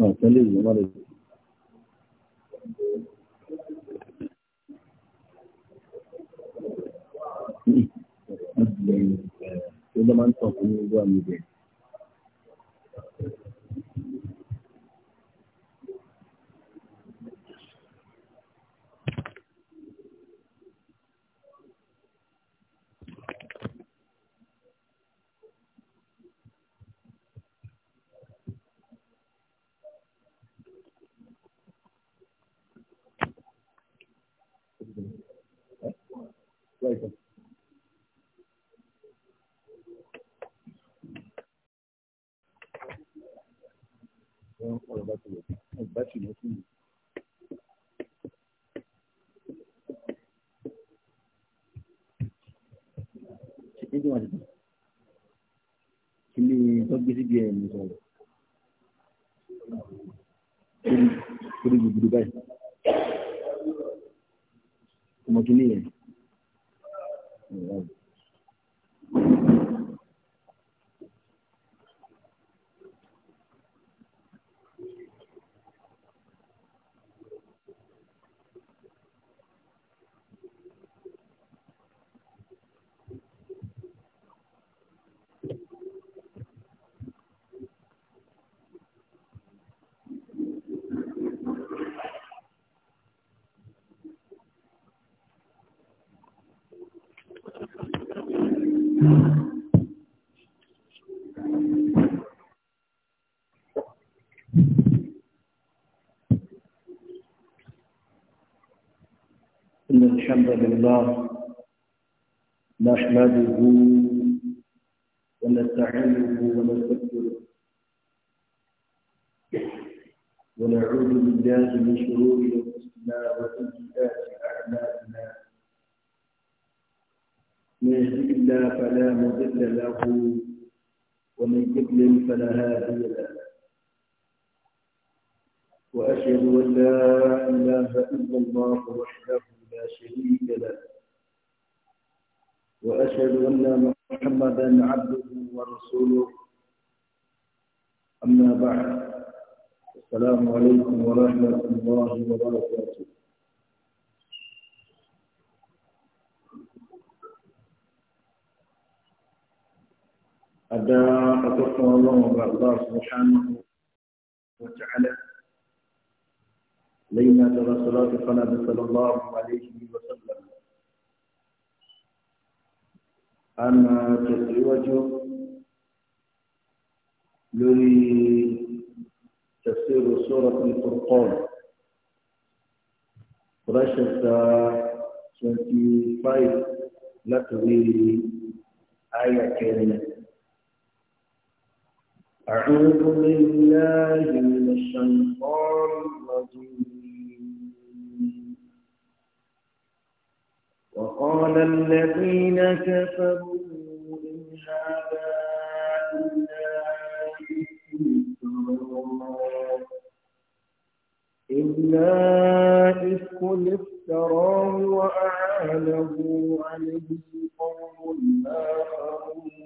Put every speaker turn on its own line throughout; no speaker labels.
wọn yìí wọn lè yìí. Ṣé ló máa ń tàn fún ní àmì ìbẹ̀rẹ̀? الحمد لله نحمده ونستعينه ونستغفره ونعوذ بالله من شرور انفسنا وسيئات اعمالنا من يهده الله فلا مضل له ومن يضلل فلا هادي له وأشهد أن لا إله إلا الله وحده لا شريك له وأشهد أن محمدا عبده ورسوله أما بعد السلام عليكم ورحمة الله وبركاته أدى أتوقع الله الله سبحانه وتعالى لينا ترى صلاة صلى الله عليه وسلم أنا تزوج لوري تفسير سورة الفرقان رشد 25 لتوي آية كاملة أعوذ بالله من الشيطان الرجيم وقال الذين كفروا إن هذا إلا إلا إفك افتراه وأعانه عليه قوم آخرون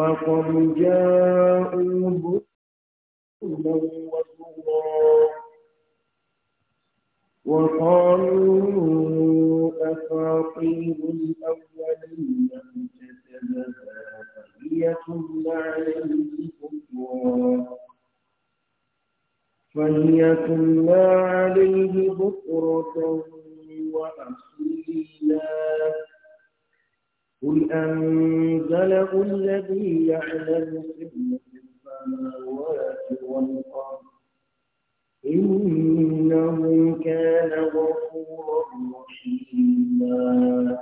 فقد جاءوا ظلما وزورا وقالوا أساطير الأولين اكتسبها فهي تملى عليه بكرا فهي تملى عليه بكرة وأصيلا قل أنزله الذي يعلم سر السماوات والأرض إنه كان غفورا رحيما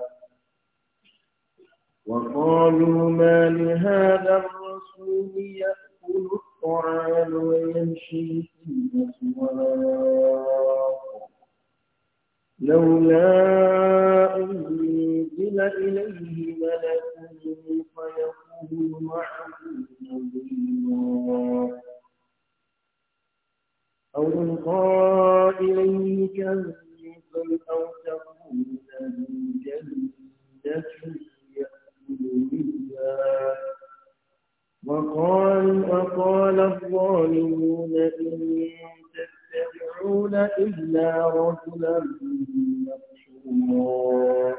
وقالوا ما لهذا الرسول يأكل الطعام ويمشي في الأسواق لولا أنزل إليه ملك فيقول معه نظيرا أو يلقى إليه كنز أو تكون جنة يأكل منها وقال أقال الظالمون إن يدعون إلا رجلا مسحورا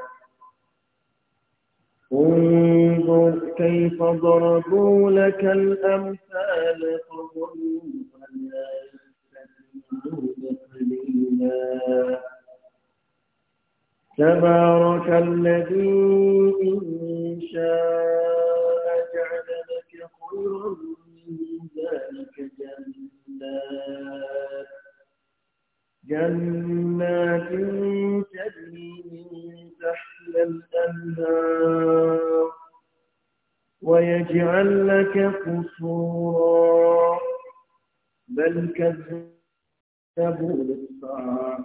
انظر كيف ضربوا لك الأمثال فضلوا فلا يستجيبون قليلا تبارك الذي إن شاء جعل لك خيرا من ذلك جنات جنات تجري من تحت الأنهار ويجعل لك قصورا بل كذبوا بالطاعة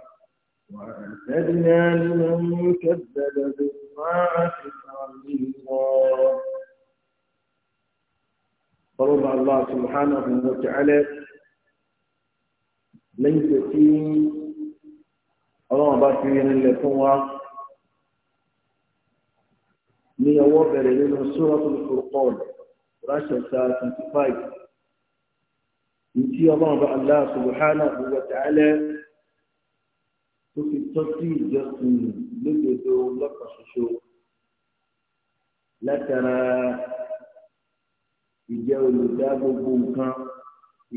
وأعتدنا لمن كذب بالطاعة عظيما فرضى الله سبحانه وتعالى lẹ́yìn tó tí ọlọ́run bá fi rinlẹ̀ fún wa ní ọwọ́ bẹ̀rẹ̀ nínú Suratul Furqan ránṣẹ́ sáà twenty five ìtí ọlọ́run bá Allah subhanahu wa ta'ala tó fi tọ́sí ìjọsìn lódodo lọ́kàn ṣoṣo látara ìjẹ́ olùdá gbogbo nǹkan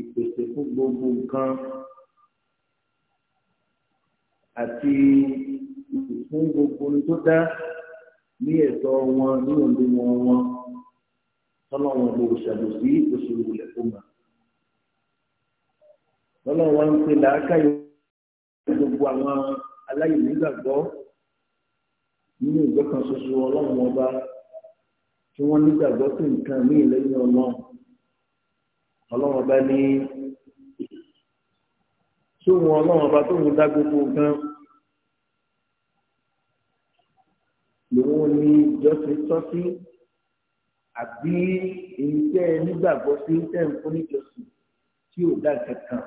ìpèsè fún gbogbo nǹkan àti fún gbogbo ohun tó dá ní ẹ̀tọ́ wọn ní òǹdó wọn wọn tọ́lọ́wọ́n bò ṣàlùsí òṣèlú ilẹ̀ tó mà. tọ́lọ́wọ́n wa ń pe làákàyè gbogbo àwọn aláìnígbàgbọ́ nínú ìgbọ́ kan ṣoṣo ọlọ́run ọba tí wọ́n nígbàgbọ́ sí nǹkan míì lẹ́yìn ọlọ́run ọlọ́run ọba ní sóhun ọlọ́run ọba tó ń dá gbogbo nǹkan. òun ni ìjọsìn tọ́ sí àbí èyí tẹ́ ẹ nígbàgbọ́ sí tẹ́ ń fún níjọsìn tí ò dá kankan.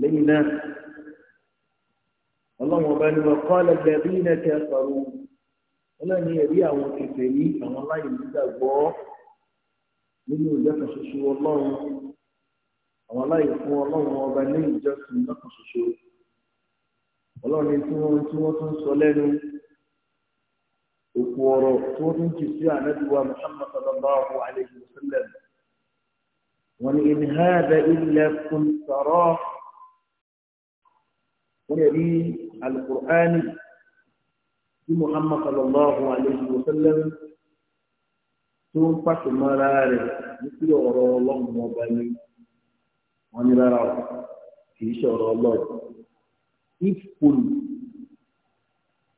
lẹ́yìn náà ọlọ́run ọba ni wọ́n kọ́ lẹ́gbẹ̀ẹ́ bí iná kẹ́ sọ̀rọ̀ ọlọ́run ni ẹ̀rí àwọn kẹfẹ́ ní àwọn láyé nígbàgbọ́ nínú ìjọsìn ṣoṣo ọlọ́run àwọn láyé fún ọlọ́run ọba ní ìjọsìn lọ́kàn ṣoṣo ọlọ́run ní tí wọ́n tí wọ́n tún sọ lẹ́nu òkú ọ̀rọ̀ tí wọ́n tún jù sí ànábìwá muhammad sallallahu alayhi wa sallam wọ́n ní in hada illa kun sọ̀rọ̀ wọ́n yẹ rí alukur'ani tí muhammad sallallahu alayhi wa sallam tó ń pàṣẹ mọ́ra rẹ̀ nítorí ọ̀rọ̀ ọlọ́run ọba ni wọ́n ní rárá o kì í ṣe ọ̀rọ̀ ọlọ́run. ìfòlù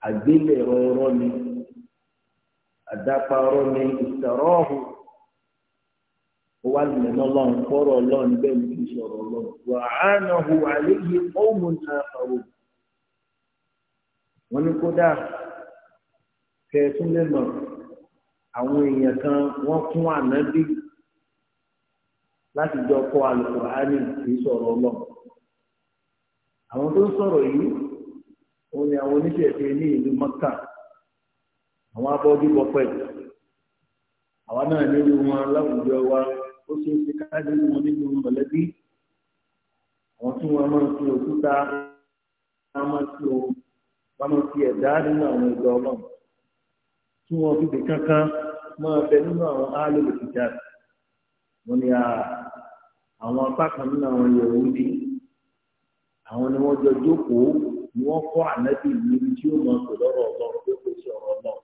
àgbélẹ̀rọ ọ̀rọ̀ ni àdápa ọ̀rọ̀ ni ìsọ̀rọ̀ ọ̀hún ó wá lulẹ̀ lọ́lọ́run kọ́rọ̀ ọlọ́run bẹ́ẹ̀ ni kì í sọ̀rọ̀ ọlọ́run wà á nà na àléyé ọ̀hún ní àkàrọ̀ wọn ni kódà kẹ̀ẹ́tún lè mọ̀ àwọn èèyàn kan wọ́n fún ànábì láti jọ kọ́ àlùkò àwọn tó ń sọ̀rọ̀ yìí òun ni àwọn oníṣẹ̀ṣe ní ìlú mọ́kà àwọn abọ́jú bọ́ pẹ̀lú àwa náà nínú wọn láwùjọ wa ó ṣe é ṣe ká nínú wọn nínú mọ̀lẹ́bí àwọn tí wọ́n máa ń fi òkúta wọ́n máa ń fi òkúta wọn máa fi ẹ̀dá nínú àwọn ìgbà ọlọ́run tí wọ́n fi bè kankan máa bẹ nínú àwọn áálòlù ìjà wọn ni àwọn apá kan nínú àwọn yẹ̀wò àwọn ni wọ́n jọ jókòó ni wọ́n kọ́ ànábì níbi tí ó mọ pé lọ́rọ̀ ọlọ́run tó kò sí ọ̀rọ̀ náà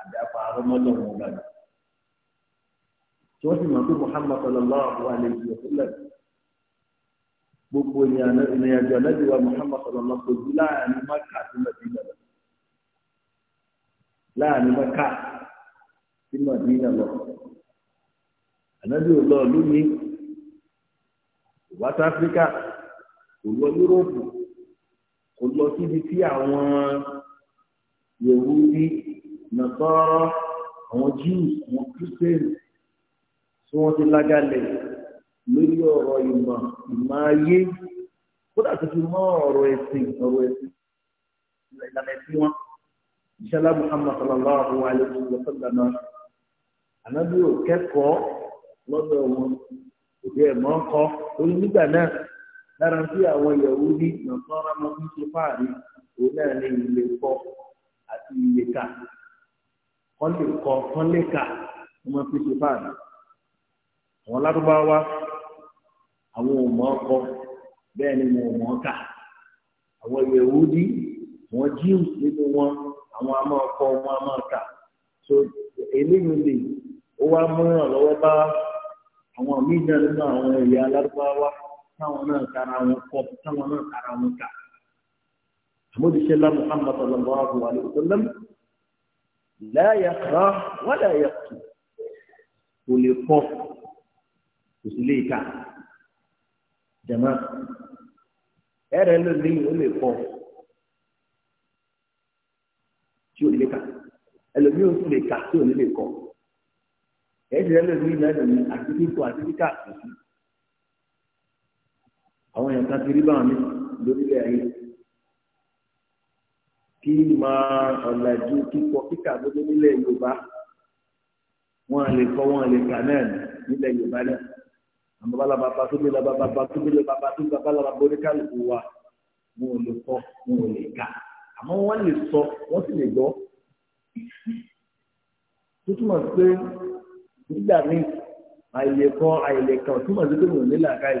àdáfà arọ́mọlọ́run ọba ni. tí wọ́n sì mọ̀ pé Muhammad sallallahu alayhi wa sallam gbogbo ìrìnàjò ànábì wa Muhammad sallallahu kò ju láàrin Mákà àti Mẹdínà lọ. láàrin Mákà àti Mẹdínà lọ. ànábì ò lọ lónìí west Africa kò lọ yúróòpù kò lọ síbi tí àwọn yòówù nàtọ́rọ́ àwọn jews àwọn christians tí wọ́n ti lágalẹ̀ lórí ọ̀rọ̀ ìmọ̀ ìmọ̀ ayé kódà tó fi mọ́ ọ̀rọ̀ ẹ̀sìn ọ̀rọ̀ ẹ̀sìn ìlànà ẹ̀sìn wọn ìṣẹ́lá muhammad sallallahu alayhi wa sallam ànábì ò kẹ́kọ̀ọ́ lọ́dọ̀ wọn òde ẹ̀mọ́ kọ́ lórí nígbà náà. lára tí àwọn ìyàwó ní nàfọ́nrán máa fáàrí òun náà ní ilé kọ́ àti ilé ká wọ́n lè kọ́ wọ́n lè ká ṣe fáàrí. àwọn ládùbáwá àwọn ọkọ bẹ́ẹ̀ ni wọn ọkà àwọn wọn àwọn a wọn so eléyìí lè ó wá bá àwọn míì náà nínú àwọn ẹ̀yà táwọn náà tara wọn kọ táwọn náà tara wọn kà àmójúṣe lá Muhammad sallallahu alayhi wa sallam láyà kọ́ wọ́n láyà kù kò lè kọ́ kò sí lè kà jama ẹrẹ ló ní o lè kọ́ tí o lè kà ẹlòmíì o lè kà tí o lè kọ́ ẹ̀ẹ́dẹ̀ẹ́lòmíì náà lòmíì àti kíkọ́ àti kíkà kò sí àwọn èèyàn kan ti rí báwọn mi lórílẹ̀ ayé kí máa ọ̀làjú kíkọ kíkà gbogbo nílẹ̀ yorùbá wọn lè kọ wọn lè kà náà nílẹ̀ yorùbá náà àmọ́ bàbá bàbá tó bí lọ bàbá bàbá tó bí lọ bàbá tó bàbá lọ bàbá oníkàlùkù wa wọn ò lè kọ wọn ò lè kà àmọ́ wọ́n lè sọ wọ́n sì lè gbọ́ tó túmọ̀ sí pé nígbà míì àìlèkọ àìlèkà ò túmọ̀ sí pé mo ò ní làákàyè.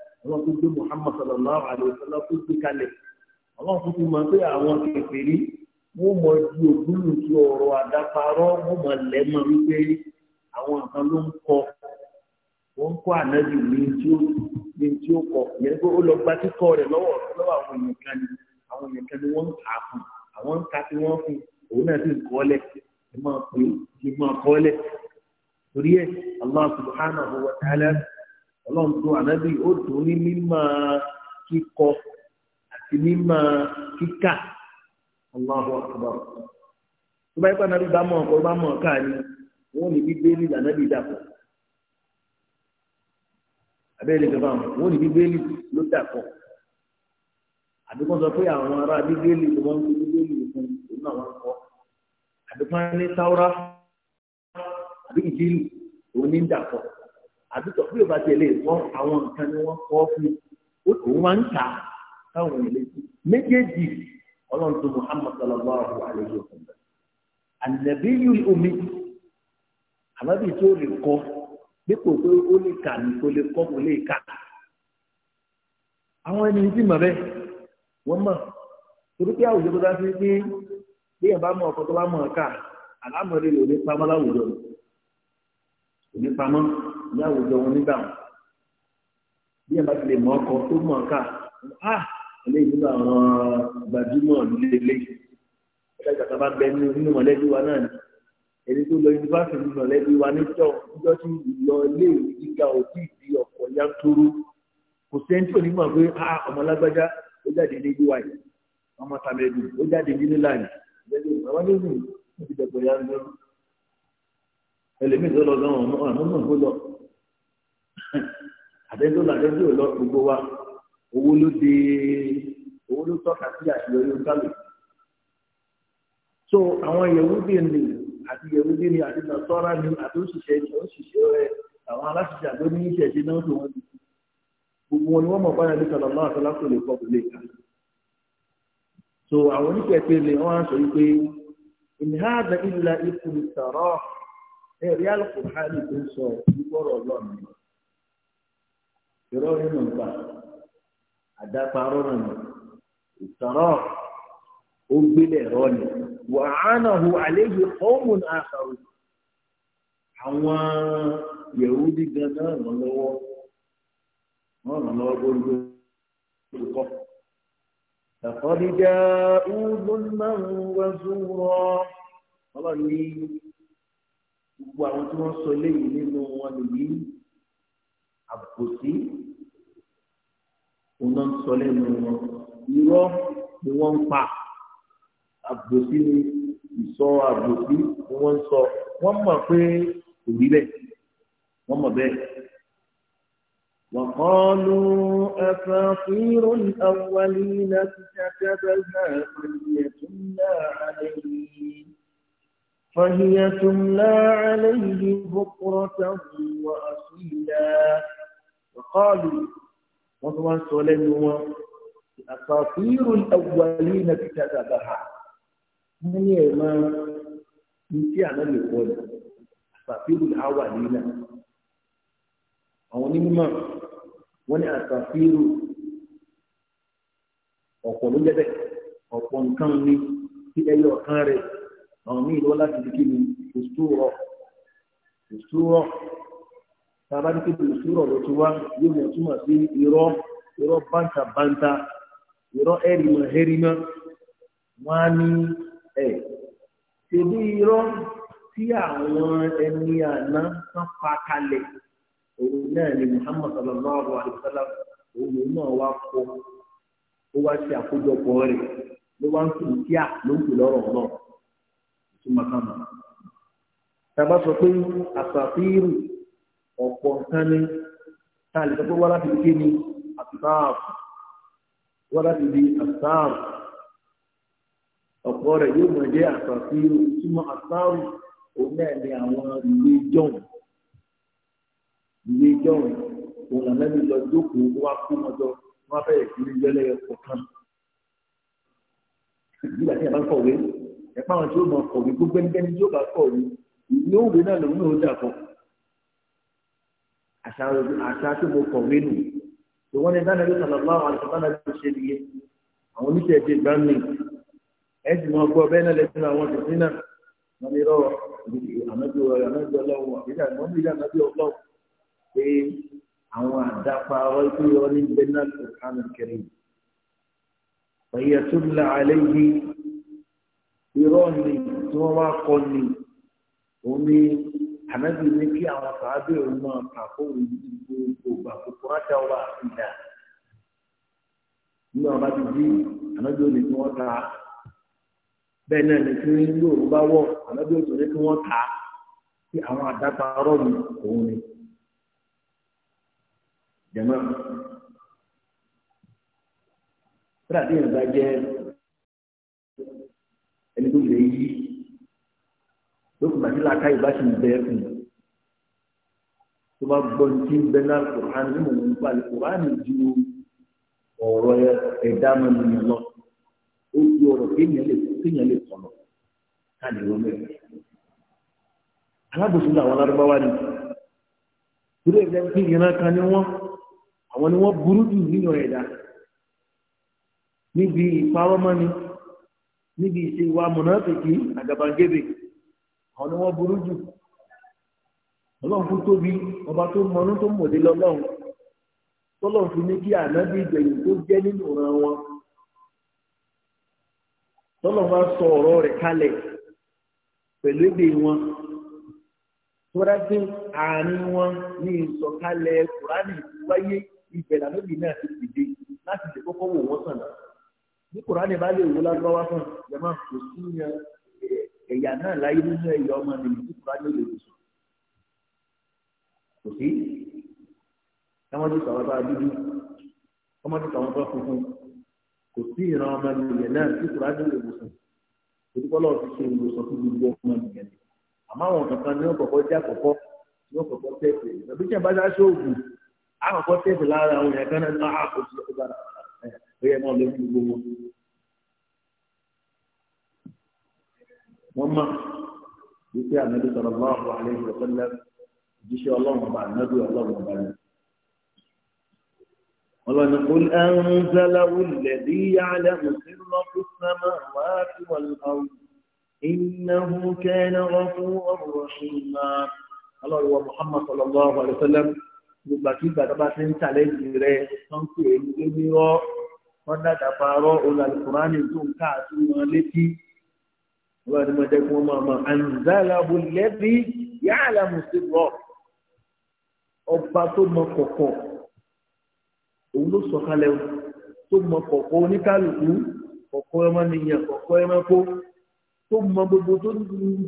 ọlọ́run tó gbé muhammad sallallahu alayhi wa sallam tó gbé kalẹ̀ ọlọ́run tó fi mọ̀ pé àwọn kèfèrí wọ́n mọ ju ògbólù tí ọ̀rọ̀ àdáparọ́ wọ́n mọ lẹ́mọ̀ wípé àwọn nǹkan ló ń kọ wọ́n ń kọ́ ànábì ní tí ó ní tí ó kọ yẹn pé ó lọ gba kíkọ rẹ̀ lọ́wọ́ lọ́wọ́ àwọn èèyàn kan ni àwọn èèyàn kan ni wọ́n ń kà fún àwọn ń ka tí wọ́n fún òun náà sì ń kọ́lẹ̀ ẹ máa pè é kí n máa kọ́lẹ̀ torí ẹ̀ allah subhanahu wa ta'ala ọlọ́run tó ànábì ó tó ní mímọ́ kíkọ àti mímọ́ kíkà Allahu akbar tó bá yẹ kó ànábì bá mọ̀ ọ̀kọ́ bá mọ̀ ọ̀ká ni wọ́n ní bíbélì lànábì dàpọ̀ abẹ́rẹ́ ìjọba àwọn wọ́n ní bíbélì ló dàpọ̀ àdúgbò sọ pé àwọn ará bíbélì ló wọ́n ń fi bíbélì fún òun náà wọ́n kọ́ àdúgbò ní táwọ́rá àbí ìjìlì òun ní dàpọ̀ àdúgbò bí o bá tẹ̀lé sọ àwọn nǹkan ni wọ́n kọ́ fún o tó wá ń ta káwọn èlé sí méjèèjì ọlọ́run tó muhammad sallallahu alayhi wa sallam ànàbí yìí omi àbábí tó lè kọ́ dípò pé ó lè kà ní kó lè kọ́ kó lè kà àwọn ẹni tí mà bẹ́ẹ̀ wọ́n mọ̀ torí pé àwùjọ tó dá sí pé bí ẹ̀ bá mọ̀ ọ̀kan tó bá mọ̀ ọ̀ka àlámọ̀rí ló ní pamọ́ láwùjọ rẹ̀ òní pamọ́ ní àwùjọ wọn nígbà wọn bí ẹ bá ti lè mọ ọkọ tó mọ ká a ah, eléyìí nínú àwọn gbajúmọ̀ lílele ẹgbẹ́ ìgbà tá a bá bẹ nínú mọ̀lẹ́bí wa náà ni ẹni tó lọ yunifásitì nínú mọ̀lẹ́bí wa níjọ́ níjọ́ tí lọ iléèwé gíga òbí ìdí ọ̀pọ̀ yanturu kò sẹ́ńtì onímọ̀ pé a ah, ọmọ lágbájá ó jáde ní UI ọmọ tàmẹ́dù ó jáde ní nílànì ìgbẹ́jọ́ ìgbà wọn ní ìlú ó ti dẹ̀pọ̀ yanturu ẹlẹ́mìí tó lọ gan ọ̀nà ọ̀nà kó lọ àtẹ́jọ́ làtẹ́jọ́ lọ gbogbo wa owó ló dé owó ló tọ́ka sí àṣeyọrí oníkàlù so àwọn yẹ̀wúdí ni àti yẹ̀wúdí ni àti nàtọ́ra ni àti òṣìṣẹ́ ni òṣìṣẹ́ rẹ àwọn aláṣìṣẹ́ àti oníṣẹ́ṣẹ́ náà tó wọn gbogbo wọn ni wọ́n mọ̀ báyọ̀ ní sọ̀rọ̀ àtọ́lá kò lè so àwọn oníṣẹ́ pé ni wọ́n á sọ wípé ìnìhàdà ìlà ìkùn ìtàrọ́ ẹ̀rí alùpùpù tó ń sọ ìgbọ́rọ̀ ọlọ́run irọ́ nínú nǹkan àdáparọ́ nínú ìtọ́rọ́ ó gbélé ẹ̀rọ ni wà á nà hu àkàrò àwọn yẹ̀wù náà ràn lọ́wọ́ wọ́n ràn lọ́wọ́ gbogbo àwọn tí wọ́n sọ léyìí nínú wọn nìyí àbòsí òun ń sọ lẹ́nu wọn irọ́ ni wọ́n ń pa àbòsí ni ìsọ àbòsí ni wọ́n ń sọ wọ́n mọ̀ pé kò rí bẹ́ẹ̀ wọ́n mọ̀ bẹ́ẹ̀. وقالوا أساطير الأولين اكتتبها فليتمنا عليه فهي تملى عليه بكرة وأصيلا وقالوا وهو سليم أساطير الأولين اكتسبها من يما نتي أنا يقول أساطير الأولين أو نما وني أساطير ọ̀pọ̀ ló jẹ́ bẹ́ẹ̀ في أي ni àwọn míì lọ́wọ́ láti fi kíni òṣùwọ̀ òṣùwọ̀ tá a bá ní kíni òṣùwọ̀ ló ti wá yóò mọ̀ túmọ̀ sí irọ́ irọ́ bántabánta irọ́ ẹ̀rìmọ̀ ẹ̀rìmọ̀ wọ́n á ní ẹ̀ ṣèlú irọ́ tí àwọn ẹni àná kan pa kalẹ̀ òun náà ni Muhammad sallallahu alayhi wa sallam òun náà wá kó ó wá ṣe àkójọpọ̀ rẹ̀ ló wá ń kú kíá ló ń kú lọ́rọ̀ náà súnmọ́ sáàmù. Tàbá sọ pé àsàfírù ọ̀pọ̀ nǹkan ni tá a lè sọ pé wá láti ké ni àtààfù wá láti di àtààfù. Ọ̀pọ̀ rẹ̀ yóò mọ̀ jẹ́ àsàfírù súnmọ́ àtààfù òun náà ni àwọn ìwé jọ̀hún. Ìwé jọ̀hún òun làmẹ́bí lọ jókòó wá kú mọ́jọ́ wọ́n á bẹ̀rẹ̀ sí ní jẹ́lẹ̀ ọ̀kan. Ìgbìyànjú àti àbáfọ̀wé ẹ̀pá àwọn tí ó máa kọ̀wé gbogbo ẹnikẹ́ni tí ó bá kọ̀wé ìwé òwe náà lòun náà ó dà kọ́ àṣà tí mo kọ̀wé nù ìwọ́n ní dánilẹ́ sàlọ́lá àwọn àṣàbánà tó ṣe nìyẹn àwọn oníṣẹ́ ti gbá mi ẹ sì máa gbọ́ bẹ́ẹ̀ náà lẹ́sìn àwọn tòṣí náà wọ́n ní rọ ànájú ànájú ọlọ́run àbíjà wọ́n ní ìjà ànájú ọlọ́run pé àwọn àdápa ọ̀rọ̀ ìpínlẹ̀ ọ̀rọ̀ bẹ́ẹ̀ náà kò kẹrin. ọ̀yẹ̀ tó ń la àlẹ́ yìí irọ́ ni tí wọ́n wá kọ́ ni omi ni ànábì ní kí àwọn sàábẹ̀ òun máa kà fóun gbogbo ìgbà gbogbo rájà wà bá ti ànábì òun ni wọ́n ta bẹ́ẹ̀ náà ni kí ní òun bá wọ̀ ànábì òun ni ẹni tó lè yí lókùnbà tí làákà yìí bá sì ń bẹ́ẹ̀ fún un tó bá gbọ́ tí ń bẹ náà kùrán ní mò ń palẹ̀ kùrán ju ọ̀rọ̀ ẹ̀dá mọ́nìyàn lọ ó ju ọ̀rọ̀ kéèyàn lè kéèyàn lè sọ̀rọ̀ káàdì wọn bẹ́ẹ̀. alábòsùn làwọn alárúbáwá ni torí ẹ̀dá tí ìran kan ní wọ́n àwọn ni wọ́n burú jù nínú ẹ̀dá níbi ìpawọ́mọ́ni. níbi ìṣe wa mọ̀nàfìkì àgàbàǹgẹ̀bè àwọn ni wọ́n burú jù ọlọ́run tó tóbi ọba tó mọnú tó mọ̀dé lọ́lọ́run tọ́lọ́run fi ní kí ànábì ìgbẹ̀yìn tó jẹ́ nínú ọ̀ràn wọn tọ́lọ́run wá sọ ọ̀rọ̀ rẹ̀ kalẹ̀ pẹ̀lú èdè wọn tọ́lá pé àárín wọn ní ìsọ̀kalẹ̀ kùránì wáyé ìbẹ̀rẹ̀ ànábì náà ti dìde láti lè kọ́kọ́ wò wọ́n sàn náà. bí kùránì bá lè wò lágbáwá fún ìjọba kò sí ẹ̀yà náà láyé nínú ẹ̀yà ọmọ nìyí bí kùránì ò lè wò sùn kò sí ẹwọn ti sọ̀rọ̀ bá dúdú ọmọ ti sọ̀rọ̀ bá funfun kò sí ìran ọmọ nìyẹn náà tí kùránì ò lè wò sùn olùkọ́lọ́ ti ṣe ìwòsàn fún gbogbo ọmọ nìyẹn àmọ́ àwọn kankan ní ọ̀kọ̀ọ̀kọ̀ jẹ́ àkọ́kọ́ ní ọ̀kọ̀ọ̀kọ̀ tẹ̀sẹ̀ ìgbàgbé ó yẹ máa lọ sí gbogbo wọn. wọ́n mọ̀ wípé ànábi sọ̀rọ̀ lọ́wọ́ àlẹ́ ìrọ̀sẹ́lẹ̀ jíṣẹ́ ọlọ́run ọba ànábi ọlọ́run ọba ni. ọlọ́ni kò ẹ̀ńzẹ́láwù lẹ̀dí yálẹ̀ mùsùlùmọ́ fún sámà wá sí wọn lọ́wọ́ ìnáwó kẹ́ẹ̀nà ọ̀fún ọ̀rọ̀ ṣùgbọ́n ọlọ́run wa Muhammad sallallahu alayhi wa sallam gbogbo àti ìgbà tó bá ti ń tàlẹ́ jù rẹ̀ tó ń pè é ní kọ́dà dàbàárọ̀ olùkùránì tó ń ká àtúnú wọn létí wọ́n ti máa jẹ́ kí wọ́n máa mọ àǹzálàbù lẹ́bí yàrá mùsùlùmọ́ ọba tó mọ kọ̀kọ̀ òun ló sọ̀kalẹ̀ tó mọ kọ̀kọ̀ oníkálùkù kọ̀kọ̀ ẹmọ́nìyàn kọ̀kọ̀ ẹranko tó mọ gbogbo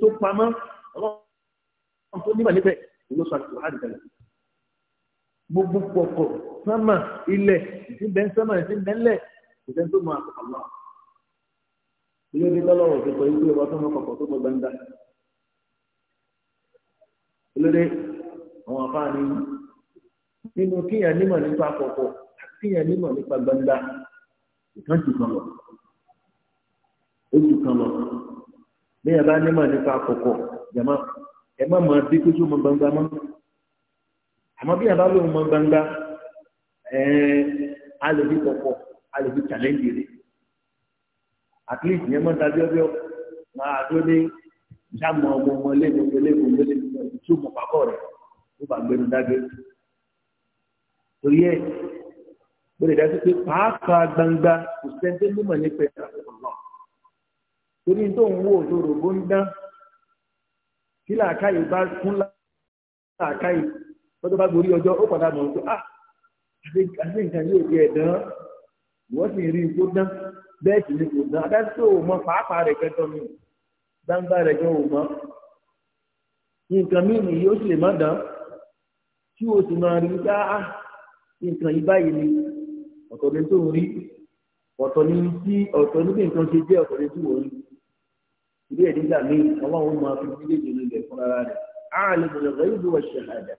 tó pamọ́ ọlọ́run tó nímọ̀ níbẹ̀ òun ló sọ àti wàhálì kalẹ̀ gbogbo kọ̀kọ̀ sánmà ilẹ̀ ìsìnbẹ́ sánmà ìsìnbẹ́ lẹ̀ kò sẹ́ni tó máa kọ̀ lọ. ilé ní tọ́lọ́wọ̀ ti kọ ikú ọba tó mọ kọ̀kọ̀ tó mọ gbangba. olóde àwọn afáà ni nínú kíyàn nímọ̀ nípa kọ̀kọ̀ àti kíyàn nímọ̀ nípa gbangba ìkan jù kan lọ. ó jù kan lọ. bí ẹ bá nímọ̀ nípa kọ̀kọ̀ jàmá ẹ má máa bí kójú mọ gbangba mọ́. àmọ́ bí ẹ bá lóun mọ gbangba ẹ̀ẹ́n a lè fi kọ̀kọ̀ a lè fi challenge rẹ̀ at least yẹn mọ́ dájú ọbẹ̀ máa dúró ní ìṣàmù ọmọ ọmọ lẹ́nu lẹ́nu lẹ́nu tó mọ̀ pàbọ̀ rẹ̀ tó bá gbẹnu dájú torí ẹ̀ ó lè dájú pé pàápàá gbangba kò sẹ́ńtẹ́ mímọ̀ nípa ẹ̀ torí tó ń wò tó rògbò ń dán kí làákàyè bá kún làákàyè tọ́jọ́ bá gorí ọjọ́ ó padà mọ̀ ọ́n pé ah àti nǹkan yóò di ẹ̀dán wọ́n sì rí ipò dán bẹ́ẹ̀ sì ni kò dán adájọ́ tó o mọ pàápàá rẹ̀ kẹtọ́ mi gbangba rẹ̀ gan o mọ nǹkan míì nìyí ó sì lè má dán tí o sì máa rí dá ah, ah, nǹkan yìí báyìí ni ọ̀tọ̀ ni tó ń rí ọ̀tọ̀ ni tí ọ̀tọ̀ ní bí nǹkan ṣe jẹ́ ọ̀tọ̀ ni tí wọ́n rí ilé ìdíjà míì ọlọ́run máa fi méjèèjì nílẹ̀ fún ara rẹ̀ áàlẹ́ ìbùdó ọ̀gá yìí ló wà ṣe àjà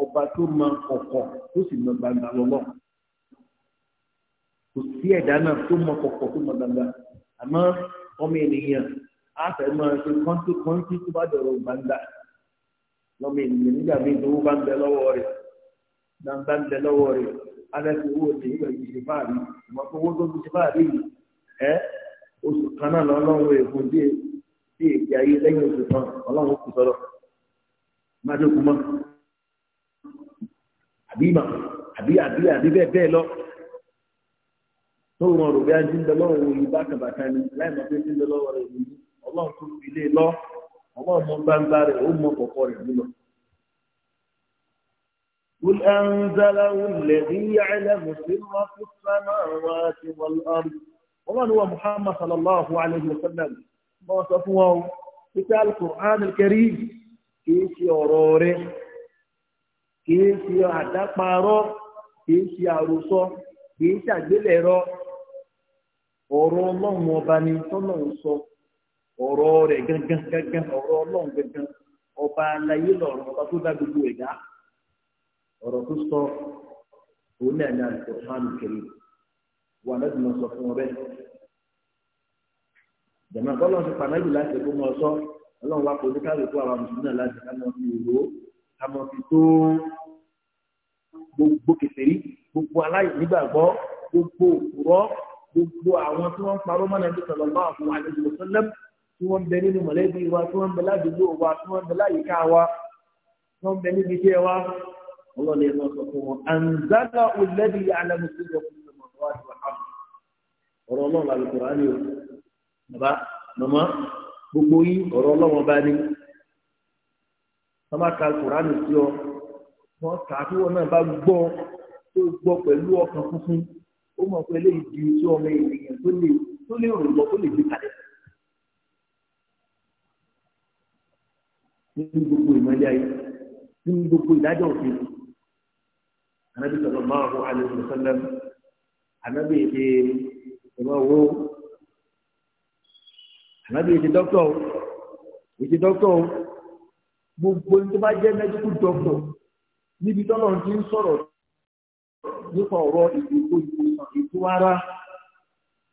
ọba tó máa kọ̀kọ̀ tó sì máa gbangba lọ́wọ́. kò sí ẹ̀dá náà tó mọ kọ̀kọ̀ tó mọ gbangba àmọ́ ọmọ ènìyàn á fẹ́ mọ ṣe kọ́ńtì kọ́ńtì tó bá dọ̀rọ̀ gbangba lọ́mọ ènìyàn nígbà míì tó wọ́n bá ń bẹ lọ́wọ́ rẹ̀ gbangba ń bẹ lọ́wọ́ rẹ̀ alẹ́sì owó ìmọ̀ tó yìí ẹ́ oṣù kan náà lóòrùn ọ̀rọ̀ bí ajín bẹ lọ́wọ́ òye bákan ni láì mọ̀ pé tí ń lọ́wọ́ rẹ̀ ọlọ́run tó fi lé e lọ ọlọ́run mọ gbangba ó mọ kọ̀kọ́ ọlọ́run wa muhammad sallallahu alayhi wa sallam bọ́ sọ fún títí alukur'an kìí ṣe ọ̀rọ̀ kìí ṣe kìí ṣe àròsọ kìí ọ̀rọ̀ ọlọ́run ọba ni tọ́lọ́run sọ ọ̀rọ̀ rẹ̀ gángan gángan ọ̀rọ̀ ọlọ́run gángan ọba alayé lọ̀rọ̀ ọba tó dá gbogbo ẹ̀dá ọ̀rọ̀ tó sọ òun náà ní Al-Qur'an Karim wà lẹ́dùn lọ sọ fún ọ bẹ́ẹ̀. jẹ̀mọ́ kọ́ lọ́n ti pàmẹ́jù láti ẹ̀kọ́ mọ́ ọsọ ọlọ́run wa kò ní káwé kó àwọn mùsùlùmí náà láti ká mọ́ fi ìró ká mọ́ fi tó gbogbo kèfèrí gbogbo aláìnígbàgbọ́ gbogbo òkúrọ́ gbogbo àwọn tí wọ́n ń parọ́ mọ́ nàbí sọ̀lọ́mọ́ àwọn àlejò sọ́lẹ́m tí wọ́n ń bẹ nínú mọ̀lẹ́bí wa tí wọ́n ń bẹ ládùúgbò wa tí wọ́n ń bẹ láyìíká wa tí wọ́n bẹ níbi iṣẹ́ wa ọlọ́ọ̀lẹ́ ẹ̀ náà fún wọn. àǹzálà olẹ́bí alámùsí lọ fún ọ̀rọ̀ ọlọ́run la lùkùrọ̀ á o bàbá màmá gbogbo yín ọ̀rọ̀ ọlọ́run bá ní wọ́n bá ka sí ọ wọ́n kà á kí wọ́n náà bá gbọ́ tó gbọ́ pẹ̀lú ọkàn funfun ó mọ̀ pé eléyìí di tí ọmọ ènìyàn tó lè tó lè rò lọ tó lè gbé kalẹ̀. nínú gbogbo ìmọ̀lẹ́ ayé nínú gbogbo ìdájọ́ òfin anábì sọ̀rọ̀ máa wọ alẹ́sùn sọ́lẹ́m anábì èdè ìmọ̀ wo anábì èdè dọ́kítọ̀ èdè dọ́kítọ̀ gbogbo ní tó bá jẹ́ mẹ́tíkù dọ́kítọ̀ níbi tọ́lọ̀ ti ń sọ̀rọ̀ nípa ọ̀rọ̀ ìdìbò ìwòsàn ètò ara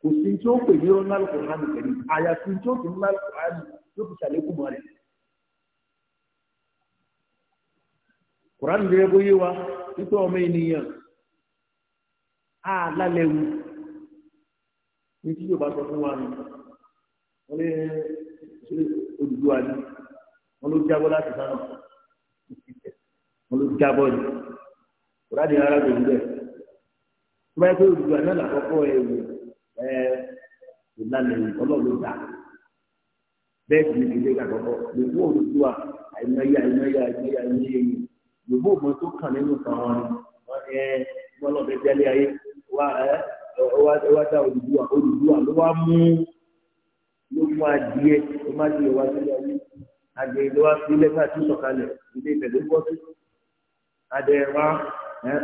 kò sí tí ó pè ní ọ̀nà alukùnrin pẹ̀lú àyàfi tí ó fi ńlá alukùnrin tó fi ṣàlékún mọ́ rẹ̀. kùránì lè bóyé wa nípa ọmọ ènìyàn á lálẹ́wu ní tí yóò bá sọ fún wa nù wọ́n lé olùdó àná wọ́n ló jábọ́ láti sáà wọ́n ló jábọ́ ni kùránì ara gbòǹgbò ẹ̀. tó bá yẹ kó Odùduwà náà làkọ́kọ́ ẹ wò ìlànà ọlọ́run dà bẹ́ẹ̀ sì ni àìmọye àìmọye àìmọye àìmọye tó kàn nínú kan wọn ayé wa wá dá ló wá mú ló ló má di ìwà sílẹ̀ ayé ló wá fún ilé wa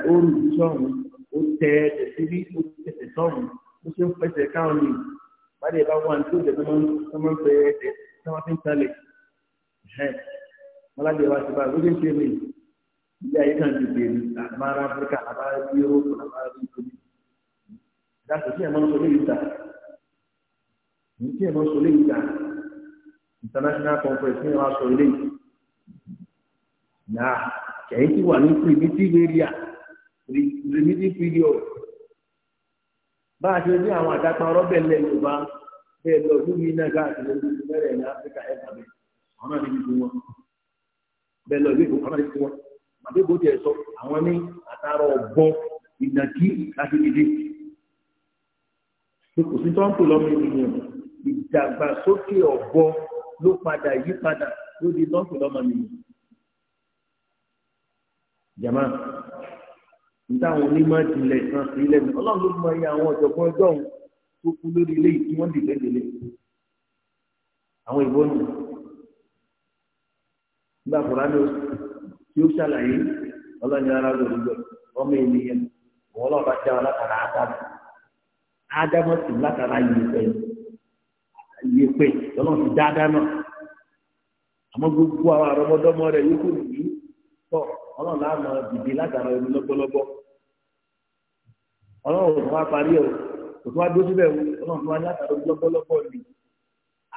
ó rù sọ̀rùn. ó tẹ ẹsẹ̀ síbí ó tẹsẹ̀ sọ́run ó ṣe ń fẹsẹ̀ káwọn ni bàdé bá wà ní ìjọba tó máa ń fẹ ẹsẹ̀ tí wọ́n fi ń talẹ̀ ẹ̀ mọ́lájẹ wa ti bá ló dé ṣe mí ilé ayé kan ti bèrè àmàrà áfíríkà àmàrà yúróòpù àmàrà bí ìdáàbò tí ẹ máa ń sọ léyìí ta ní tí ẹ máa ń sọ léyìí ta international conference ní ẹ sọ léyìí náà kẹ̀yìn ti wà ní pè ní tí ìwé rí à remedy period bá a ṣe ní àwọn àdápa rọ́bẹ̀ lẹ̀ yorùbá bẹ́ẹ̀ lọ ọdún mi náà káàkiri ojú mẹ́rẹ̀ ní áfíríkà ẹ̀ tàbí àwọn náà níbi tí wọ́n bẹ́ẹ̀ lọ ìwé ìfowópamọ́ níbi tí wọ́n àbí bó tiẹ̀ sọ àwọn ní àtàrà ọ̀gbọ́n ìnàkí láti dìde kò sí tó ń pè lọ́mọ ènìyàn ìdàgbàsókè ọ̀bọ ló padà yí padà ló di tó ń pè lọ́mọ ènìyàn. jama nítawọn onímọ̀ ìjìnlẹ̀ kan sí mi ọlọ́run ló mọ iye àwọn ọ̀jọ̀gbọ́n tó kú lórí ilé yìí tí wọ́n délé àwọn ìbò nù nígbà fúra ní oṣù ṣàlàyé ọlọ́run lórí ọmọ ènìyàn bá látara ádámù ádámù sì látara ọlọ́run ti dá ádámù àmọ́ gbogbo àwọn àrọ́mọdọ́mọ rẹ̀ yókù nìyí tọ́ ọlọ́run láàmú dìde látara lọ́gbọ́lọ́gbọ́ ọlọ́run òtún wá parí ẹ̀ òtún wá dójú bẹ́ẹ̀ ọlọ́run tó wá ní àtàlọ́ lọ́pọ̀lọpọ̀ ni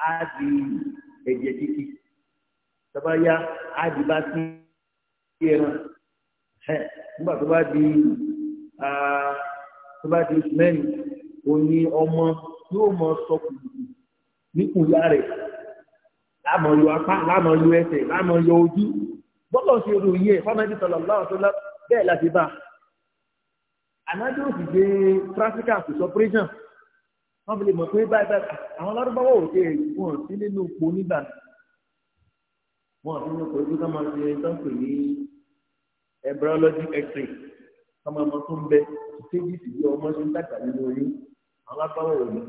á di ẹ̀jẹ̀ títì tọ́ba yá á di bá sí ẹran nígbà tó bá di tó bá di oṣù mẹ́rin òní ọmọ yóò mọ sọ kùkù nípò yá rẹ̀ láàmọ̀ yọ apá láàmọ̀ yọ ẹsẹ̀ láàmọ̀ yọ ojú bọ́lọ̀ ṣe ròyìn ẹ̀ fámẹ́tì sọ̀rọ̀ láwọn tó lọ bẹ́ẹ̀ láti bá a ànájọ́ òsì gbé practical to operation wọ́n fi lè mọ̀ pé báyìí báyìí àwọn lọ́dúnbáwò òkè wọn sí nínú ipò nígbà wọn àti nínú ipò ìdúgbà máa ṣe sọ́ǹpì ní embryology x-ray ọmọ ọmọ tó ń bẹ kéjì sí bí ọmọ ṣe ń dàgbà nínú oyún àwọn lọ́dúnbáwò òní.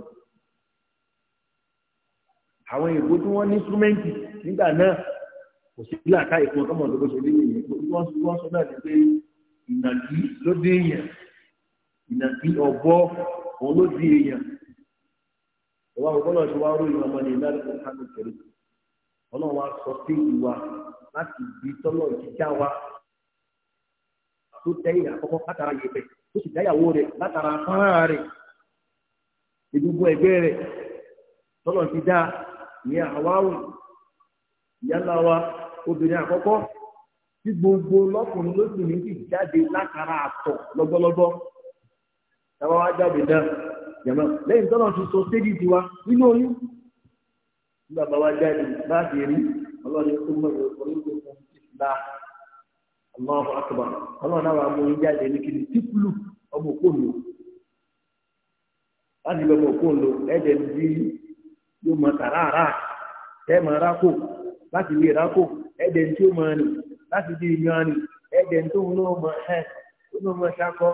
àwọn èèbó tí wọ́n ní súnmẹ́ǹtì nígbà náà kò sí bí àká ìfún ọkọ̀ mọ̀ tó bó ṣe lé nìyẹn tó wọ́n sọ náà ni pé ìnàkí ló dé yẹn. ìnàkí ọ̀bọ òun ló di èèyàn ìwà ògbọ́nà ti wá ròyìn ọmọ ní ìlànà ìkànnì kẹrì ọlọ́run wa sọ pé ìwà láti ibi tọ́lọ̀ ìjíjà wa tó tẹ àkọ́kọ́ látara yẹ̀bẹ̀ tó sì dáyàwó rẹ̀ látara fáráà rẹ̀ ìdúgbò ẹgbẹ́ rẹ̀ tọ́lọ̀ gbogbo lọ́kùnrin ní ti jáde látara àtọ̀ táwọn wá jáde náà jẹ̀mọ́ lẹ́yìn tọ́lọ̀ ti sọ sédì tiwa nínú oyún nígbà bá wá jáde láti rí ọlọ́run tó mọ̀ orílẹ̀ fún náà wà mú oyún jáde ní kiri típùlù ọmọ òkú láti lọ ọmọ òkú ẹ̀jẹ̀ ní yóò mọ tàràrà ẹ̀ mọ rákò láti rákò ẹ̀jẹ̀ tí ó mọ tó ń lọ́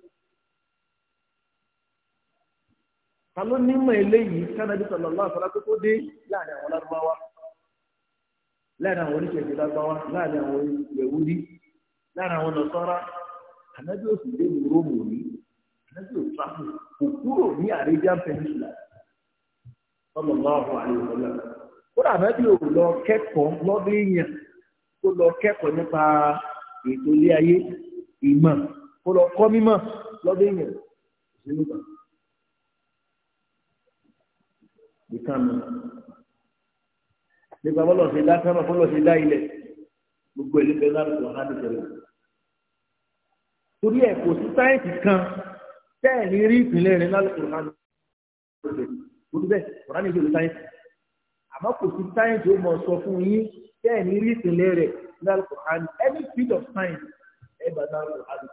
ta ló nímọ̀ eléyìí kánábí sọlọ́lá àfọlá tó tó dé láàrin àwọn lárúbáwá láàrin àwọn oníṣègùn lárúbáwá láàrin àwọn yẹwúrí láàrin àwọn nọ̀sọ́rá kánábí ò sì dé ní róòmù rí kánábí ò tráfù kò kúrò ní àríjà peninsula sọlọ́lá ọ̀hún àríwọ̀lá kódà kánábí ò lọ kẹ́kọ̀ọ́ lọ́dún èèyàn kó lọ kẹ́kọ̀ọ́ nípa ètò ilé ayé ìmọ̀ kó lọ kọ́ mímọ̀ lọ́dún èèyàn òsínú kan. nìkan mi nípa bọ́lọ̀ ṣe dá sábà bọ́lọ̀ ṣe dá ilẹ̀ gbogbo ẹ̀ nípa ẹ̀dá lọ́wọ́ hàn nìkẹ́rẹ́ torí ẹ̀ kò sí sáyẹ̀nsì kan tẹ́ẹ̀ ní rí ìpínlẹ̀ rẹ̀ lálùkò hàn nìkẹ́rẹ́ torí bẹ́ẹ̀ kò rán ní ìṣòro sáyẹ̀nsì àmọ́ kò sí sáyẹ̀nsì ó mọ̀ sọ fún yín tẹ́ẹ̀ ní rí ìpínlẹ̀ rẹ̀ lálùkò hàn any field of science ẹ̀ bá lálùkò hàn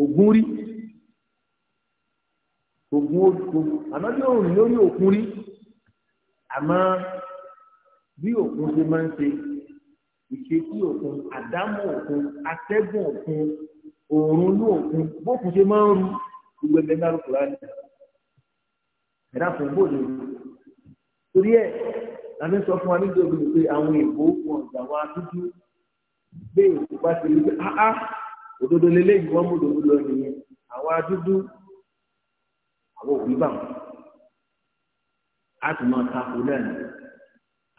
ògún rí ògún ògún àmọ́ bí òun lórí òkun rí àmọ́ bí òkun ṣe máa ń ṣe ìṣesí òkun àdámọ̀ òkun atẹ́gùn òkun òòrùn inú òkun bókun ṣe máa ń ru gbogbo ẹgbẹ́ náà lókùnrin láti ẹ̀dá fún bóde torí ẹ̀ láti sọ fún wa nígbà òbí pé àwọn èèbó wọn gbà wá dúdú bẹ́ẹ̀ òkú bá ti rí pé áá òdodo leléyìí wọ́n mú òdodo lọ nìyẹn àwa dúdú àwa òbí bà wọ́n a tún máa takò náà ni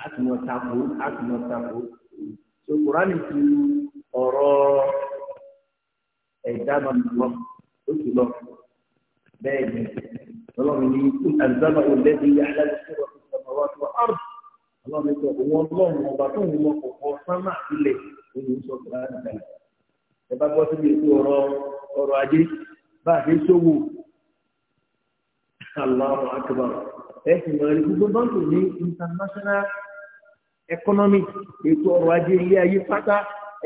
a tún máa takò a tún máa takò so kùránì ti ọ̀rọ̀ ẹ̀dá máa lọ ó ti lọ bẹ́ẹ̀ ni ọlọ́run ní àzábà òlẹ́dí yàrá ìṣòro ìṣòro àwọn àti ọ̀rọ̀ ọlọ́run ní sọ òun ọlọ́run ọba tó ń mọ kọ̀ọ̀kan sánmà ilẹ̀ ó sọ kùránì bẹ́ẹ̀. ẹ bá gbọ́ síbi ètò ọ̀rọ̀ ọ̀rọ̀ ajé bá a fi ṣòwò aláwọ̀ akọ̀bà ẹ sì mọ̀ ẹni gbogbo báńkì ní international economic ètò ọ̀rọ̀ ajé ilé ayé pátá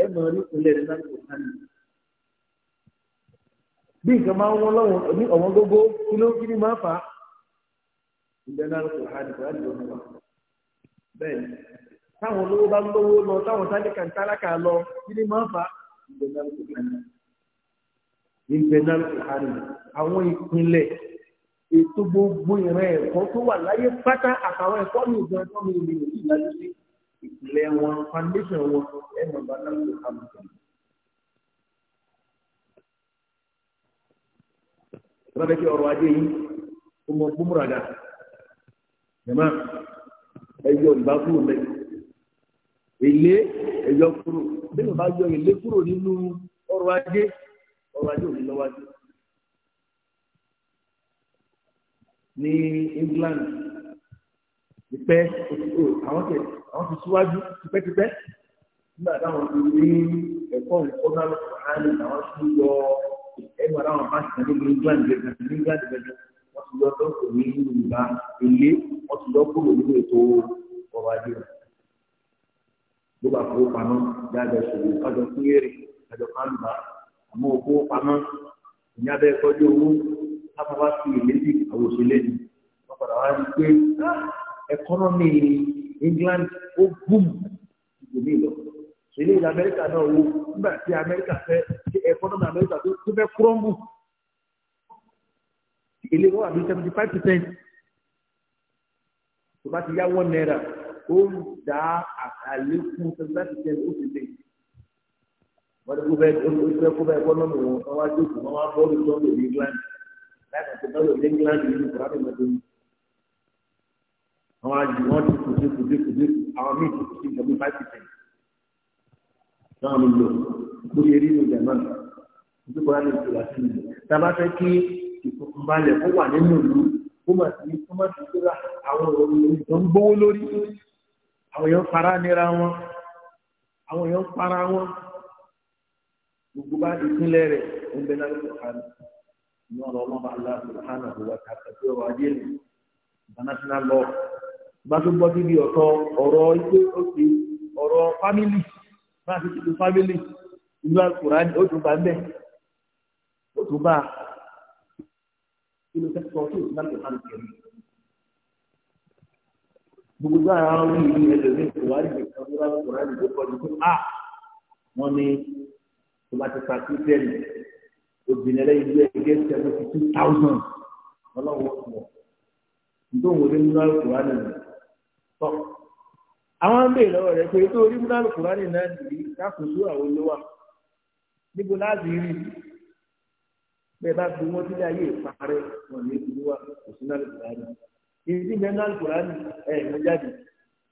ẹ mọ̀ ní ìpínlẹ̀ rẹ̀ láti bí nǹkan máa wọ́n ní ọ̀wọ́n kí ló kí ni máa fà á bẹ́ẹ̀ ni táwọn olówó bá ń lówó lọ ìbẹ̀nàlù ìhànì àwọn ìpínlẹ̀ ètò gbogbo ìran ẹ̀kọ́ tó wà láyé pátá àtàwọn ẹ̀kọ́ ní ìjọ ẹ̀kọ́ ní ìlú ìdájọ́ sí ìpìlẹ̀ wọn foundation wọn ẹ̀mọ̀ bàtàlù ìhànì. Bàbá kí ọrọ̀ ajé yìí ó mọ gbúmúradà. Jẹ̀má ẹ yọ ìbá kúrò mẹ́rin èlé ẹ̀yọ kúrò bí wọ́n bá yọ èlé kúrò nínú ọrọ̀ ajé ọrọ̀ ajé òní lọ́wọ́dé. ní England tipẹ́ àwọn tẹ̀ àwọn ti síwájú tipẹ́tipẹ́ nígbà táwọn ti rí ẹ̀kọ́ ìfọ́nàlù kọ̀ọ̀hánì àwọn ti yọ ẹgbẹ́ àwọn pásítọ̀ níbi England gẹ̀gẹ̀ ní England gẹ̀gẹ̀ wọ́n ti yọ ọdọ́ kò ní ìlú ìgbà èlé wọ́n ti yọ kúrò nínú ètò ọrọ̀ ajé rẹ̀. bó bá fowó pamọ́ dájọ́ ṣòwò kájọ fún èrè kájọ kánú bá àmọ́ fowó pamọ́ ìyá bẹ́ẹ̀ tọ́jú owó lápá sí ìlédì àwòṣe lẹ́nu wọ́n padà wá rí ah, England ó lọ ilé ìlú Amẹ́ríkà náà wo nígbà tí Amẹ́ríkà fẹ́ ẹkọ́nọ́mì Amẹ́ríkà tó fẹ́ kúrọ́mù ilé wọn àbí seventy five percent ó ń dá àlékún sẹ́ńtẹ́tì tẹ́ ó ti dé. wọ́n ti kó bẹ́ẹ̀ ó ti fẹ́ kó bẹ́ẹ̀ kọ́ wọn wọ́n wá jókòó wọ́n wá bọ́ọ̀lù sọ́ọ̀lù ní England láti ṣe bọ́ọ̀lù ní England yìí nìkan láti mọ̀ tó ní. àwọn àjù wọn ti kùdé kùdé kùdé àwọn míì ti kùdé ìjọba five percent. náà mi lò kó yẹ rí ní ìjàmbá nítorí kọ́lá ní ìtura sí mi. tá a bá fẹ́ kí ìfọkànbalẹ̀ kó wà nínú ìlú kó má sí kó má sí àwọn èèyàn fara nira wọn àwọn èèyàn fara wọn gbogbo bá ìpínlẹ̀ rẹ̀ ń bẹ náà lọ́wọ́ kan ní ọ̀rọ̀ ọlọ́ba aláàbùhánà òwò àtàkùn ọ̀rọ̀ ajé nù international law bá tó gbọ́ síbi ọ̀tọ̀ ọ̀rọ̀ ilé òkè ọ̀rọ̀ family bá a ti ti family ìlú alukurani ó tún bá ń ó tún bá kí ló fẹ́ sọ fún ìlú alukurani kẹrin gbogbo àwọn ọmọ yìí ẹlòmíì kò wá lè kàn wúrà kúrà lè kọ́ ní fún a wọn ni tó bá ti pàṣẹ tẹ́lẹ̀ obìnrin ẹlẹ́yìn ló ẹgbẹ́ seventy two thousand ọlọ́wọ́ pọ̀ nítorí wọn lè múná kúrà lè tọ́ àwọn ń bèèrè lọ́wọ́ rẹ̀ pé tó orí múná kúrà lè náà nìyí káàkóso àwọn olówà níbo láti rí bẹ́ẹ̀ bá fi wọ́n sílẹ̀ ayé ìparẹ́ wọn lè fi wá kò sí náà lè kúrà lè tọ́ ìdí bẹ́ẹ̀ náà kùránì ẹ̀ mú jáde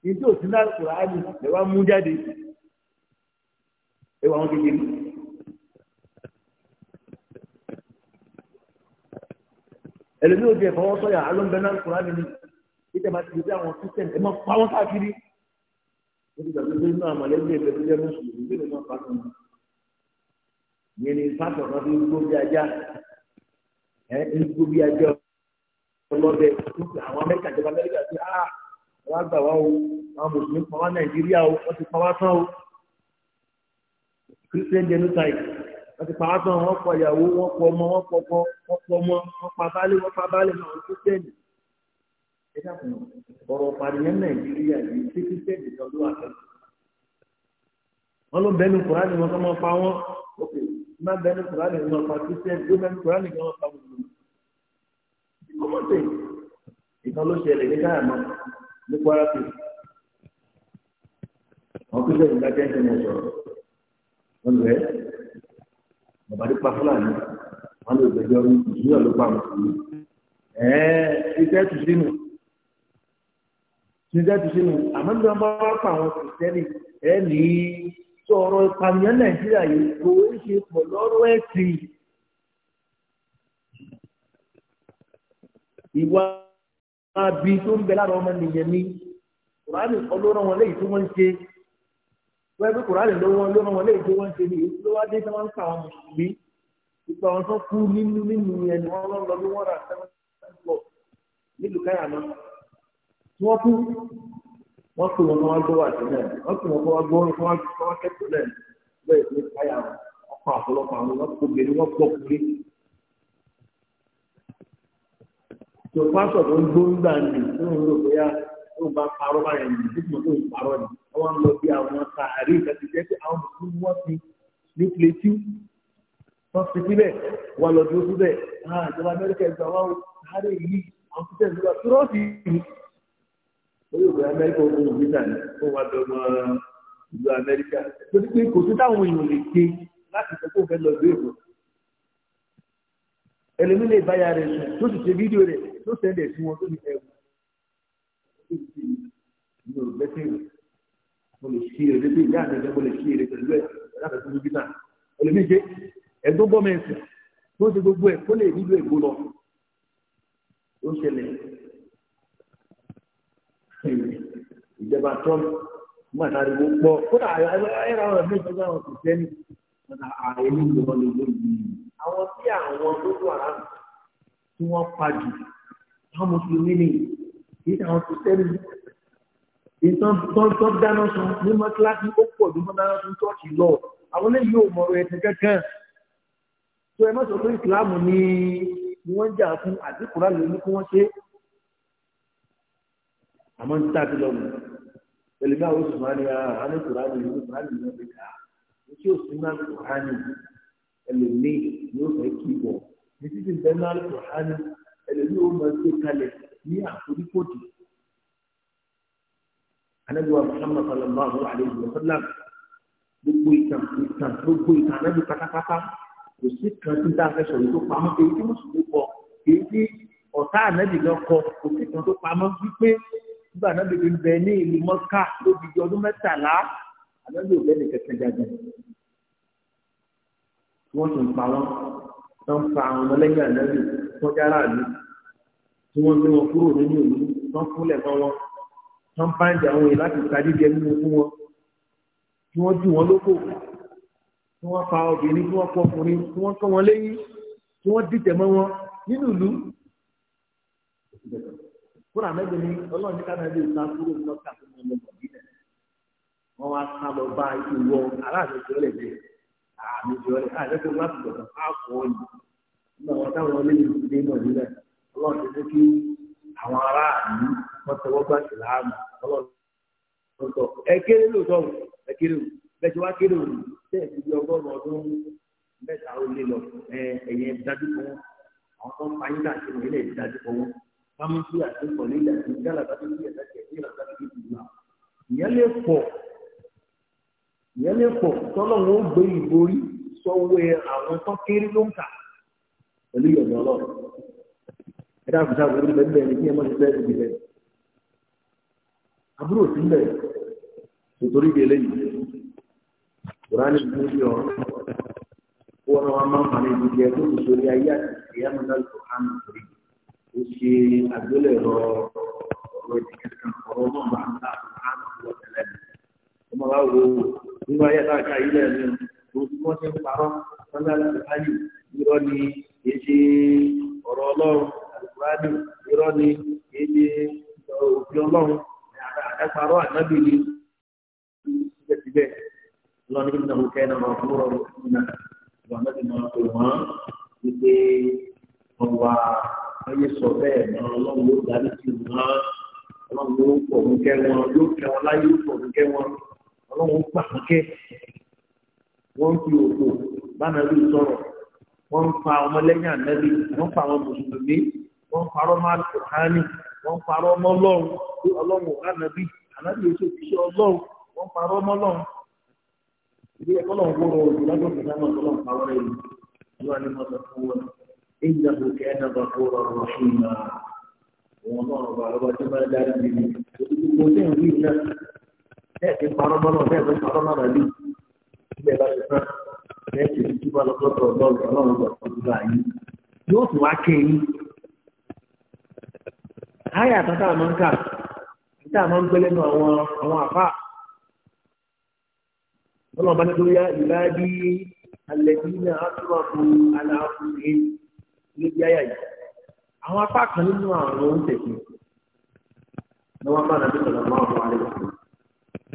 ìdí òsì náà kùránì ẹ̀ wá mú jáde ẹ̀ wá wọn kékeré. ẹlòmí ò di ẹ̀fọ́ wọn sọ̀yà alóńgbẹ náà kùránì ni ìjẹ́ bá ti di àwọn kristian ẹ̀ máa pa wọn káàkiri. ó ti gbàgbé pé inú àmọ̀lẹ́bí ẹ̀fẹ́ tó jẹ́ mùsùlùmí ló máa pa fún mi. yẹn ni pásọ̀ kan fi ń gbó bí ajá ẹ̀ ń gbó bí ajá ọlọ́dẹ àwọn amẹ́ríkà ìjọba amẹ́ríkà ti á ah, wọ́n á gbà wá o àwọn mùsùlùmí pa wá nàìjíríà o wọ́n ti pa wá tán o christian genocide wọ́n ti pa wá tán wọ́n pọ̀ ìyàwó wọ́n pọ̀ ọmọ wọ́n pọ̀ ọkọ wọ́n pọ̀ ọmọ wọ́n pa baálé wọ́n pa baálé náà wọ́n christian ẹ dàpọ̀ ọ̀rọ̀ pàdéyàn nàìjíríà yìí ṣé christian ìjọba ló wà fẹ́ẹ́ wọ́n ló bẹ́ẹ̀ ní kùránì wọn kọ́ máa pa wọ́n ok má bẹ́ẹ̀ ní kùránì wọn pa christian ló bẹ́ẹ̀ ní kùránì wọn pa mùsùlùmí. kọ́mọ̀tì ìkan ló ṣẹlẹ̀ ní káàmọ́ ní kwara àwọn tó náà sọ̀rọ̀ wọn lù ẹ́ bàbá tó pa fúlàní wọn lè gbẹjọ ìṣúná ló pa mùsùlùmí ẹ̀ẹ́ iṣẹ́ tù sínú ṣiṣẹ́ tù sínú nígbà bá wà pa àwọn ìpànìyàn nàìjíríà yìí kò ṣe ìwà àbí tó ń bẹ lára ọmọ nìyẹn ni kùránì kan ló rán wọn léyìí tí wọ́n ń ṣe wọ́n ẹgbẹ́ kùránì ló wọ́n ló rán wọn léyìí tí wọ́n ń ṣe ni èyí ló wá dé tí wọ́n ń kà wọn mùsùlùmí ìgbà wọn tó kú nínú nínú yẹn ni wọ́n lọ lọ bí wọ́n rà sẹ́wọ́n nílùú káyà náà tí wọ́n kú wọ́n pè wọn kọ́ gbọ́ wà sílẹ̀ wọ́n pè wọn kọ́ wá gbọ́ kọ́ wá kẹ́kọ̀ọ́ lẹ̀ bẹ́ẹ̀ ní káyà wọn kọ́ wọn kò gbé ni wọ́n pọ̀ kúrẹ́ tó pásọ̀ tó ń gbóngbà nì tó ń lò bóyá ah, tó ń bá parọ́ báyẹn nì tó ń tó ń parọ́ nì wọ́n lọ bí àwọn sàárì láti jẹ́ pé àwọn mùsùlùmí wọ́n ti ní plẹ̀tì wọ́n fi síbẹ̀ wọ́n lọ dúró síbẹ̀ ah, ìjọba amẹ́ríkà ìgbà wọn sàárì yìí àwọn tó tẹ̀sí lọ tírọ́ọ̀tì yìí lórí ìwé amẹ́ríkà ogun òmìnira ni fún wa dọ́gbọ ìlú amẹ́ríkà torí pé kò sí táwọn èèyàn lè ṣe láti sọ pé òun fẹ́ lọ ìlú èkó ẹlẹ́mí lè báyà rẹ̀ sùn tó sì ṣe fídíò rẹ̀ tó sẹ́ndẹ̀ sí wọn tó ní ẹ̀wù. mi ò bẹ́tẹ̀ mo lè ṣí eré bí ìyá àtẹ̀jẹ́ mo lè ṣí eré pẹ̀lú ẹ̀ láti fún bíbí náà ẹlẹ́mí ṣe ẹ̀dọ́ gọ́mẹ̀ntì tó ṣe gbogbo ẹ̀ kó lè nílò ègbó lọ ó ṣẹlẹ̀ ìjọba Trump mú àtàríwó pọ̀ kódà ẹ̀rọ àwọn ẹ̀mí ìjọba àwọn kò sẹ́ni ààrẹ ní ìjọba lóògbé yìí àwọn tí àwọn lójú ara tí wọ́n pa jù àwọn mùsùlùmí ni kì í ṣe àwọn kìrìsìtẹ́nì ìtàn tó dáná sun ní mọ́tíláṣí ó pọ̀ ju mọ́tíláṣí sun ṣọ́ọ̀ṣì lọ àwọn eléyìí ò mọ̀ ẹ̀ tẹ̀ kankan tó ẹ má sọ pé ìsìláàmù ni wọ́n jà fún àdínkùrá lè ní kí wọ́n ṣe àmọ́ ní tá a ti lọ mọ̀ pẹ̀lú bí àwọn oṣù máa ní àdínkùrá ah, lè ní kí wọ́n ṣe kà á ní tí ò sí náà kùrá nìyí ẹlòmíì yóò fẹ́ kí wọ̀ ní títí bẹ́ẹ̀ náà lọ́kọ̀ hánú ẹlòmíì yóò máa gbé kalẹ̀ ní àforífòdì. anábìwá Muhammad sallallahu alayhi wa sallam gbogbo ìtàn ìtàn gbogbo ìtàn anábì pátápátá kò sí kan tí dáa fẹ́ sọ̀rọ̀ tó pamọ́ èyí tí mùsùlùmí kọ èyí tí ọ̀tá anábì lọ kọ kò sí kan tó pamọ́ wípé nígbà anábì bẹ ní ìlú mọ́ká lóbi ọdún mẹ́tàlá anábì ò bẹ́ẹ̀ ní kẹ̀kẹ́ wọ́n sì ń pa wọ́n tó ń pa àwọn ọmọlẹ́yìn ànábì tó yára àlú tí wọ́n gbé wọn kúrò nínú ìlú tó ń kúnlẹ̀ mọ́ wọn tó ń báńjì àwọn èèyàn láti tàdíjẹ nínú fún wọn tí wọ́n jù wọ́n lóko tí wọ́n pa obìnrin tí wọ́n pọ̀ ọkùnrin tí wọ́n kọ́ wọn lẹ́yìn tí wọ́n dìtẹ̀ mọ́ wọn nínú ìlú kúrò àmẹ́bí ni ọlọ́run ní kánábí ìta kúrò ní ọkà tó mọ ọmọ ìbílẹ̀ wọn wá sá lọ bá ìwọ aráàlú ìṣẹ̀lẹ̀ bẹ́ẹ̀ àmì ìjọba àlẹ́kùn láti gbọ̀dọ̀ àpò ọ̀nì nígbà wọn táwọn olóyìn ìdílé náà nílẹ̀ ọlọ́run ti kí àwọn aráàlú wọn tẹwọ́ gbà láàmú ọlọ́run tó ẹ kéré lóòótọ́ ẹ kéré o bẹ́ẹ̀ wá kéré o bẹ́ẹ̀ ti di ọgọ́rùn ọdún mẹ́ta ó lé lọ ẹ̀yẹn dájú fún wọn àwọn tó ń pa yín káàkiri ilẹ̀ dájú fún wọn kámi sí àtúnkọ̀ nílẹ̀ ìjálàbá tó ń bí ẹ̀dá ìyẹn lè pọ̀ tọ́lọ́run ó gbé ìborí sọ́wọ́ àwọn tó kéré ló ń kà pẹ̀lú ìyọ̀nà ọlọ́run ẹ dáàbò sáà wọlé bẹ́ẹ̀ bẹ́ẹ̀ ni kí ẹ mọ̀ sí bẹ́ẹ̀ níbi bẹ́ẹ̀ àbúrò sí bẹ́ẹ̀ nítorí ìdílé yìí kùránì tó ń yọ wọn wọn máa ń fani ìdílé tó ń sori ayé àti ìyá mi náà tó hàn nítorí ó ṣe àgbélẹ̀rọ ọ̀rọ̀ ìdílé kan ọ̀rọ̀ náà máa ń ta àwọn àmọ̀ wọ́n tẹ̀lé mi ọmọ wa wo nínú ayé àtàkà yìí náà ni o tí wọ́n ti ń parọ́ sọ́nà àlùfáàlì irọ́ ni èdè ọ̀rọ̀ ọlọ́run àlùfáàlì irọ́ ni èdè òfin ọlọ́run àdàparọ́ ànábì ni síbẹ̀síbẹ̀ lọ́nà ìgbìmọ̀ òkè náà máa fún ọ̀rọ̀ ìgbìmọ̀ ìgbìmọ̀ náà ti máa pè wọ́n wípé ọ̀wà ayé sọ bẹ́ẹ̀ náà ọlọ́run ló darí sí wọn ọlọ́run ló pọ̀ wọn kẹ́ wọn yóò láyé kẹ́ wọ́n fi òkò bánàbí sọ̀rọ̀ wọ́n ń fa ọmọlẹ́yìn ànábì wọ́n fa àwọn mùsùlùmí wọ́n ń parọ́ máa tó hání wọ́n ń parọ́ mọ́ lọ́run pé ọlọ́run ànábì ànábì yóò ṣe òṣìṣẹ́ ọlọ́run wọ́n ń parọ́ mọ́ lọ́run ilé ẹ̀kọ́ kó rọrùn jù lọ́dún kẹta náà tó lọ́run parọ́ rẹ̀ yìí ló fún wọn ìjà kò kẹ́ ẹ̀dá bá kó rọrùn ṣùgbọ́n àwọn ọlọ́run bá ọba tó bá dárí bẹ́ẹ̀ ti ń parọ́ mọ́nà bẹ́ẹ̀ ti ń parọ́ mọ́nà lé ilé bá ti tán bẹ́ẹ̀ ti ń túbọ̀ lọ́sọ̀tọ̀ ọlọ́run ọlọ́run gbà tó ti bá yín yóò tún wá ké yín. láyé àtàtà máa ń kà níta máa ń gbélé nu àwọn àwọn àfà ọlọ́run bá ní tó yá ìlàdí alẹ́ bí náà á túbọ̀ fún aláàfin yìí ló bí àyà yìí àwọn apá kan nínú àwọn oúnjẹ kìí ni wọ́n bá nàbí sọ̀rọ̀ máa wọ àlejò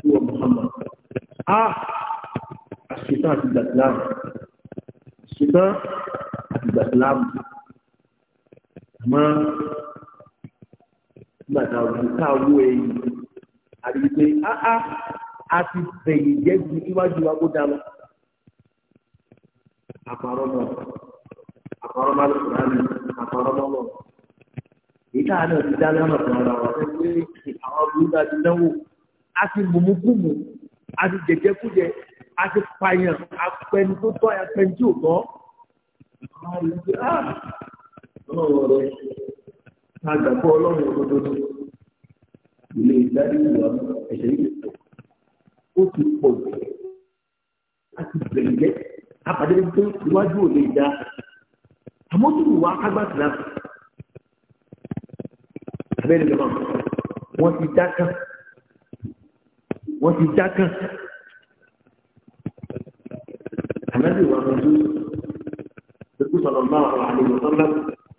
huwa Muhammad ah àṣetán àti gbàtìláàmù àṣetán àti gbàtìláàmù àmọ́ nígbà tá a wù ká wú ẹyìn àdìgbò pé áá a ti bẹ̀yìn jẹ́ ju iwájú wa kó dáa lọ àpárọ̀ lọ sọ̀rọ̀ àná lọ èyí káà náà ti dá lọ́nà tó ara wa pé àwọn ọdún dájú náà wò a ti mùmúkùmù a ti jẹjẹkújẹ a ti pààyàn apẹni tó tọ́ apẹni tí ò tọ́ àwọn olùdíje ah ọlọ́run rẹ àgbàpọ̀ ọlọ́run òdodo ni ilé ìdarí ìwà ẹ̀ṣẹ̀ yìí pọ̀ ó ti pọ̀ jù a ti bẹ̀rẹ̀ jẹ́ apàdé tó iwájú ò lè dá àmọ́ tó wù wá kágbàtìlá abẹ́rẹ́ lọ́wọ́ wọn ti dá kan wọ́n ti dákàn. Ànábì wà lọ́jọ́ ìdókòwò sọ̀rọ̀ máa wà àlejò sọ́lá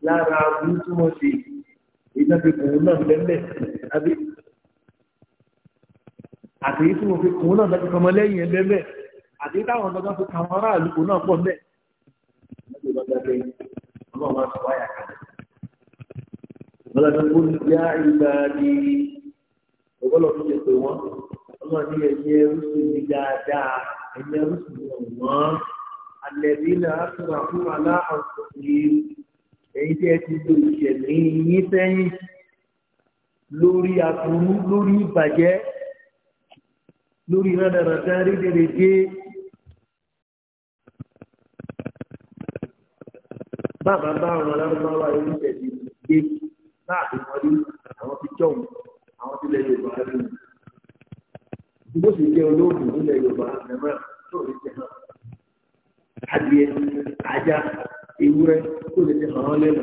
lára ohun tí wọ́n ṣe ìdá fi kùn náà lẹ́lẹ̀ àbí àtẹ̀yí tí wọ́n fi kùn náà láti fọmọ lẹ́yìn ẹ̀ lẹ́lẹ̀ àtẹ̀yí táwọn ọ̀dọ́gbọ́n fi kàwọn aráàlú kùn náà pọ̀ mẹ́. Ànábì wà lọ́jọ́ ọlọ́run wá sọ ní yá ìgbà ni ọgọ́lọ́ ọlọ́ọ̀ni ẹ̀yẹ rúṣù mi dáadáa ẹ̀yẹ rúṣù mi ọ̀wọ́n alẹ́bí náà sọ̀rọ̀ fún aláàfọ̀ yìí ẹ̀yin tí ẹ ti lo ìṣẹ̀lẹ̀ yín sẹ́yìn lórí aburú lórí ìbàjẹ́ lórí rádaràdá rédèrèdè. bàbá bá àwọn alárùbáwá yìí tẹ̀lé gbé láàbí wọlé àwọn ti jọ̀wọ́ àwọn ti lẹ́yìn ìbára rẹ̀ bó sì jẹ́ olóògùn nílẹ̀ yorùbá nàmá tó lè jẹ hàn adìẹ ajá ewúrẹ́ tó lè jẹ hàn án lẹ́nu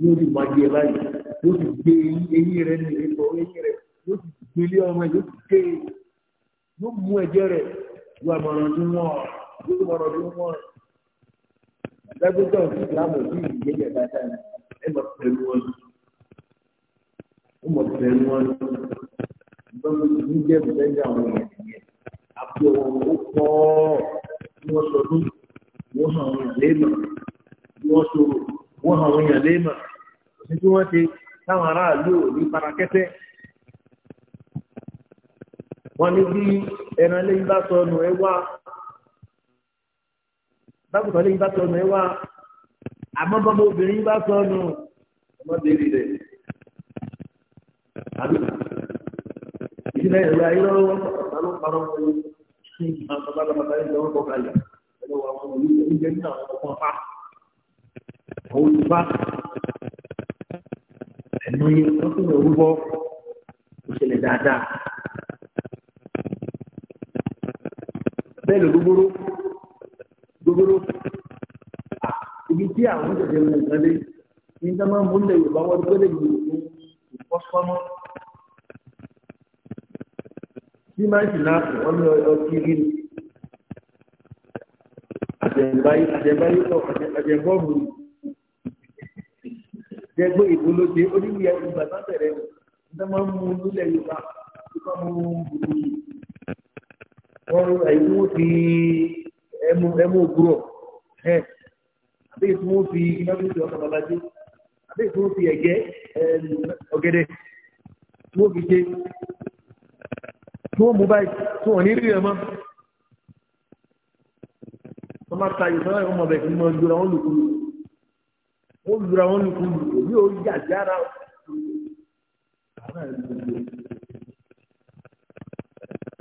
yóò sì máa jẹ báyìí yóò sì gbé eyín rẹ ní ìrẹ́pọ̀ eyín rẹ yóò sì gbélé ọmọ yóò sì gbé yóò e. mú ẹ̀jẹ̀ rẹ yóò àmọ̀ràn tí wọ́n yóò mọ̀ràn tí wọ́n lágbègbè ọ̀sìn ìsìlámù sí ìgbéyẹ̀ dáadáa ẹ̀ mọ̀ pẹ̀lú wọn ẹ̀ mọ̀ pẹ̀lú wọn lọ́nà tó ní jẹ́ bẹ́ẹ̀ àwọn èèyàn yẹn àbí ọ̀rọ̀ ó pọ̀ bí wọ́n sọ ní wọ́n hàn àwọn èèyàn léèmọ̀ bí wọ́n sọ wọ́n hàn àwọn èèyàn léèmọ̀ òsì tí wọ́n ṣe táwọn aráàlú ò ní parakẹ́tẹ́ wọ́n ní bí ẹran lẹ́yìn bá sọnù ẹ wá bákùtàn lẹ́yìn bá sọnù ẹ wá àmọ́ bọ́mọ obìnrin bá sọnù ọmọbìnrin rẹ̀ àbí ilẹ̀ ẹ̀yà irọ́ ọ̀tá ló parọ́ wọn ní àwọn babalabata yìí lọ́wọ́ bọ́ kalẹ̀ ẹ̀rọ àwọn oúnjẹ ní àwọn ọmọ pa àwọn olùfà ẹ̀nu yìí wọ́n tún lọ rúbọ ìṣẹ̀lẹ̀ dáadáa. bẹ́ẹ̀ ló gbogbo gbogbo ibi tí àwọn ìṣẹ̀lẹ̀ wọn kan dé ní sábà múlẹ̀ yorùbá wọn gbọ́dọ̀ yìí fún ìfọ́sọ́mọ́ bí máa ń sì náà fún ọmọ ọtí rí ni àjẹ̀báyé àjẹ̀báyé tọ̀ àjẹ̀bọ́ọ̀mù jẹ́gbé ìgbólóde oníwìyà ìgbà náà bẹ̀rẹ̀ ní wọ́n mú un lólẹ̀ yorùbá tí wọ́n mú un gbogbo yìí wọ́n ẹ̀yìn wọ́n fi ẹmu ẹmu òwúrọ̀ ẹ̀ àbí ètò wọ́n fi iná tó ti ọ̀sán babajú àbí ètò wọ́n fi ẹ̀gẹ́ ọ̀gẹ̀dẹ̀ wọ́n fi ṣe tí wọ́n mú báyìí tí wọ́n ní rí ẹ̀ mọ́ wọ́n máa ta ìfẹ́ ọmọ bẹ̀ kí wọ́n lura wọn lùkulù wọ́n lura wọn lùkulù èmi ò yà sí ara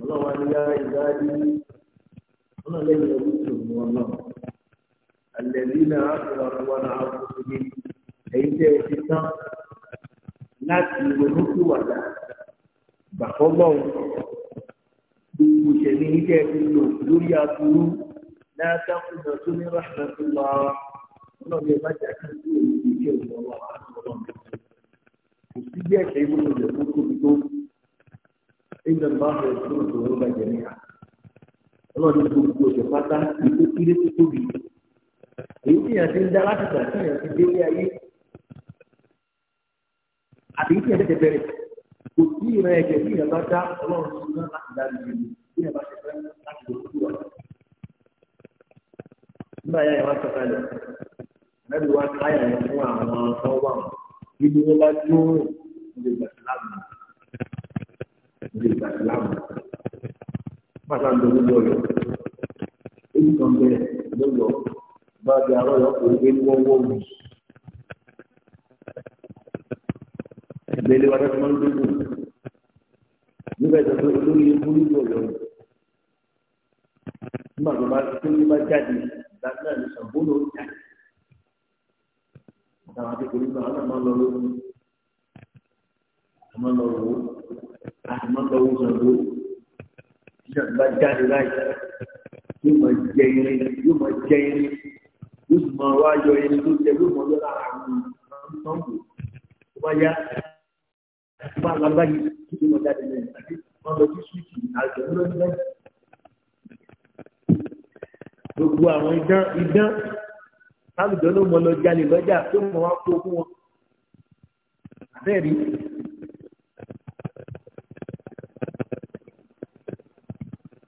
ọlọ́wọ́ ni yá ìdájí ọlọ́wọ́ lẹ́yìn ẹ̀rú tó ní wọn náà àlẹ́lí náà àtúwọ̀n wọn náà àkókò ní ẹ̀yìn tẹ́ ẹ ti tán láti ronú sí wàdà gbàkọ́gbọ́n gbogbo ìṣẹ̀mí ní kẹ́ ẹ ti lò lórí aburú látàkùnà tó ní ràṣàtúwà ọlọ́run ẹ̀ má jà kí n kúrò níbi ìṣe òṣùwọ̀n wà lọ́wọ́ kò sí bí ẹ̀ṣẹ̀ ìwúlò rẹ̀ tó tóbi tó ẹ̀yìn bá rẹ̀ tó tó ń bàjẹ́ níyà ọlọ́run ní gbogbo ọ̀sẹ̀ pátá ètò kéré tó tóbi èyí tí yàn ń dá láti gbà tí yàn délé ayé àbí tí yàn ti tẹ̀ kò sí ìran ẹ̀jẹ̀ bí ìyẹn bá dá ọlọ́run sí náà láti dá lórí ìlú bí ìyẹn bá ṣe fẹ́ láti lò ó wà. nígbà yá ìwà sọ̀tà lẹ̀ mẹ́bí wá káyà yẹn fún àwọn ọ̀sán wà wọ́n nínú wọn bá dúró ní ìgbà tí láàmú ní ìgbà tí láàmú. pàtàkì ń dojú lọ èyí kan bẹ́ẹ̀ ló bá a di arọ́ yọ kó o gbé ní wọ́n wọ́ wù. lẹ́lẹ́ wa dáná máa ń dógùn nígbà tó tó olórí ebú ní ìbọ̀lọ́ nígbà tó bá tó ní bá jáde ìgbà náà ní sàbónú ọjà àwọn akékeré náà àwọn máa ń lọ lórí àwọn máa ń lọ wò àwọn máa lọ wò sàbó nígbà bá jáde láì yóò máa jẹ irin yóò máa jẹ irin yóò sì máa wá yọ irin tó jẹ yóò máa yọ lára àwọn ọmọ náà tó bá yá bá a lágbá yìí kí ni mo jáde lẹ́yìn àti wọ́n lọ sí swíìtì àjọ lórí lẹ́yìn. gbogbo àwọn idán idán láwùjọ ló mọ lọ jalè lọ́jà tó mọ wá kó fún wọn. àbẹ́ẹ̀ rí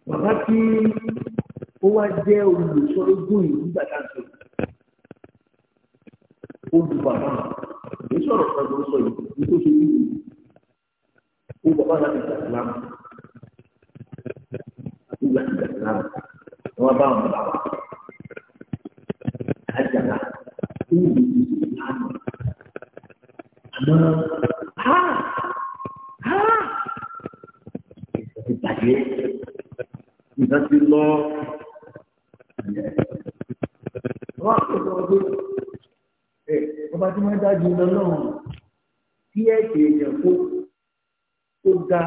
bàbá tí ó wá jẹ́ olùsọ́lógún yìí nígbà sọ olùbàbà èyí kan ló sọ yìí ní tó ṣe bí yìí. Ubat orang tidak Islam. Ubat tidak Islam. Orang bawa bawa. Ajarlah. Ubat Islam. Amal. Ha. Ha. Kita tadi. Kita Allah. Wọ́n á sọ̀rọ̀ pé ẹ̀ ọba tí wọ́n dájú lọ́nà tí ẹ̀ kéèyàn kó ga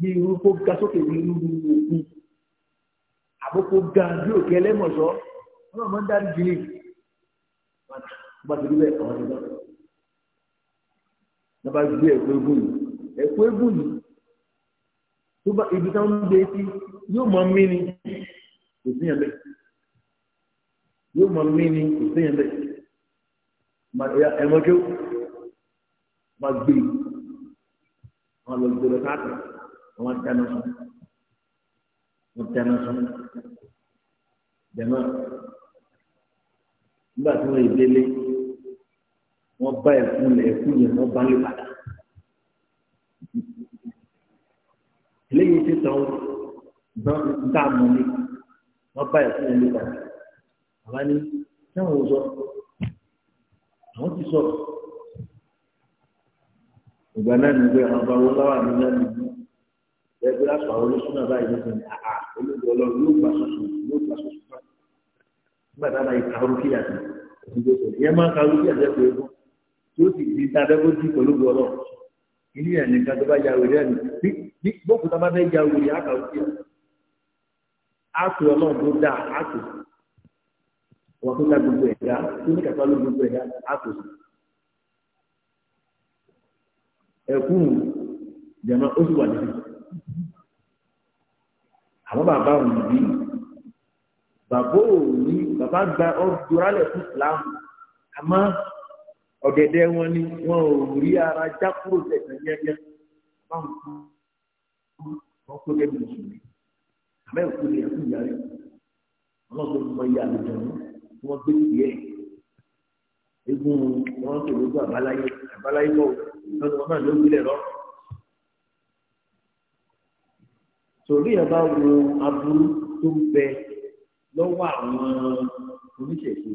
bí irú kó ga sókè bí irú òkun àbókò ga bí òkè ẹlẹ́mọ̀ṣọ́ wọn máa ń dárí jìnnì gbàtí bíbẹ̀ àwọn ti gbà lọ́ba gbé ẹ̀kọ́ egun yìí ẹ̀kọ́ egun yìí tó bá ibi táwọn ń gbé sí yóò máa mí ni kò sí yẹn bẹ́ẹ̀ yóò máa mí ni kò sí yẹn bẹ́ẹ̀ ẹ̀mọ́jọ́ máa gbé yìí wọn lọ gbèrò káàkiri wọn tẹnu sùn wọn tẹnu sùn jẹmọ nígbà tí wọn yìí délé wọn bá ẹkún lẹ ẹkún yẹn wọn bá lè padà eléyìí ti tàn ó gbọ́n níta mọ́ wọn bá ẹkún yẹn lè padà àwa ni sẹ́wọ̀n sọ àwọn ti sọ̀rọ̀ ìgbà náà ní pé ọba wo bá wà ní lẹ́nu ẹgbẹ́ aṣọ àwọn olóṣùnà báyìí ló sọ ní àhà olóògbé ọlọ́run yóò gbà sọ̀sọ̀ yóò gbà sọ̀sọ̀ bá nígbà tá a máa ka orúkí àti ìdílé sọ̀rọ̀ ìyẹn máa ka orúkí àti ẹ̀kọ́ ẹ̀kọ́ tí ó sì di tàbẹ́kọ́ sí olóògbé ọlọ́run ilé ẹ̀ nìkan tó bá ya wèrè ẹ̀ bí bókù tá a bá fẹ́ ya wèrè á ka orúkí àti ẹ̀kú jẹ̀mọ́ ó sì wà níbi. àwọn bàbá òun bí bàbá òní bàbá gba ọdúnrálẹ̀ fún islam àmọ́ ọ̀gẹ̀dẹ̀ wọn ni wọn ò rí ara já kúrò tẹ̀sán yẹ́yẹ́ báwọn kú wọn kó gẹ́gẹ́ bí mùsùlùmí àmọ́ ẹ̀kú ni ẹ̀kú ìyá rẹ̀ ọlọ́run ló mọ iye àlejò wọn tí wọ́n gbé tiẹ̀ egun wọn kò lójú àbáláyé àbáláyé lọ́wọ́ ìtọ́jú wọn náà ló wílẹ̀ lọ́rùn. torí ẹ̀ bá wo aburú tó ń bẹ lọ́wọ́ àwọn oníṣẹ̀ṣe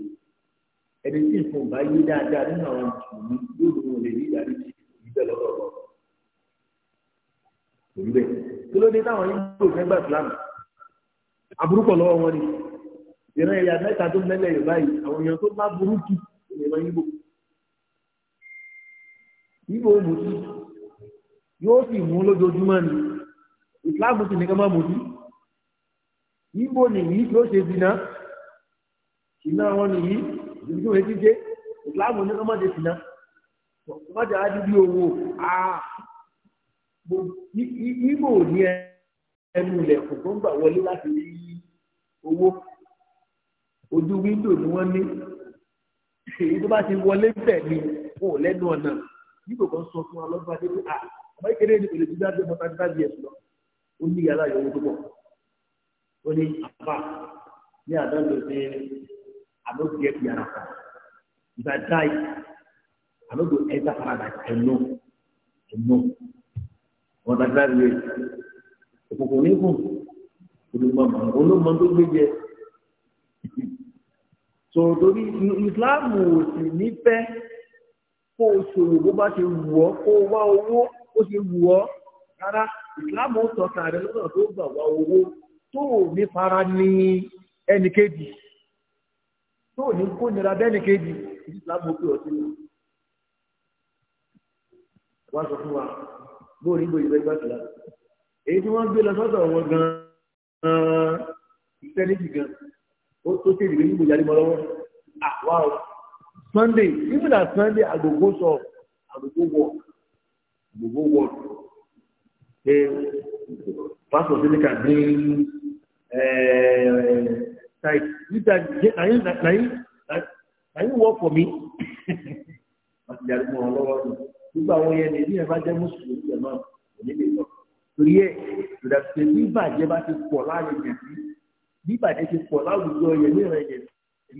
ẹni tí nǹkan bá yé dáadáa nínú àwọn mùsùlùmí yóò lóun ò lè rí ìdarí ti ìbẹ̀ lọ́rọ̀ lọ. torí bẹ́ẹ̀ kí ló dé táwọn yìí ń fẹ́gbà ìsìlámù aburú pọ̀ lọ́wọ́ wọn ni ìran ẹ̀yà mẹ́ta tó mẹ́lẹ̀ yorùbá yìí àwọn èèyàn tó má burú jù ìrìnà yìí bò níbo mutí yóò sì mú lójoojúmọ́ ni ìsìláàmù sì nìkan máa mutí níbo nìyí tó ṣe dìná ìná wọn nìyí ìdíjú tó retí dé ìsìláàmù nìkan máa ṣe dìná wọ́n di bí owó àá níbo ní ẹnu ilẹ̀kùn tó ń gbà wọlé láti rí owó ojú wíńdò ni wọ́n ní èyí tó bá ti wọlé bẹ̀ ni kò lẹ́nu ọ̀nà yíkò kan sọ fún wa lọ́dún adé pé ah ọmọ ìkéde ní kò lè dídá dé mọ́tà dídá díẹ̀ sùn lọ ó ní yàrá ìyọ̀wó tó pọ̀ ó ní àpá ní àdánù ṣe àlọ́gbẹ̀ẹ́ fi ara kan ìgbà dáì àlọ́gbẹ̀ ẹ̀dá farada ẹ̀nù ẹ̀nù mọ́tà dídá díẹ̀ òkòkò ní kù olùmọ̀mọ̀ olùmọ̀ tó gbé jẹ sọ̀rọ̀ ìsìláàmù ò sì kó o ṣòwò bó bá ṣe wù ọ́ kó o wá owó ó ṣe wù ọ́ rárá ìsìláàmù ń tọ́ka rẹ lọ́nà tó gbà wá owó tó ò ní fara ní ẹnìkejì tó ò ní kó nira bẹ́ẹ̀nìkejì ìsìláàmù pé ọtí ni wá sọ fún wa bóòrí bóyí bẹ́ẹ̀ gbàgbà èyí tí wọ́n gbé lọ sọ́dọ̀ wọn gan-an ìfẹ́ níbi gan ó tó tẹ̀lé nígbòjá lé mọ́ lọ́wọ́ àwa o. Sunday, even on Sunday, I go go shop, I go go work, I go go work. Hey, pastor say make eh, can bring tight. You that na you na you na you work for me. Wọ́n ti darí mọ́ ọ lọ́wọ́ ni. Gbogbo àwọn yẹn ni ìdíyẹn bá jẹ́ Mùsùlùmí jẹ̀ náà kò ní lè lọ. Torí ẹ̀ ìdàpẹ̀ bí ìbàjẹ́ bá ti pọ̀ láàrin yẹn sí, bí ìbàjẹ́ ti pọ̀ láwùjọ yẹn ní ìrẹ̀yẹ̀ sí.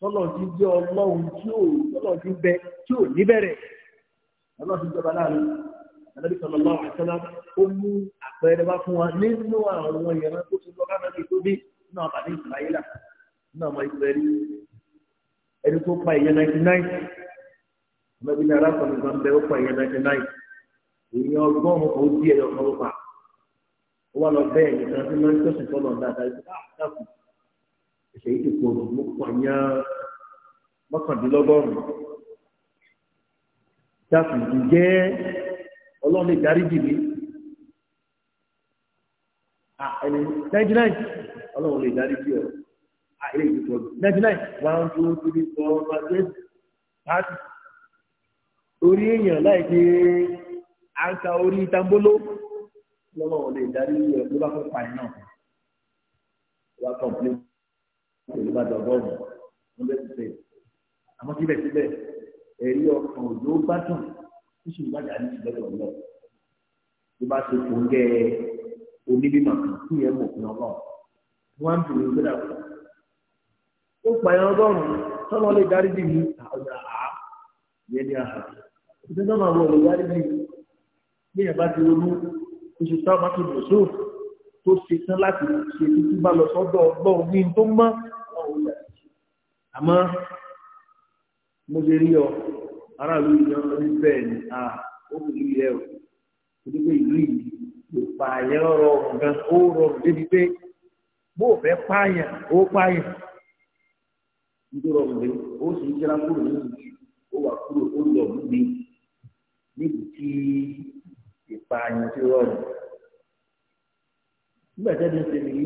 tọ́lọ̀ ti jẹ́ ọlọ́run tí ò tọ́lọ̀ ti bẹ tí ò níbẹ̀rẹ̀ ọlọ́run ti jọba láàrin ànábì sọ̀rọ̀ lọ́wọ́ àṣẹlá ó mú àpẹẹrẹ wá fún wa nínú àwọn ìran tó ti lọ́ọ́ kánábì tó bí nínú àbàdé ìsìláyélà nínú àwọn ìsìláyélà ẹni tó pa ìyẹn ninety nine ọmọbi ní arákùnrin kan bẹ ó pa ìyẹn ninety nine èèyàn ọgọ́rùn-ún ó di ẹ̀yọ̀ kan ló pa ó wà lọ bẹ́ẹ̀ ẹsẹ̀ yìí ti pọ̀ jù mú pọ̀ yá mọ́kàndínlọ́gọ́rùn-ún dákùn ti jẹ́ ọlọ́run lè darí jì mí ẹni ninety nine ọlọ́run lè darí jì ọ́ ilé ìdìbò ninety nine one two three four five six thirty orí èèyàn láì ṣe àǹkà orí tambolo lọ́wọ́ lè darí jì ọ́ bá fẹ́ pa ẹ̀ náà ló èyí bá dọ̀ bọ́ọ̀mù wọn bẹ́ẹ̀ ti sè àmọ́ síbẹ̀síbẹ̀ ẹ̀rí ọkàn òjò gbádùn tó sì gbádùn àti ìbẹ̀rẹ̀ ọ̀lọ́ tó bá ṣe fún gẹ́ oníbímọ̀ kan kí yẹn mọ̀ fún ọlọ́run wọn á ń bìrì gbéra wọn. ó pààyàn ọgọ́rùn-ún sọ́nà lè dárí bí mi ọ̀dà àá yẹn ní àhà ìdíjọ́ máa wọ̀ lè dárí bí mi bí yẹn bá ti ronú oṣù sábà tó dùn sóòfù tó ṣe tán láti ṣe tuntun bá lọ sọ́dọ̀ ọlọ́run ní tó mọ́ ọ̀hún yà àmọ́ mo ṣe rí ọ aráàlú ìyá ní bẹ́ẹ̀ ni a ó kò ní ilẹ̀ o kò ní pé ìlú yìí kò pààyàn rọrùn gan ó rọrùn débi pé bó o fẹ́ pààyàn ó pààyàn nítorí ọ̀rùn rẹ ó sì ń jẹ́ra kúrò nínú ìlú ó wà kúrò ó lọ níbi níbi tí ìpààyàn ti rọrùn nígbà tí ẹni ṣe nìyí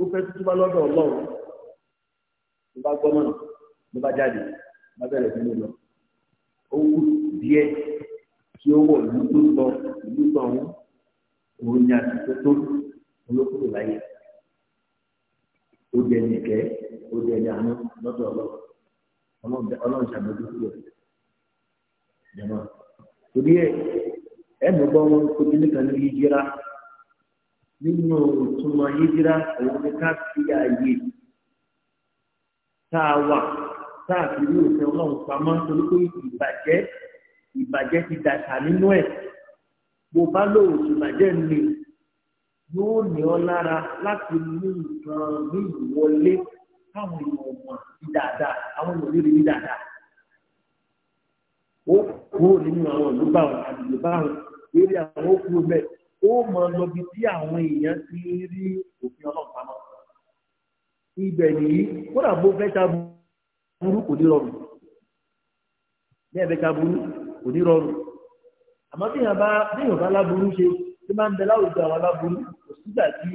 ó fẹ́ túbá lọ́dọ̀ ọlọ́run ló bá gbọ́ náà ló bá jáde bá bẹ̀rẹ̀ sí lọ ó kù díẹ̀ tí ó wọ̀ ìlú tó lọ ìlú tó ọ̀hún òun ni àtúntò tó olókùnrin láyé ó jẹ ní ìkẹ́ ó jẹ ní àánú lọ́dọ̀ ọlọ́run ọlọ́run ṣàmójútó rẹ̀ jẹ̀mọ́ torí ẹ̀ ẹ̀ mú bọ́ wọn kó kíní kan ní yíyíra nínú ìtumọ̀ yíjíra òun ni ká fi àyè tá a wà tá a fi rí òfin ọlọ́run pamọ́ torí pé ìbàjẹ́ ìbàjẹ́ ti dàtà nínú ẹ̀ bó bá lóòótọ́ ìbàjẹ́ ni yóò ní ọ lára láti mú nǹkan ní ìwọlé káwọn èèyàn mọ̀ ní dáadáa àwọn èèyàn lè rí dáadáa. ó kúrò nínú àwọn ìlú báwọn àdìgbò báwọn eré àwọn ó kúrò bẹ́ẹ̀ ó mọ lọbi tí àwọn èèyàn ti rí òfin ọlọ́run pamọ́ ibẹ̀ nìyí kódà bó fẹ́ ta burú kò ní rọrùn ní ẹ̀fẹ́ ta burú kò ní rọrùn àmọ́ bí èèyàn bá bí èèyàn bá láburú ṣe tí máa ń bẹ láwùjọ àwọn aláburú kò sígbà tí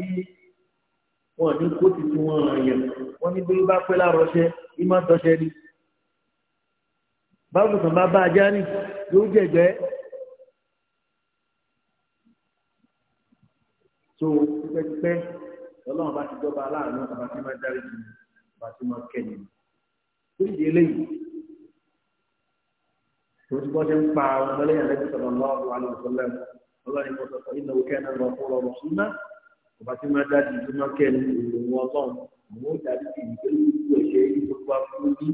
wọn ní kó ti tún wọn yẹ wọn ní bí bá pẹ́ lárọ́ṣẹ́ ní máa ń ni báwo kan bá bá ajá ní yóò jẹ̀gbẹ́ so pípẹ́pípẹ́ ọlọ́run bá ti dọ́ba aláàánú ọba tí máa dárí ju ọba tí máa kẹ́ni tó ìdí eléyìí tó ti bọ́ ṣe ń pa àwọn ọmọlẹ́yìn alẹ́ sọ̀rọ̀ lọ́wọ́ àwọn ọ̀sọ́lẹ̀ ọlọ́run mo sọ pé iná òkè náà lọ fún ọrọ̀ súnmọ́ ọba tí máa dárí ju máa kẹ́ni ìròyìn ọlọ́run àwọn ó dárí ju ìgbélé gbogbo ẹ̀ṣẹ̀ yìí fún ní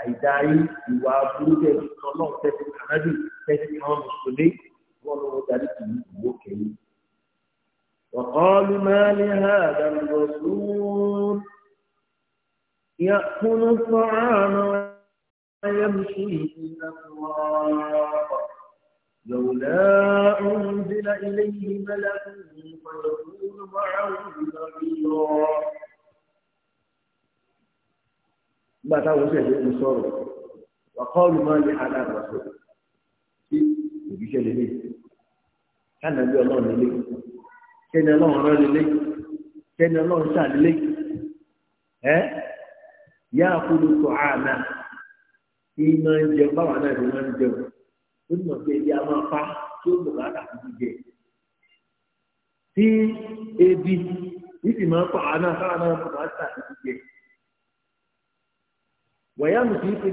àìdáyé ìwà burúkú ọlọ́run tẹ̀sí a ụụaaye ụ ana wuleụdị a ieihe aa aaua ada wee aọlụli a ndị na ihe bụrụ na na-eji ọrụ. diọe kẹ́ni ọlọ́run rán lélẹ́ kẹ́ni ọlọ́run ṣàlélẹ́ ẹ́ yá àkúrò tó àná ìmọ̀ na báwa náà ló máa ń jẹun ó ní ọ̀sẹ̀ pa tí ó jíjẹ tí ebi ìsì máa ń pa àná sára náà bùkà àtàkùn jíjẹ wọ̀nyá mi kì í fi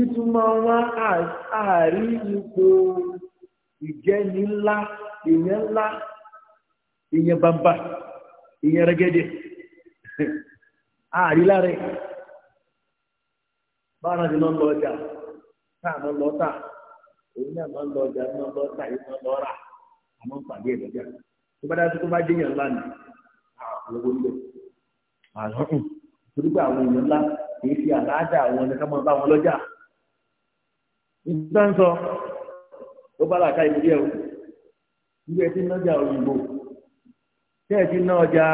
ìtumọ̀ ìjẹni ńlá èèyàn ńlá èèyàn bàbà èèyàn rẹ́gẹ́dẹ́ ààrí lára ẹ̀ báwọn náà ti lọ lọ ọjà táà lọ lọ tà èyí náà máa ń lọ ọjà máa ń lọ tà èyí máa ń lọ rà àmọ́ ń pàdé ẹ̀ lọ́jà tó bá dá tó bá jẹ́yàn ńlá ni àwọn owó ńlẹ̀ àlọ́kùn torí àwọn èèyàn ńlá kì í fi àlàáda àwọn ẹni ká máa bá wọn lọ́jà. ìgbà ń sọ ó bá làkà ìdílé o ndị ẹ ti ń ndị òyìnbó tẹ́ ẹ ti ná ọjà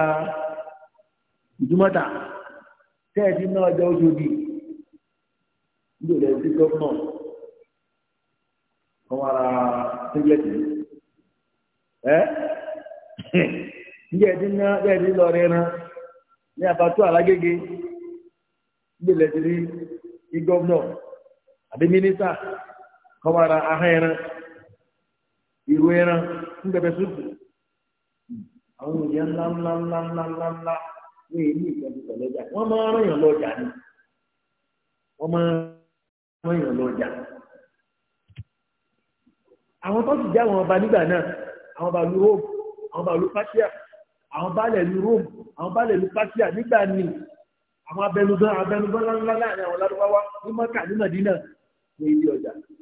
ndị tẹ́ ẹ ti ná ọjà oṣooṣì níbi ìlẹ̀ sí gọ́fúnà ọmọ ara ẹ ẹ ti ná ẹ ti lọ rẹ ní gọ́fúnà àbí mínísà kọ́mọ ara ìró ẹran ń bẹbẹ sóòtù àwọn èèyàn ńlá ńlá ńlá ńlá ńlá ńlá ní èyí ìtọ́jú pẹ̀lẹ́jà wọ́n máa lọ́jà ni wọ́n máa rán yàn lọ́jà àwọn tó jẹ́ àwọn ọba nígbà náà àwọn ọba lu Rome àwọn ọba lu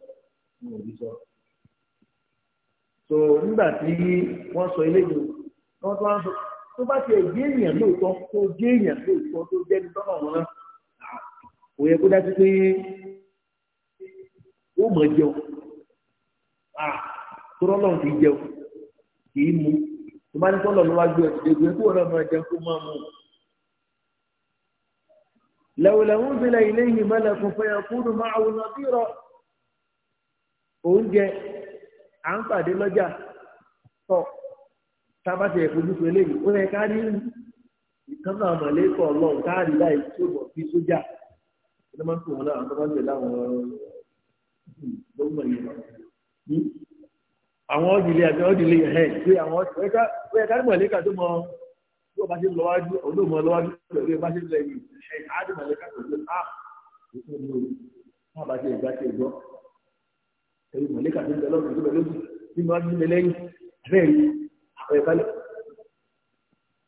wọn ò rí sọ. so nígbà tí wọ́n sọ eléyìí wọ́n tó wá ń sọ tó bá tiẹ̀ gé èèyàn lóòótọ́ tó gé èèyàn lóòótọ́ tó jẹ́ ní tọ́nà wọn náà kò yẹ kó dájú pé ó mọ̀ jẹun tọ́rọ́ náà kì jẹun kì í mu tó bá ní tọ́lọ̀ ló wá gbé ẹ̀sìn dégbé kó wọn náà máa mu. oúnjẹ à ń pàdé lọ́jà tọ̀ tábà ti ẹ̀kọ́jú pé ó yẹ ká ní ìkan náà mọ̀lẹ́kọ̀ tó bọ̀ bí sójà yìí lọ hmm, hmm? àwọn ọ̀dìlẹ̀ àti ọ̀dìlẹ̀ ẹ̀ pé àwọn ọ̀dìlẹ̀ tó mọ bí ṣe ń lọ wájú ẹ̀rù mọ̀lẹ́kà tó ń bẹ lọ́kùnrin tó bẹ lójú bí wọ́n ti bẹ lẹ́yìn bẹ́ẹ̀ ni àpẹẹrẹ kálẹ̀.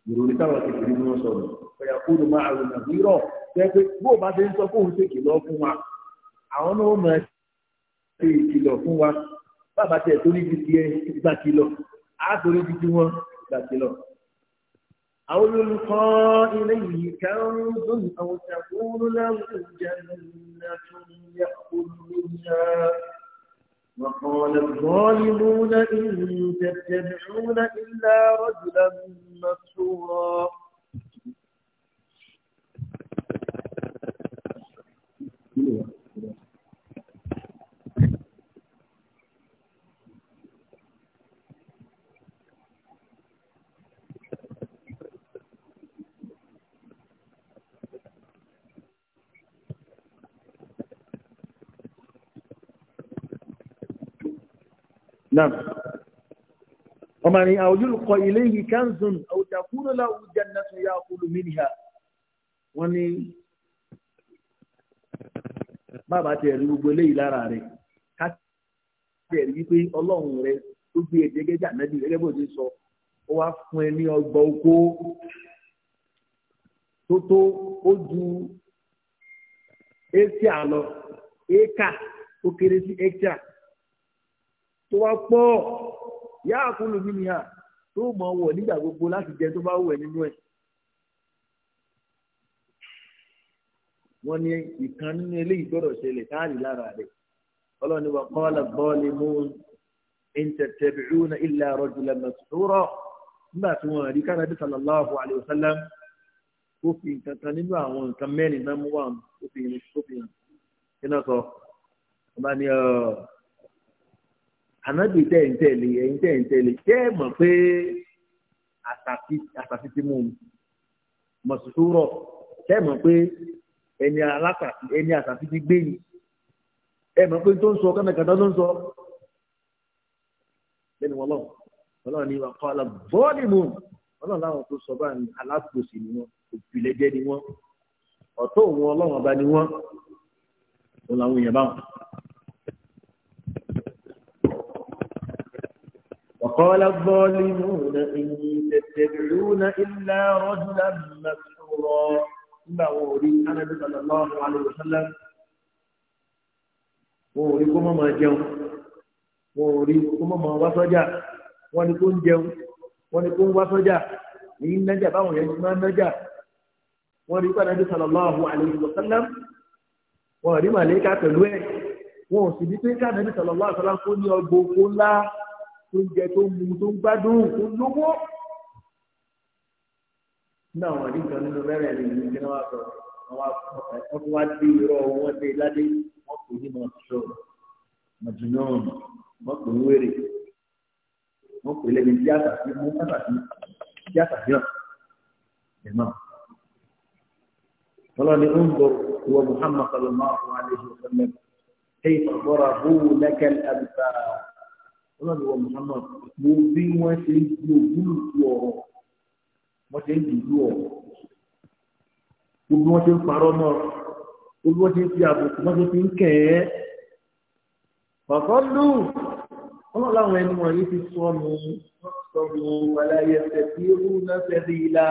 ìròyìn táwọn kékeré ni wọ́n sọ nù ọ̀yà kúrò máa àrùn nàbí rọ̀ jẹ́ pé bó o bá ti ń sọ kóun ṣe kìlọ̀ fún wa àwọn náà máa ṣe ìkìlọ̀ fún wa bàbá tiẹ̀ torí ti tiẹ̀ gbà kìlọ̀ á torí ti ti wọn gbà kìlọ̀. أو يلقى إليه كنز أو تكون وقال الظالمون إن تتبعون إلا رجلا Thank Yeah. na ọmọ ni àwòjúlùkọ ilé yìí kanzun àwòjàkúrò láwùjọ jannatu ya kulu minha wọ́n ní bàbá ti ẹ̀rí gbogbo eléyìí lára rẹ̀ ká ọlọ́run rẹ̀ tó gbé ẹ̀ e gẹ́gẹ́ bí ànábì gẹ́gẹ́ bó ti sọ ó wá fún ẹ ní ọgbà oko tó tó ó ju éṣíà lọ éka ó kéré sí éṣíà. tó wá pọ̀ yá àkúlù mi nìyà tó mọ̀ wọ̀ nígbà gbogbo láti jẹ tó bá wẹ̀ nínú ẹ̀. wọ́n ní ìkan nínú eléyìí gbọ́dọ̀ ṣẹlẹ̀ káàrí lára rẹ̀ ọlọ́ni wa qala zalimun in tattabi'una illa rajulan mas'ura nígbà tí wọ́n rí kánábí sallallahu alayhi wa fi nǹkan kan nínú àwọn nǹkan mẹ́rin náà mú wà ó fi hàn kí náà sọ ọba ni ọ̀ọ́ ànábì tẹ̀ǹtẹ̀lé ẹ̀yìn tẹ̀ǹtẹ̀lé jẹ́ mọ̀ pé àtàtì ti mú un mọ̀sùsúrọ̀ jẹ́ mọ̀ pé ẹni alátàtì ẹni àtàtì ti gbé yìí ẹ mọ̀ pé tó ń sọ kẹ́mẹ̀kẹ́tà ló ń sọ lẹ́nu wọn lọ́wọ́ ọlọ́run ní wàá kọ́ ọ́ bọ́ọ̀lì mú ọlọ́run láwọn tó sọ báyìí ní alákòóso ni wọn òpìlẹ̀ jẹ́ ni wọn ọ̀tọ̀ òun ọlọ́run ọba ni wọn òun làwọn èèyàn báwọn. وقال الظالمون إن تتبعون إلا رجلا مسحورا ما أريد أنا صلى الله عليه وسلم وأريد كما ما جاءوا وأريد كما ما وصجا ونكون جاوا ونكون وصجا إن نجا فهو يجمع نجا وأريد أنا صلى الله عليه وسلم وأريد ملائكة الوحي وأريد أن النبي صلى الله عليه وسلم كوني أبوكو لا tó ń jẹ tó ń mu tó ń gbádùn tó ń lówó. ní àwọn àdìgbà nínú mẹ́rẹ̀ ni ìlú kí wọ́n sọ àwọn ọkọ̀ wa dé irọ́ wọn dé ládé wọ́n kò ní mọ̀ sọ mọ̀jùnọ́ọ̀nù wọ́n kò ń wéré wọ́n kò lẹ́yìn tí àtàkì mú tí àtàkì hàn ìmọ̀. والله انظر هو محمد صلى الله عليه وسلم كيف ضربوا لك الأمثال ọlọ́dúnwọ̀ Muhammad wo bí wọ́n ṣe ń di ògúlù sí ọ̀rọ̀ wọ́n ṣe ń dìlú ọ̀rọ̀ gbogbo wọn ṣe ń parọ́ mọ́ gbogbo wọn ṣe ń fi àbùkù wọn ṣe fi ń kẹ̀ ẹ́ bàbá lù ọlọ́run láwọn ẹni wọ̀nyí ti sọnù sọnù aláyẹ tẹ̀sí irú náà tẹ̀sí ilá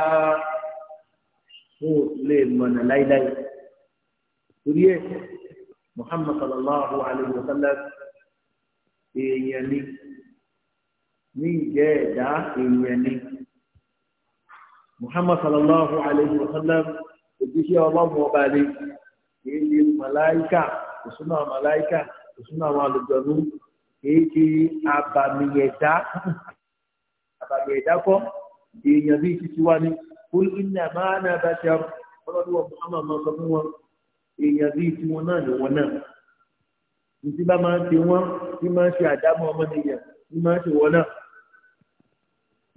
wọn ò lè mọ̀nà láíláí torí ẹ̀ Muhammad sallallahu alayhi wa sallam èèyàn ni ní ìjẹ́ ẹ̀dá èrò ẹni. Muhammad sallallahu alayhi wa sallam òjíṣẹ́ ọlọ́run ọba rẹ̀ kìí ṣe màláìkà òṣùnà màláìkà òṣùnà àwọn àlùjọ̀nù kìí ṣe abàmìyẹ̀dá abàmìyẹ̀dá kọ́ èèyàn bíi títí wá ní kúl iná máa náà bá ṣe ọlọ́dún wọn Muhammad máa sọ fún wọn èèyàn bíi tiwọn náà ni wọn náà ìdí máa ń ti wọn bí máa ń ṣe àdámọ́ ọmọ nìyẹn bí máa ń ṣe wọn náà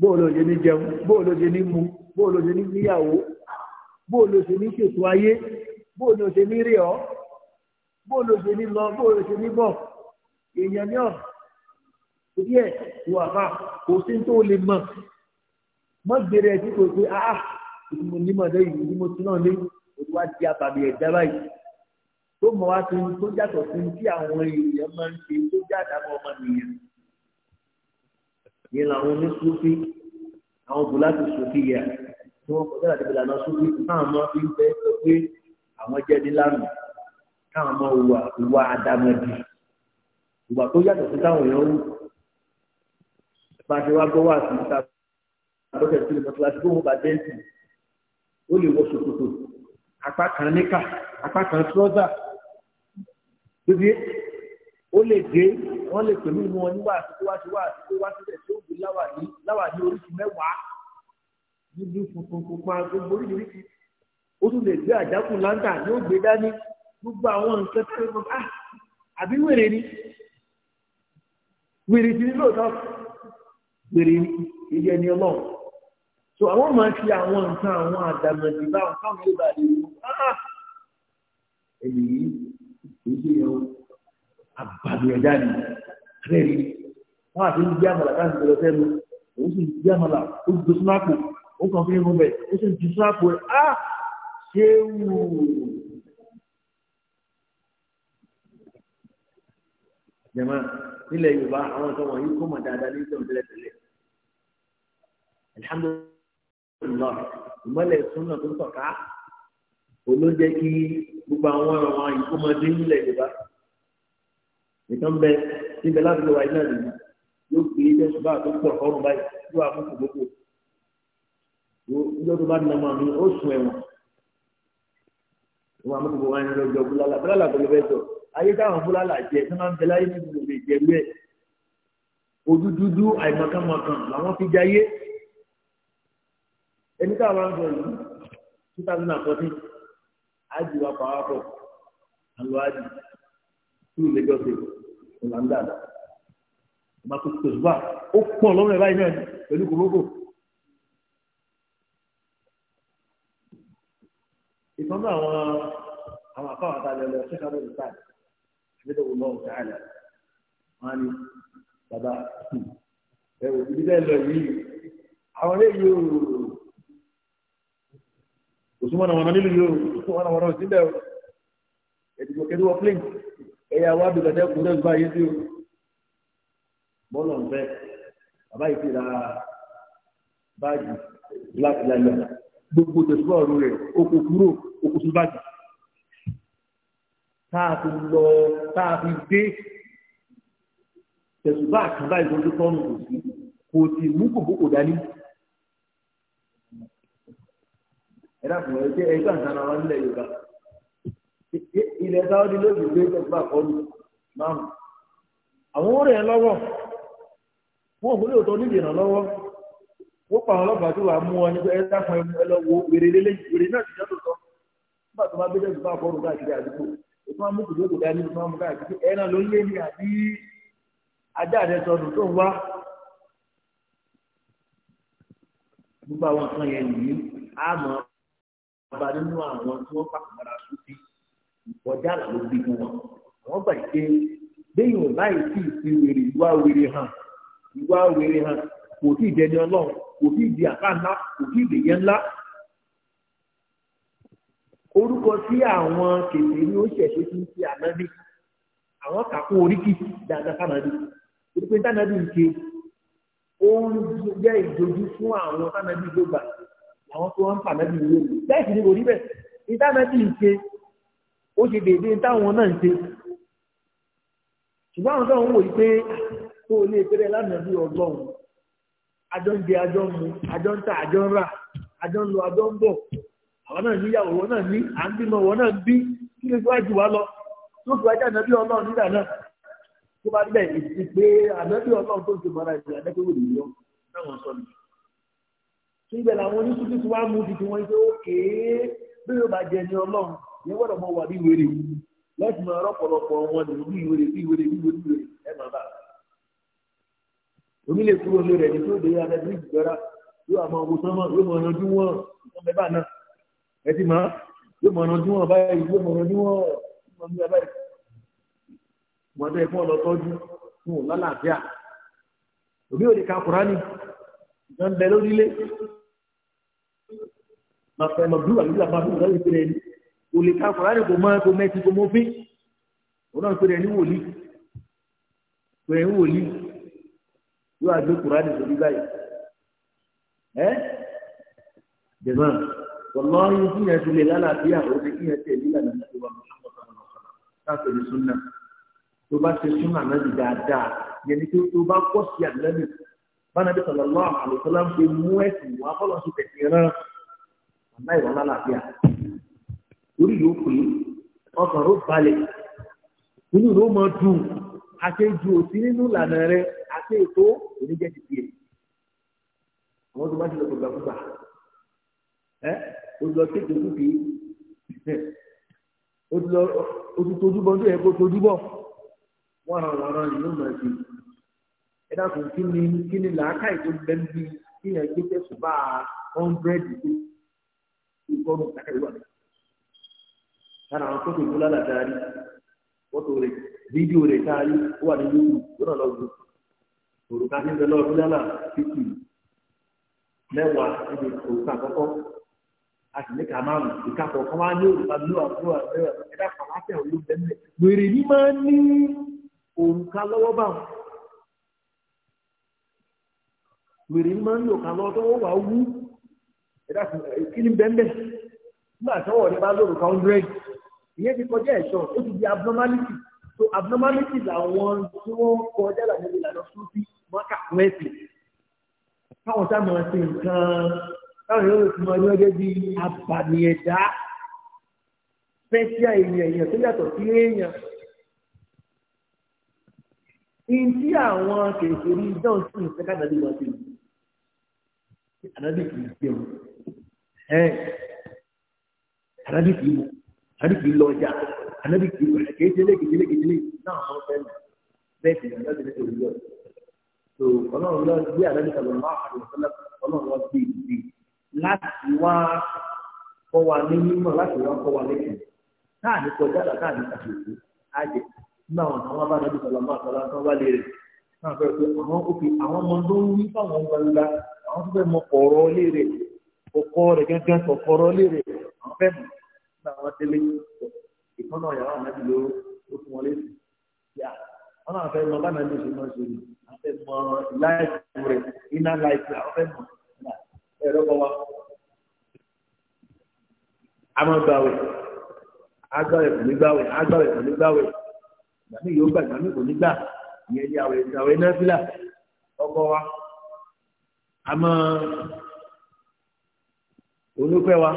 bóòlò ṣe ní jẹun bóòlò ṣe ní mu bóòlò ṣe ní níyàwó bóòlò ṣe ní ṣètò ayé bóòlò ṣe ní rí ọ bóòlò ṣe ní lọ bóòlò ṣe ní bọ èèyàn ní ọ torí ẹ wà fà kò sí tó lè mọ mọ gbèrè ẹ tí kò pé ah ìdí mo nímọ̀ lé yìí ìdí mo tún náà lé òtún wá di abàmì ẹ̀dá báyìí tó mọ̀ wá tó yàtọ̀ sí tí àwọn èèyàn máa ń ṣe tó jáde ọmọ nìyẹn yẹn làwọn onísúfí àwọn bùláàtì sùfí yà tí wọ́n kọjá àti bìlànà sùfí táwọn máa fi ń bẹ́ sọ pé àwọn jẹ́ níláàmù táwọn máa wà wà àdàmọ̀dì ìgbà tó yàtọ̀ sí táwọn èèyàn wù bá a ti wá gbọ́ wà sí ìta àbọ̀tẹ̀ sí ìmọ̀ kíláàsì tó wọ́n bá dẹ́ǹtì ó lè wọ ṣòkòtò apá kan níkà apá kan trọ́zà gbogbo ó lè dé wọ́n lè pẹ̀lú inú wọn níwà àti wá sí wá àti pé wá síbẹ̀ tó gbé láwàní láwàní oríṣi mẹ́wàá dúdú funfun pupa gbogbo oríṣiríṣi ó tún lè gbé àjákù láńtà yóò gbé dání gbogbo àwọn nǹkan tó ń bá àbí wèrè ni wèrè ti ní lóòótọ́ wèrè ni ìdí ẹni ọlọ́run so àwọn máa fi àwọn nǹkan àwọn àdàmọ̀dì bá àwọn káwọn yóò bá lè mú ah, ẹnì yìí kì í ṣe yẹn o àbàmì ẹ̀dá ni rẹ̀ ni wọ́n àti ń gbé àmàlà káàkiri lọ sẹ́nu òun sì ń gbé àmàlà ó ti dosun àpò ó kàn fi ń rún bẹ̀ ó sì ń dosun àpò rẹ̀ á ṣé wù. jẹ̀mọ́ nílẹ̀ Yorùbá àwọn ìtàn wọ̀nyí kó mọ̀ dáadáa ní ìtàn tẹ́lẹ̀ tẹ́lẹ̀ alihamudulilayi ìmọ̀lẹ̀ súnà tó ń tọ̀ka olójẹ́ kí gbogbo àwọn ọ̀rọ̀ wọn yìí kó mọ̀ dé nílẹ̀ Yorùbá nìkan bẹ níbẹ̀ láti lọ wáyé náà nìyí yóò gbé tẹ̀sùn bá àtúntò pọ̀ ọ̀rùn báyìí yóò wá fún kòkòkò yóò tó bá nà máa mi ó sùn ẹ̀wọ̀n wọn àmọ́ kòkòkò wáyé lọ́jọ́ búlálà búlálà kò lè fẹ́ jọ ayé táwọn búlálà jẹ tí wọn bẹ láyé nínú ìlú ìjẹ̀lú ẹ̀ ojú dúdú àìmọ̀kànmọ̀kàn làwọn fi jayé ẹni táwọn ń sọ yìí two thousand and fourteen ájì pàápọ̀ àlọ́ ájì through Lagos State Ọ̀làǹdà àdá ọba tó tó ṣùgbọ́n ó pọ̀ lọ́rùn ẹ̀ báyìí náà pẹ̀lú kòlókò. ìtàn náà àwọn àwọn àfáwọn àtàlẹ̀ lọ ṣẹ́ka lọ́dún táà àbẹ́dẹ́gbọ̀n náà ọ̀tá àlẹ́ wọn á ní bàbá ẹ̀rù ibi bẹ́ẹ̀ lọ yìí àwọn ilé yìí ooo òṣùwọ̀n àwọn nílùú yìí ooo òṣùwọ̀n àwọn ọ̀sìn bẹ́ẹ̀ ẹ̀dùnkọ̀ kẹ́dùwọ̀ plẹ́ǹtì ẹ̀yà wá bí kẹ̀kẹ́ kúrẹ́ ń bá yé sí o bọ́ọ̀lù ń bẹ́ bàbá yìí ti ra báàgì láti lálẹ́ gbogbo tẹ̀síwọ̀rù rẹ̀ oko kúrò oko sí báàgì táà fi lọ táà fi dé tẹ̀sùbá àkàndá ìtọ́jú tọ́nù kò sí kò sì mú kòkòkò dání. ẹ dákun ẹ jẹ́ ẹgbẹ́ àǹtàn àwọn ilẹ̀ Yorùbá. ilẹ̀ sáwọ́dì ló fi gbé ìjọba àkọlù márùn àwọn ó rẹ̀ ẹ́ lọ́wọ́ wọn ò gbọ́dọ̀ tó nídìí ìrànlọ́wọ́ ó pa àwọn ọlọ́pàá tó wà mú ọ nípa ẹ̀ka fún ẹmu ẹlọ́wọ́ wèrè lélẹ́ wèrè náà ti tó sọ nígbà tó bá gbé ìjọba káàkiri àdúgbò ètò àmú dání ètò àmú káàkiri ẹ̀ náà ló lé ní àbí ajá rẹ tó ń wá gbogbo àwọn kan yẹn nìyí àmọ́ nínú ọjà àlà ló gbé fún wọn àwọn gbà pé lẹ́yìn ò láì sí ìfi wèrè ìwà wèrè hàn ìwà wèrè hàn kò tí ì dẹni ọlọ́run kò tí ì di àbá ńlá kò tí ì dèyẹ ńlá orúkọ tí àwọn kèké ní ó ṣẹ̀ṣẹ̀ tí ń fi ànábì àwọn kàkún oríkì dáadáa fánábì torí pé tánábì ń ṣe ó ń jẹ́ ìdojú fún àwọn tánábì ló gbà làwọn tó ń fànábì ń lò bẹ́ẹ̀ sì ni kò rí bẹ́ẹ̀ ní tánábì ń ṣe ó ṣe dédé táwọn náà ń ṣe ṣùgbọ́n àwọn tó ń wò pé kó o lè pẹ́rẹ́ lánàá bí ọgbọ́n àjọ ń jẹ àjọ ń mu àjọ ń ta àjọ ń rà àjọ ń lọ àjọ ń bọ̀ àwọn náà níyàwó wọn náà ní à ń bímọ wọn náà bí kí ló wájú wa lọ tó fi wájú ànábí ọlọ́run nígbà náà tó bá bẹ̀ ìsì pé ànábí ọlọ́run tó ń ṣe mọ́ra ìgbà náà pé wò lè yọ táwọn sọ nìyí. tó ibẹ̀ làwọn oníṣútú ti wá mú títí wọn pé ó kéé bí yóò bá jẹ ní ọlọ́run yẹn gbọ́dọ̀ mọ wà ní ìwéré láti máa rọ́pọ̀lọpọ̀ wọn nù bí ìwéré bí ìwéré bí ìwéré bí ìwéré ẹ máa bá a. omi lè kúrò lórí ẹni tó dé adájú ìgbẹ́ra yóò àmọ́ owó tán yóò mọ̀ ọ̀nàjú wọn ìtàn bẹ́ẹ̀ náà ẹ ti máa yóò mọ̀ ọ̀nàjú wọn báyìí yóò mọ̀ ọ̀nàjú wọn ìtàn bẹ́ẹ̀ báyìí. mọ̀tẹ́ ẹ̀fọ́ ọlọ́tọ́jú fún lálàáfíà òbí òde ká kúránì ìtàn bẹ lórílẹ̀ máa fẹ́ mọ̀ bí wà nígbà kò lè ka kùránì kò mọ kò mẹ́tì kò mọ́fín òun náà pé ẹni wòlíì pé ẹni wòlíì yóò àgbé kùránì kò ní báyìí ẹ jẹ̀mọ́ wọ́lọ́ yín kí yẹn ti lè lálàáfíà ó ní kí yẹn tẹ̀ lílà ní ìjọba láti ní súnà tó bá ṣe súnà náà di dáadáa yẹn ni tó bá kọ́ sí àgbẹ̀mí bánàbí sọ̀rọ̀ lọ́wọ́ àlùfọ́lá ń pe mú ẹ̀sìn wọn afọ́lọ́sùn tẹ̀sí rán ọ̀nà ìwọ̀n lálàáfíà orí yóò pè é ọkàn ló balẹ̀ inú ló mọ dùn àṣejù òsì nínú ìlànà rẹ àṣe ètò oníjẹ ti tiẹ̀ àwọn tó bá ti lọ gbogbo àgbà ẹ o lọ sí ètò kúkì o lọ o ti tojú bọ nítorí ẹ kó tojú bọ wọn ràn wọn ràn nínú ìmọ̀ ẹ̀sìn ẹ dákun kí ni kí ni làákàyè tó bẹ́ẹ̀ bí kí yẹn gbé tẹ̀sùn bá a hundred ìkọlù làákàyè wà lẹ́yìn lára àwọn fótó ìbúlá làtàrí fótó rẹ̀ fídíò rẹ̀ táàrí ó wà ní yúkú lọ́nà lọ́gbọ̀n òrùka ní bẹ lọ́ọ̀dún yálà fífi mẹ́wàá níbi òrùka àkọ́kọ́ a sì ní ká máa mú ìka kọ̀ọ̀kan wá ní òrùka ló àbúrò àbẹ́rẹ́ ẹ̀dá kan wá tẹ̀ olú bẹ́ẹ̀ wèrè ní máa ní òrùka lọ́wọ́ bá wọn wèrè ní máa ní òrùka lọ́wọ́ tó wọ́n wà wú ẹ̀dá kan kí ni bẹ́ẹ̀ bẹ́ẹ̀ nígbà tí wọ́n ní bá lórúkọ hundred ìyẹn ti kọjá ẹ̀ṣọ́ ó ti di abnormality so abnormality làwọn tí wọ́n kọjá làwọn ìlànà sunfi mọ́kà wẹ́ẹ̀sì táwọn táwọn máa ṣe nǹkan táwọn yóò fi máa ní ọjọ́ bíi abàmì ẹ̀dá fẹ́ẹ́síà èèyàn èèyàn tó yàtọ̀ sí èèyàn. Ihun tí àwọn kèfèrí John sì ń fẹ́ wọn sí àdábì kì í ṣe o. Àdábì kì í àdìsí lọ ọjà ànábì kì í lọ kéjìlé kéjìlé kéjìlé náà àwọn fẹ́ẹ́ bẹ́ẹ̀ sì lọ́jọ́ ní orí yọ. tó ọlọ́run lọ gbé ànábì sọ̀rọ̀ máa àdìsọ́lá ọlọ́run lọ gbé ìdílé láti wá kọ́ wa ní mímọ̀ láti wá kọ́ wa lẹ́sìn náà ní kọjá là náà ní àṣìṣe àjẹ nínú àwọn àwọn abánábì sọ̀rọ̀ máa sọ̀rọ̀ kan wá lé rẹ̀ náà fẹ́ pé àwọn òkè àwọn ọmọ tó ń wí fáwọn gbangba àwọn tó fẹ́ mọ kọ̀ọ̀rọ̀ lé rẹ̀ kọ̀ọ̀rọ̀ gẹ́gẹ́ kọ̀ọ̀rọ̀ lé rẹ̀ àwọn fẹ́ mọ̀ nígbà wọn délé ìkọ́nà ìyàwó àmàdì ló ló fún wọn lẹ́sìn yá wọn náà fẹ́ mọ báwọn ẹni ṣe máa ṣe ni wọn fẹ́ mọ láìpẹ́ rẹ̀ iná láìpẹ́ àwọn fẹ́ mọ ẹ̀rọ bọ wa. àmọ́ gbàwẹ̀ agbáwẹ̀ kò ní gbàwẹ̀ agbáwẹ̀ kò ní gbàwẹ̀ gbàmí yóò gbà gbàmí kò ní gbà ìyẹn ní àwẹ̀ ìgbàwẹ̀ náà fílà ọkọ wa àmọ́ olùkọ́ wa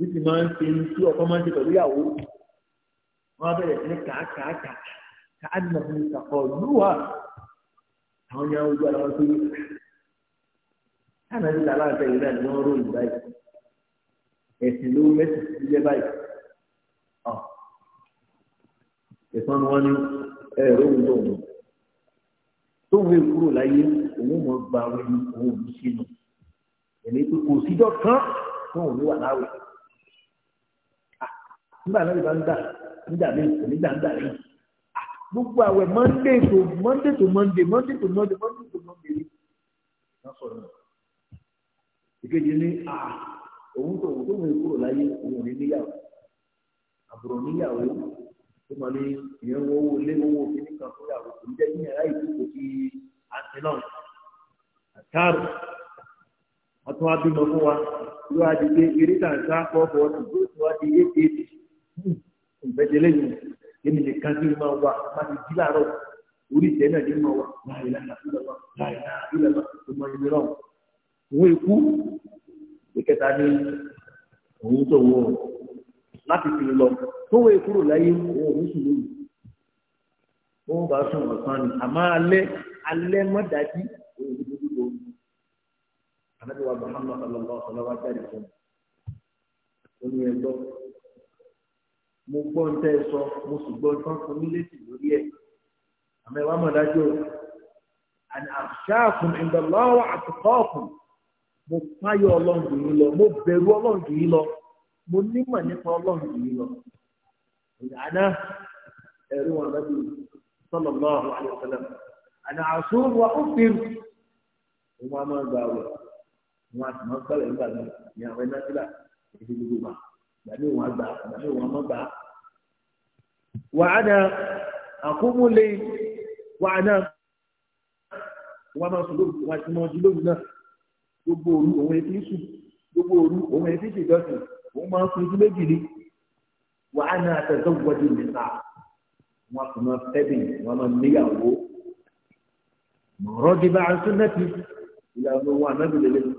ó sì máa ń ṣe tí ọkọ máa ń ṣe pẹ̀lú ìyàwó wọn á bẹ̀rẹ̀ sí ní kàákàákà káàdìmọ̀ fún ìṣàkọ lúwà àwọn yẹn ń gbọ́ àwọn tó yẹ káàdìmọ̀ sí làlá àti ìrìnà ni wọ́n ròyìn báyìí ẹ̀sìn ló mẹ́sì sí jẹ́ báyìí ọ̀ ẹ̀sán ni wọ́n ní ẹ̀rọ òun tó wù tó wù kúrò láyé òun mọ̀ gba àwọn òun ò ní sínú ẹ̀mí pé kò síjọ́ kan tó wù ní wà láwùjọ nígbà náà ìbá ń dà nígbà míì kò nígbà ń dà ní. gbogbo àwẹ̀ monday to monday to monday monday to monday monday to monday ni wọ́n sọ̀rọ̀ náà. ìkejì ni òun tó òun tó mú ìkúrò láyé òun ò ní níyàwó àbúrò níyàwó tó máa ní ìyẹn wọ́n owó ilé owó òfin nìkan fún ìyàwó kò ní jẹ́ ní yàrá ìdúgbò ti àti náà àtàrò wọ́n tún fún wa ló wá di pé eré tàǹtà fọ́ọ̀fọ́ ti gbé tí wá di eight eight ìgbẹ́jẹ lẹ́yìn èmi nìkan tí mo máa wà má ti jí láàárọ̀ orí ìtẹ́ náà ní mo wà láì láà ìlọ́wà láì láà ìlọ́wà tó mọ ibi náà òun ikú ìkẹta ní òun tó wọ láti fi lọ tó wọ ikú rò láyé òun òun sùn lóru wọn bá sùn ọ̀sán ni àmọ́ alẹ́ alẹ́ mọ́dájí òun ti dúdú lóru ànábìwá Muhammad sallallahu alaihi wa sallam wájú àdìsọ́nù ó ní ẹgbọ́. mo gbọ́ ń tẹ́ sọ mo sì gbọ́ nǹkan fún mi létí lórí ẹ̀ àmọ́ ẹ wá mọ̀ dájú o àni àṣàkùn àtìkọ́ọ̀kùn mo páyọ̀ ọlọ́run yìí lọ mo bẹ̀rù ọlọ́run yìí lọ mo nímọ̀ nípa ọlọ́run yìí lọ ìdáná ẹ̀rí wọn lọ́dún sọ́lọ̀ lọ́rùn àṣùn wa ó fi gbàmí wọn gbà gbàmí wọn mọ gbà. wàhánà àkómúlé wàhánà wọn máa sùn lóru wọn ti mọ ojú lóru náà gbogbo òru òun ètí sùn gbogbo òru òun ètí ṣèjọsìn òun máa ń sun ojú méjì ni wàhánà àtẹ̀tọ́ wọ́dí nìta wọn kò máa tẹ́bì wọn máa níyàwó mọ̀rọ́ dìbà àṣúnẹ́tì ìlànà wọn ànábìlẹ̀ lẹ́nu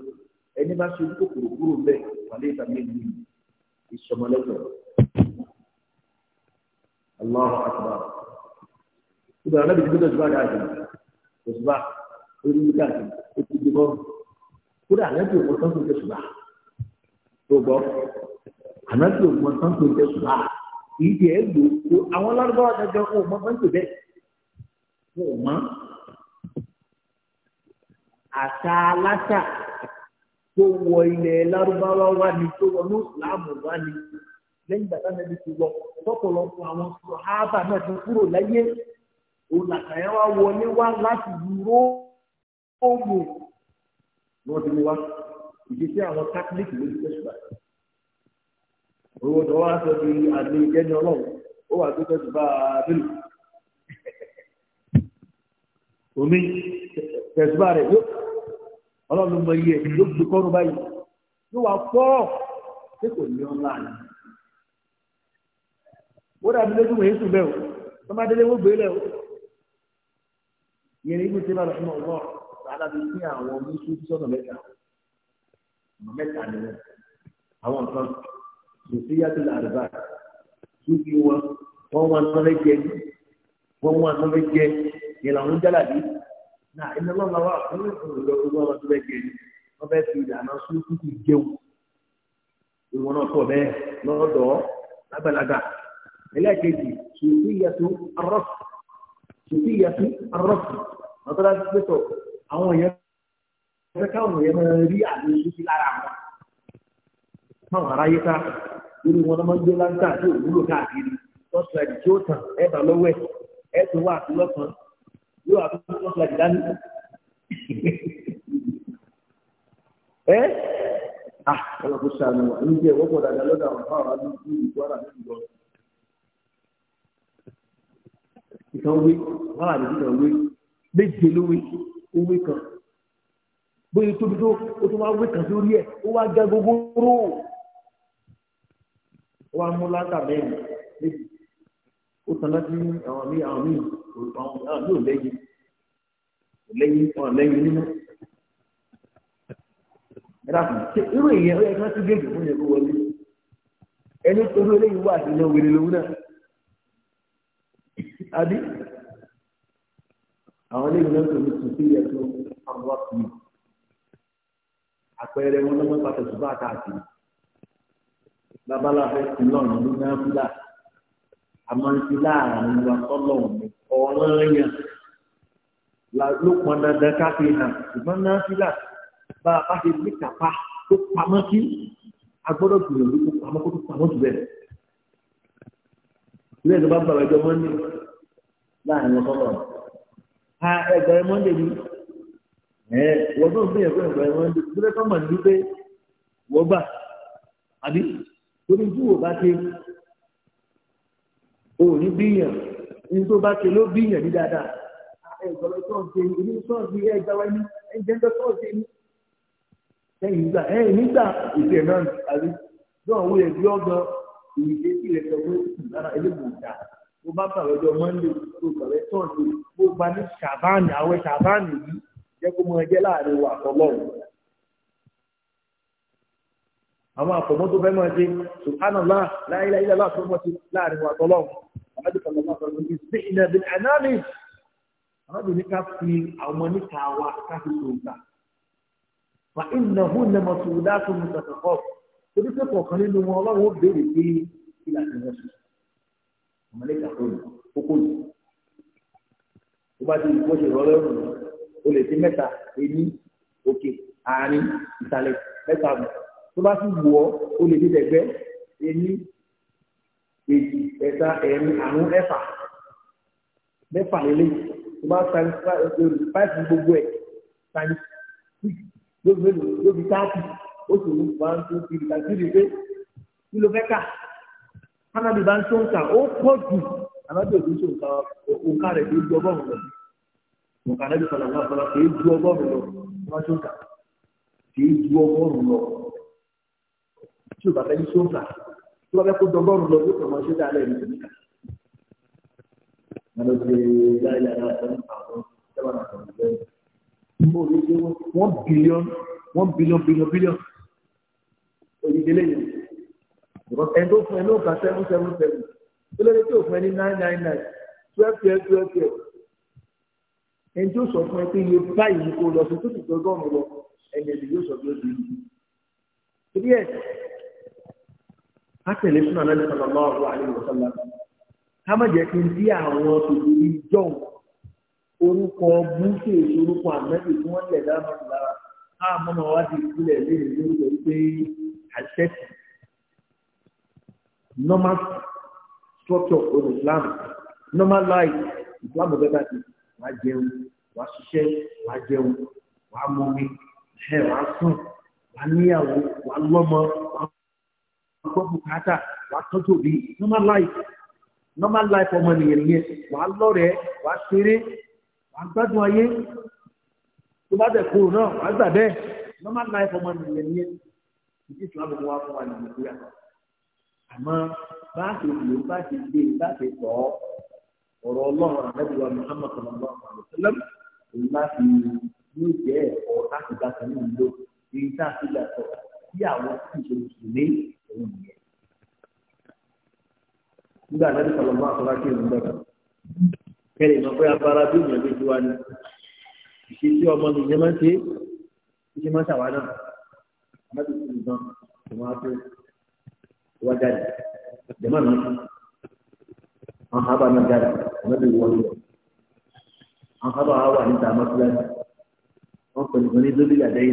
ẹni bá ṣe kókòrò kúrò bẹ́ẹ̀ wàlẹ́ ìtàgé nìyí ìsọmọlẹ́gbẹ̀. Allahu akbar. Ibà náà bìí gbọ́dọ̀ ṣùgbọ́n àdáyé òṣùbà orí yíká àti ètò ìdìbò. Kódà ànábì òkun tán tó ń tẹ ṣùgbà. Tó gbọ́. Ànábì òkun tán tó ṣùgbà. Kìí di ẹ̀ lò ó. Àwọn lárúbáwá dandan kò mọ bá bẹ́ẹ̀. Wọ́n mọ. Àṣà aláṣà tó wọ ilẹ̀ lárúbáwá wá ni tó wọ ní ìsìláàmù wá ni lẹ́yìn ìgbà táwọn ẹbí ti lọ tọ́pọ̀lọpọ̀ àwọn sọ̀hábà náà ti kúrò láyé olùlàkàyà wa wọlé wá láti dúró òògùn wọn ti wá ìdíje àwọn catholic ló ti tẹ̀sùbà owó tó wá sọ di àmì ìjẹni ọlọ́run ó wà tó tẹ̀sùbà bílù omi tẹ̀sùbà rẹ̀ yóò ọlọ́run mọ iye ẹ̀ ló gbé kọ́rọ́ báyìí ló wà fọ́ ṣé kò ní ọ́n láàyè ó dàbí lójú wòye sùn bẹ́ẹ̀ o tọ́mọdélé wó gbé lẹ̀ o yẹn ibi tí wọ́n lọ fún ọ̀rọ̀ sáadà fi sí àwọn oníṣu sọ́nà mẹ́ta ọ̀nà mẹ́ta ni wọ́n àwọn nǹkan kò sí yàtọ̀ àdùbà túbí wọn wọ́n wà nọ́lẹ́jẹ wọ́n wà nọ́lẹ́jẹ yẹn làwọn jálàbí náà iná lọ́la wà fún ìlọ́gbọ́n wọn tó bẹ́ẹ̀ gẹ̀ẹ́ni wọ́n bẹ́ẹ̀ fi ìlànà sókú ti jẹun ìwọ̀n náà tọ̀ bẹ́ẹ̀ lọ́dọ̀ lágbàlagbà ẹlẹ́ẹ̀kejì sùfìyàtú arọ́sù sùfìyàtú arọ́sù ọ̀tọ́lá ti pẹ́tọ̀ àwọn èèyàn fẹ́ káwọn èèyàn máa rí àmì sùfì lára wọn fáwọn aráyé ká irú wọn máa ń gbé láńtà tó wúlò káàkiri tọ́sílẹ̀ yóò àtúntò tó ṣe àdìdání. ẹ ah kọlọ kó sànù wa ní bí ẹ wọ́pọ̀ dàda lọ́dọ̀ àwọn fáwọn àdúgbò ní ìlú ara ní ìlú ọ̀rọ̀. ìtàn wé wàhálà ní ìtàn wé méje ló wé ó wé kan bóyá tóbi tó ó tó wá wé kan sórí ẹ ó wá já gbogbo ró ó wá mú látà mẹ́rin méjì ó tanná sí àwọn míì àwọn míì àwọn náà yóò lẹ́yìn lẹ́yìn wọn lẹ́yìn nínú ẹ̀rọ àti irú ìyẹn ó yẹ kí wọ́n ti géèjì fún yẹn kó wọlé ẹni torí eléyìí wà sí iná wèrè lòun náà àbí àwọn eléyìí náà tó ní tù sí ilẹ̀ tó àwọn wá sí i àpẹẹrẹ wọn lọ́mọ pàtó ṣùgbọ́n àtàkì babaláfẹ́ ti lọ́nà ní náà fúlà àmọ́ ti láàrin wa tọ́lọ̀ ní ọ̀ràn yẹn ló pọn dandan ká fi hàn ṣùgbọ́n náà fílà bá a bá ṣe ní kápá tó pamọ́ sí a gbọ́dọ̀ gbìyànjú tó pamọ́ kó tó pamọ́ jù bẹ́ẹ̀. ilé ìjọba bá bàbá mọ́ndé láàrin wọn tọ́lọ̀ ha ẹgbẹ̀rún mọ́ndé ni ẹ wọ́n tó ń gbìyànjú fún ẹgbẹ̀rún mọ́ndé gbọ́dọ̀ tó mọ̀ ní wípé wọ́n gbà àbí torí o ò ní bíyàn ní tó bá ṣe ló bíyàn ní dáadáa ẹ̀gbọ́n ṣọ́ọ̀ṣì ẹni ṣọ́ọ̀ṣì ẹ̀gbá wa ní ẹ̀jẹ̀ndọ́ ṣọ́ọ̀ṣì ẹni ẹ̀yìn nígbà ẹ̀yìn nígbà ìfẹ́ náà àrí náà wọ́n lè bí ọgbọ́n ìrìṣẹ́ sí rẹ̀ sọ pé ìlara ẹlẹ́gbọ̀n dà mo bá bàrẹ̀ ọjọ́ mọ́ndé tó bàrẹ̀ ṣọ́ọ̀ṣì mo gba ní ṣàbáàní àwẹ̀ ṣàbáàní yìí jẹ́ kó mọ ẹjẹ́ láàrin wa àwọn àfọ̀mọ́ fẹ́ mọ́ ẹ ṣe subhanallah láìláìlá láàrin wa àtọ́lọ́run àbẹ́bí kan lọ́wọ́ sọ̀rọ̀ ní sí iná bí ànáàlì àwọn ní ká fi àwọn níta wa ká fi sòrò gbà wà ìnà hù nàmọ̀ sòrò dáàtò mi tọ̀tọ̀ kọ́ torí pé kọ̀ọ̀kan nínú wọn ọlọ́run ó béèrè pé ìlà ti wọ́n sùn ọmọlẹ́kà tó lù kókó lù ó bá ti wọ́n ṣe rọ́lẹ́ òun o lè ti mẹ́ta ení òkè àárín ìsàlẹ̀ mẹ́ta nù tó bá sì wù ọ́ o lè ti dẹ̀gbẹ́ ení èjì ẹ̀ta ẹ̀rin àrún ẹ̀fà mẹ́fà lélẹ̀ tó bá sáré fáìfì gbogbo ẹ̀ sáré lóbi lóbi táàkì ó sì ń bá ń tún kiri kàtí rí pé kí ló fẹ́ kà kánábì bá ń tún kà ó pọ̀ jù ànábì òbí tó nǹkan òǹkà rẹ̀ tó ju ọgọ́rùn-ún lọ òǹkà ànábì sọ̀rọ̀ náà sọ̀rọ̀ kì í ju ọgọ́rùn-ún lọ wọ́n tún kà kì í ju ọgọ́rùn lọ tí ò bá fẹ́ ní tó ń kà tí wọ́n kó dọ́gọ́rùn lọ lókè ọmọ ṣẹ́dá alẹ́ ìlú nìkan. wọ́n lọ sí láìláì àwọn àwọn sẹ́wọ̀n àtàwọn ìlú mo rí pé one billion one billion billion billion olùdílé yìí ẹni tó fún ẹ ní òkà seven seven seven tó lórí tí òfin ẹ ní nine nine nine twelve twelve twelve twelve ẹni tó sọ fún ẹ pé iye báyìí kò lọ sí tó sì dọ́gọ́rùn lọ ẹni ẹni yóò sọ bí ó di ibi ká tẹ̀lé súnà náà nípa lọ́wọ́ àwọn àlejò ọ̀sánlá ká má jẹ́ kí n bí àwọn tòbí jọ̀hún orúkọ búṣe orúkọ ànábì tí wọ́n lẹ̀ dáná lára á mọ́nà wá di ìpínlẹ̀ léèrè lórúkọ pé àṣẹ́kù normal structure of Islam normal life Islam ọ̀gá bá ti wá jẹun wá ṣiṣẹ́ wá jẹun wá mọ́mi ẹ̀ wá sùn wá níyàwó wá lọ́mọ wá gbọ́ bùkátà wà tọ́jú òbí normal life normal life ọmọ nìyẹn nìyẹn wà lọ́rẹ̀ẹ́ wà ṣeré wà gbádùn ayé tó bá dẹ̀ náà wà gbà bẹ́ẹ̀ normal life ọmọ nìyẹn nìyẹn ìdí ìsìlámù wa fún wa nìyẹn kúrò àmọ́ bá a ṣe lò bá a ṣe gbé bá a ṣe tọ́ ọ̀rọ̀ ọlọ́run àdébùwà muhammad sallallahu alayhi wa sallam òun láti yóò jẹ́ ẹ̀kọ́ láti gbà sí àwọn tí ìṣe mùsùlùmí òun nìyẹn. nígbà náà nípa lọ́mọ àtọ́lá kí èmi dọ̀tà kẹ́lẹ́ ìmọ̀ pé afárá bí èèyàn lójú wa ni ìṣe tí ọmọ mi ìyẹn máa ń ṣe ìṣe máa ń ṣàwá náà àmọ́tò tí mi kò máa tó wá jáde jẹ́mọ́ náà àwọn àbá náà jáde àmọ́tò ìwọ́n lọ àwọn àbá wa wà níta àmọ́tò láti wọ́n ní lórí àdáyé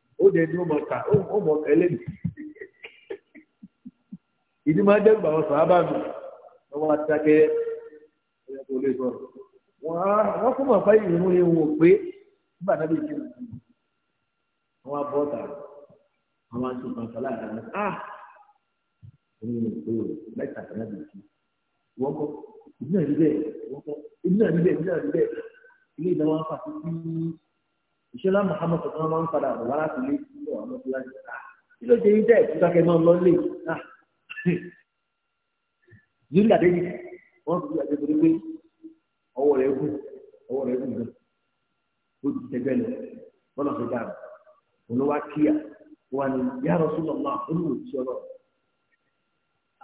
ó dẹ̀ ní ọmọ ọ̀tà ó mọ̀ ẹlẹ́nu ìdí máa ń dẹ́rù bàwọn sàábà mi ọmọ àtàkẹ́ ẹ̀yà kò lè sọ̀rọ̀ wọ́n fún màá báyìí ìrún yẹn o ah! mẹ́ta kan náà bí ìṣe wọ́n kọ́ ìdí náà níbẹ̀ wọ́n kọ́ ìdí náà níbẹ̀ ìdí náà ìṣẹ́lá muhammed tó máa ń padà bọ̀ wá láti lé sílẹ̀ àwọn ọmọdé láti ká ah, kí ló ṣe yín tẹ̀ kí kákẹ́ náà lọ lé ká yìí làdé yìí wọ́n fi àti torí pé ọwọ́ rẹ̀ gùn ọwọ́ rẹ̀ gùn gan ó ti tẹ́gbẹ́ lọ bọ́lá fi dára olówó akíyà wà ní yàrá sọlọ náà olùwò tí ọlọ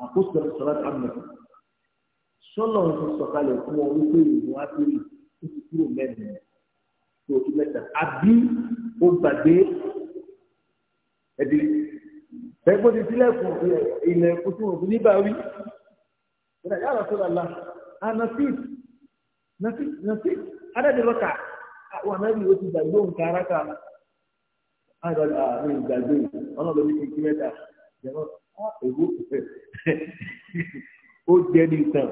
àkóso sọlá tó àmì sọlọ ń sọ̀kalẹ̀ fún ọ wípé ìwọ á tó yìí ó ti kúrò mẹ́rin ní oṣù mẹ́ta àbí o gbàgbé ẹ̀dì ẹ̀gbọ́n ti sílẹ̀ fún ilẹ̀ kùtù òfin níbà wí. ìdájọ́ àrà sọ̀rọ̀ àlà ànàfí nàfí nàfí adájọ́lọ́kà àwọn anábì o ti gbàgbé òǹkà aráka àgbàdo àmì ìgbàgbé ọlọ́dọ̀ ní kìkì mẹ́ta jẹ́wọ́ èwo ó jẹ́ ní ìtàn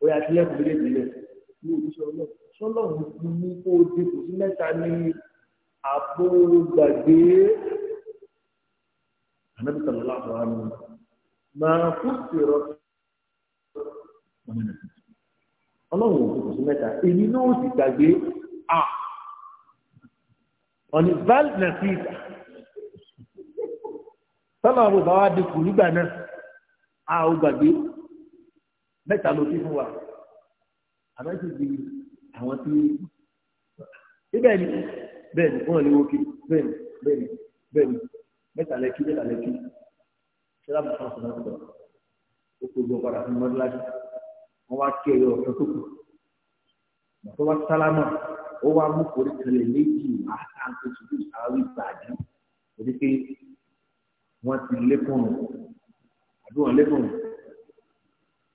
ó yà sílẹ̀ fún ilé ìbílẹ̀ ní òṣìṣẹ́ ọlọ́run sọlọ́run ti ní kó o di kò sí mẹ́ta ní àpò gbàgbé ànábì sọlọ́lá àbúrò àmì máa kú sí rọ ọlọ́run ò kò sí mẹ́ta èyí náà ti gbàgbé à ọ̀nì val nàfíìsà sọlọ́run àbúrò wa di kù nígbà náà a ò gbàgbé mẹ́ta ló fi fún wa àbẹ́sì bíi àwọn tó yé bẹ́ẹ̀ ni bẹ́ẹ̀ ni wọ́n lè wọ́n kí bẹ́ẹ̀ ni bẹ́ẹ̀ ni bẹ́ẹ̀ ni mẹ́ta lẹ́ kí mẹ́ta lẹ́ kí ṣẹlá bàtà ọ̀sán náà tó kó gbọ́n padà fún mọ́tíláṣí wọ́n wá kí ẹyọ ọ̀sán tó kù bàtà wá sálámà ó wá mú kórè tẹ̀lé méjì wá sáńtó tó sáwí gbàdí òdi pé wọ́n ti lékùn àbí wọ́n lékùn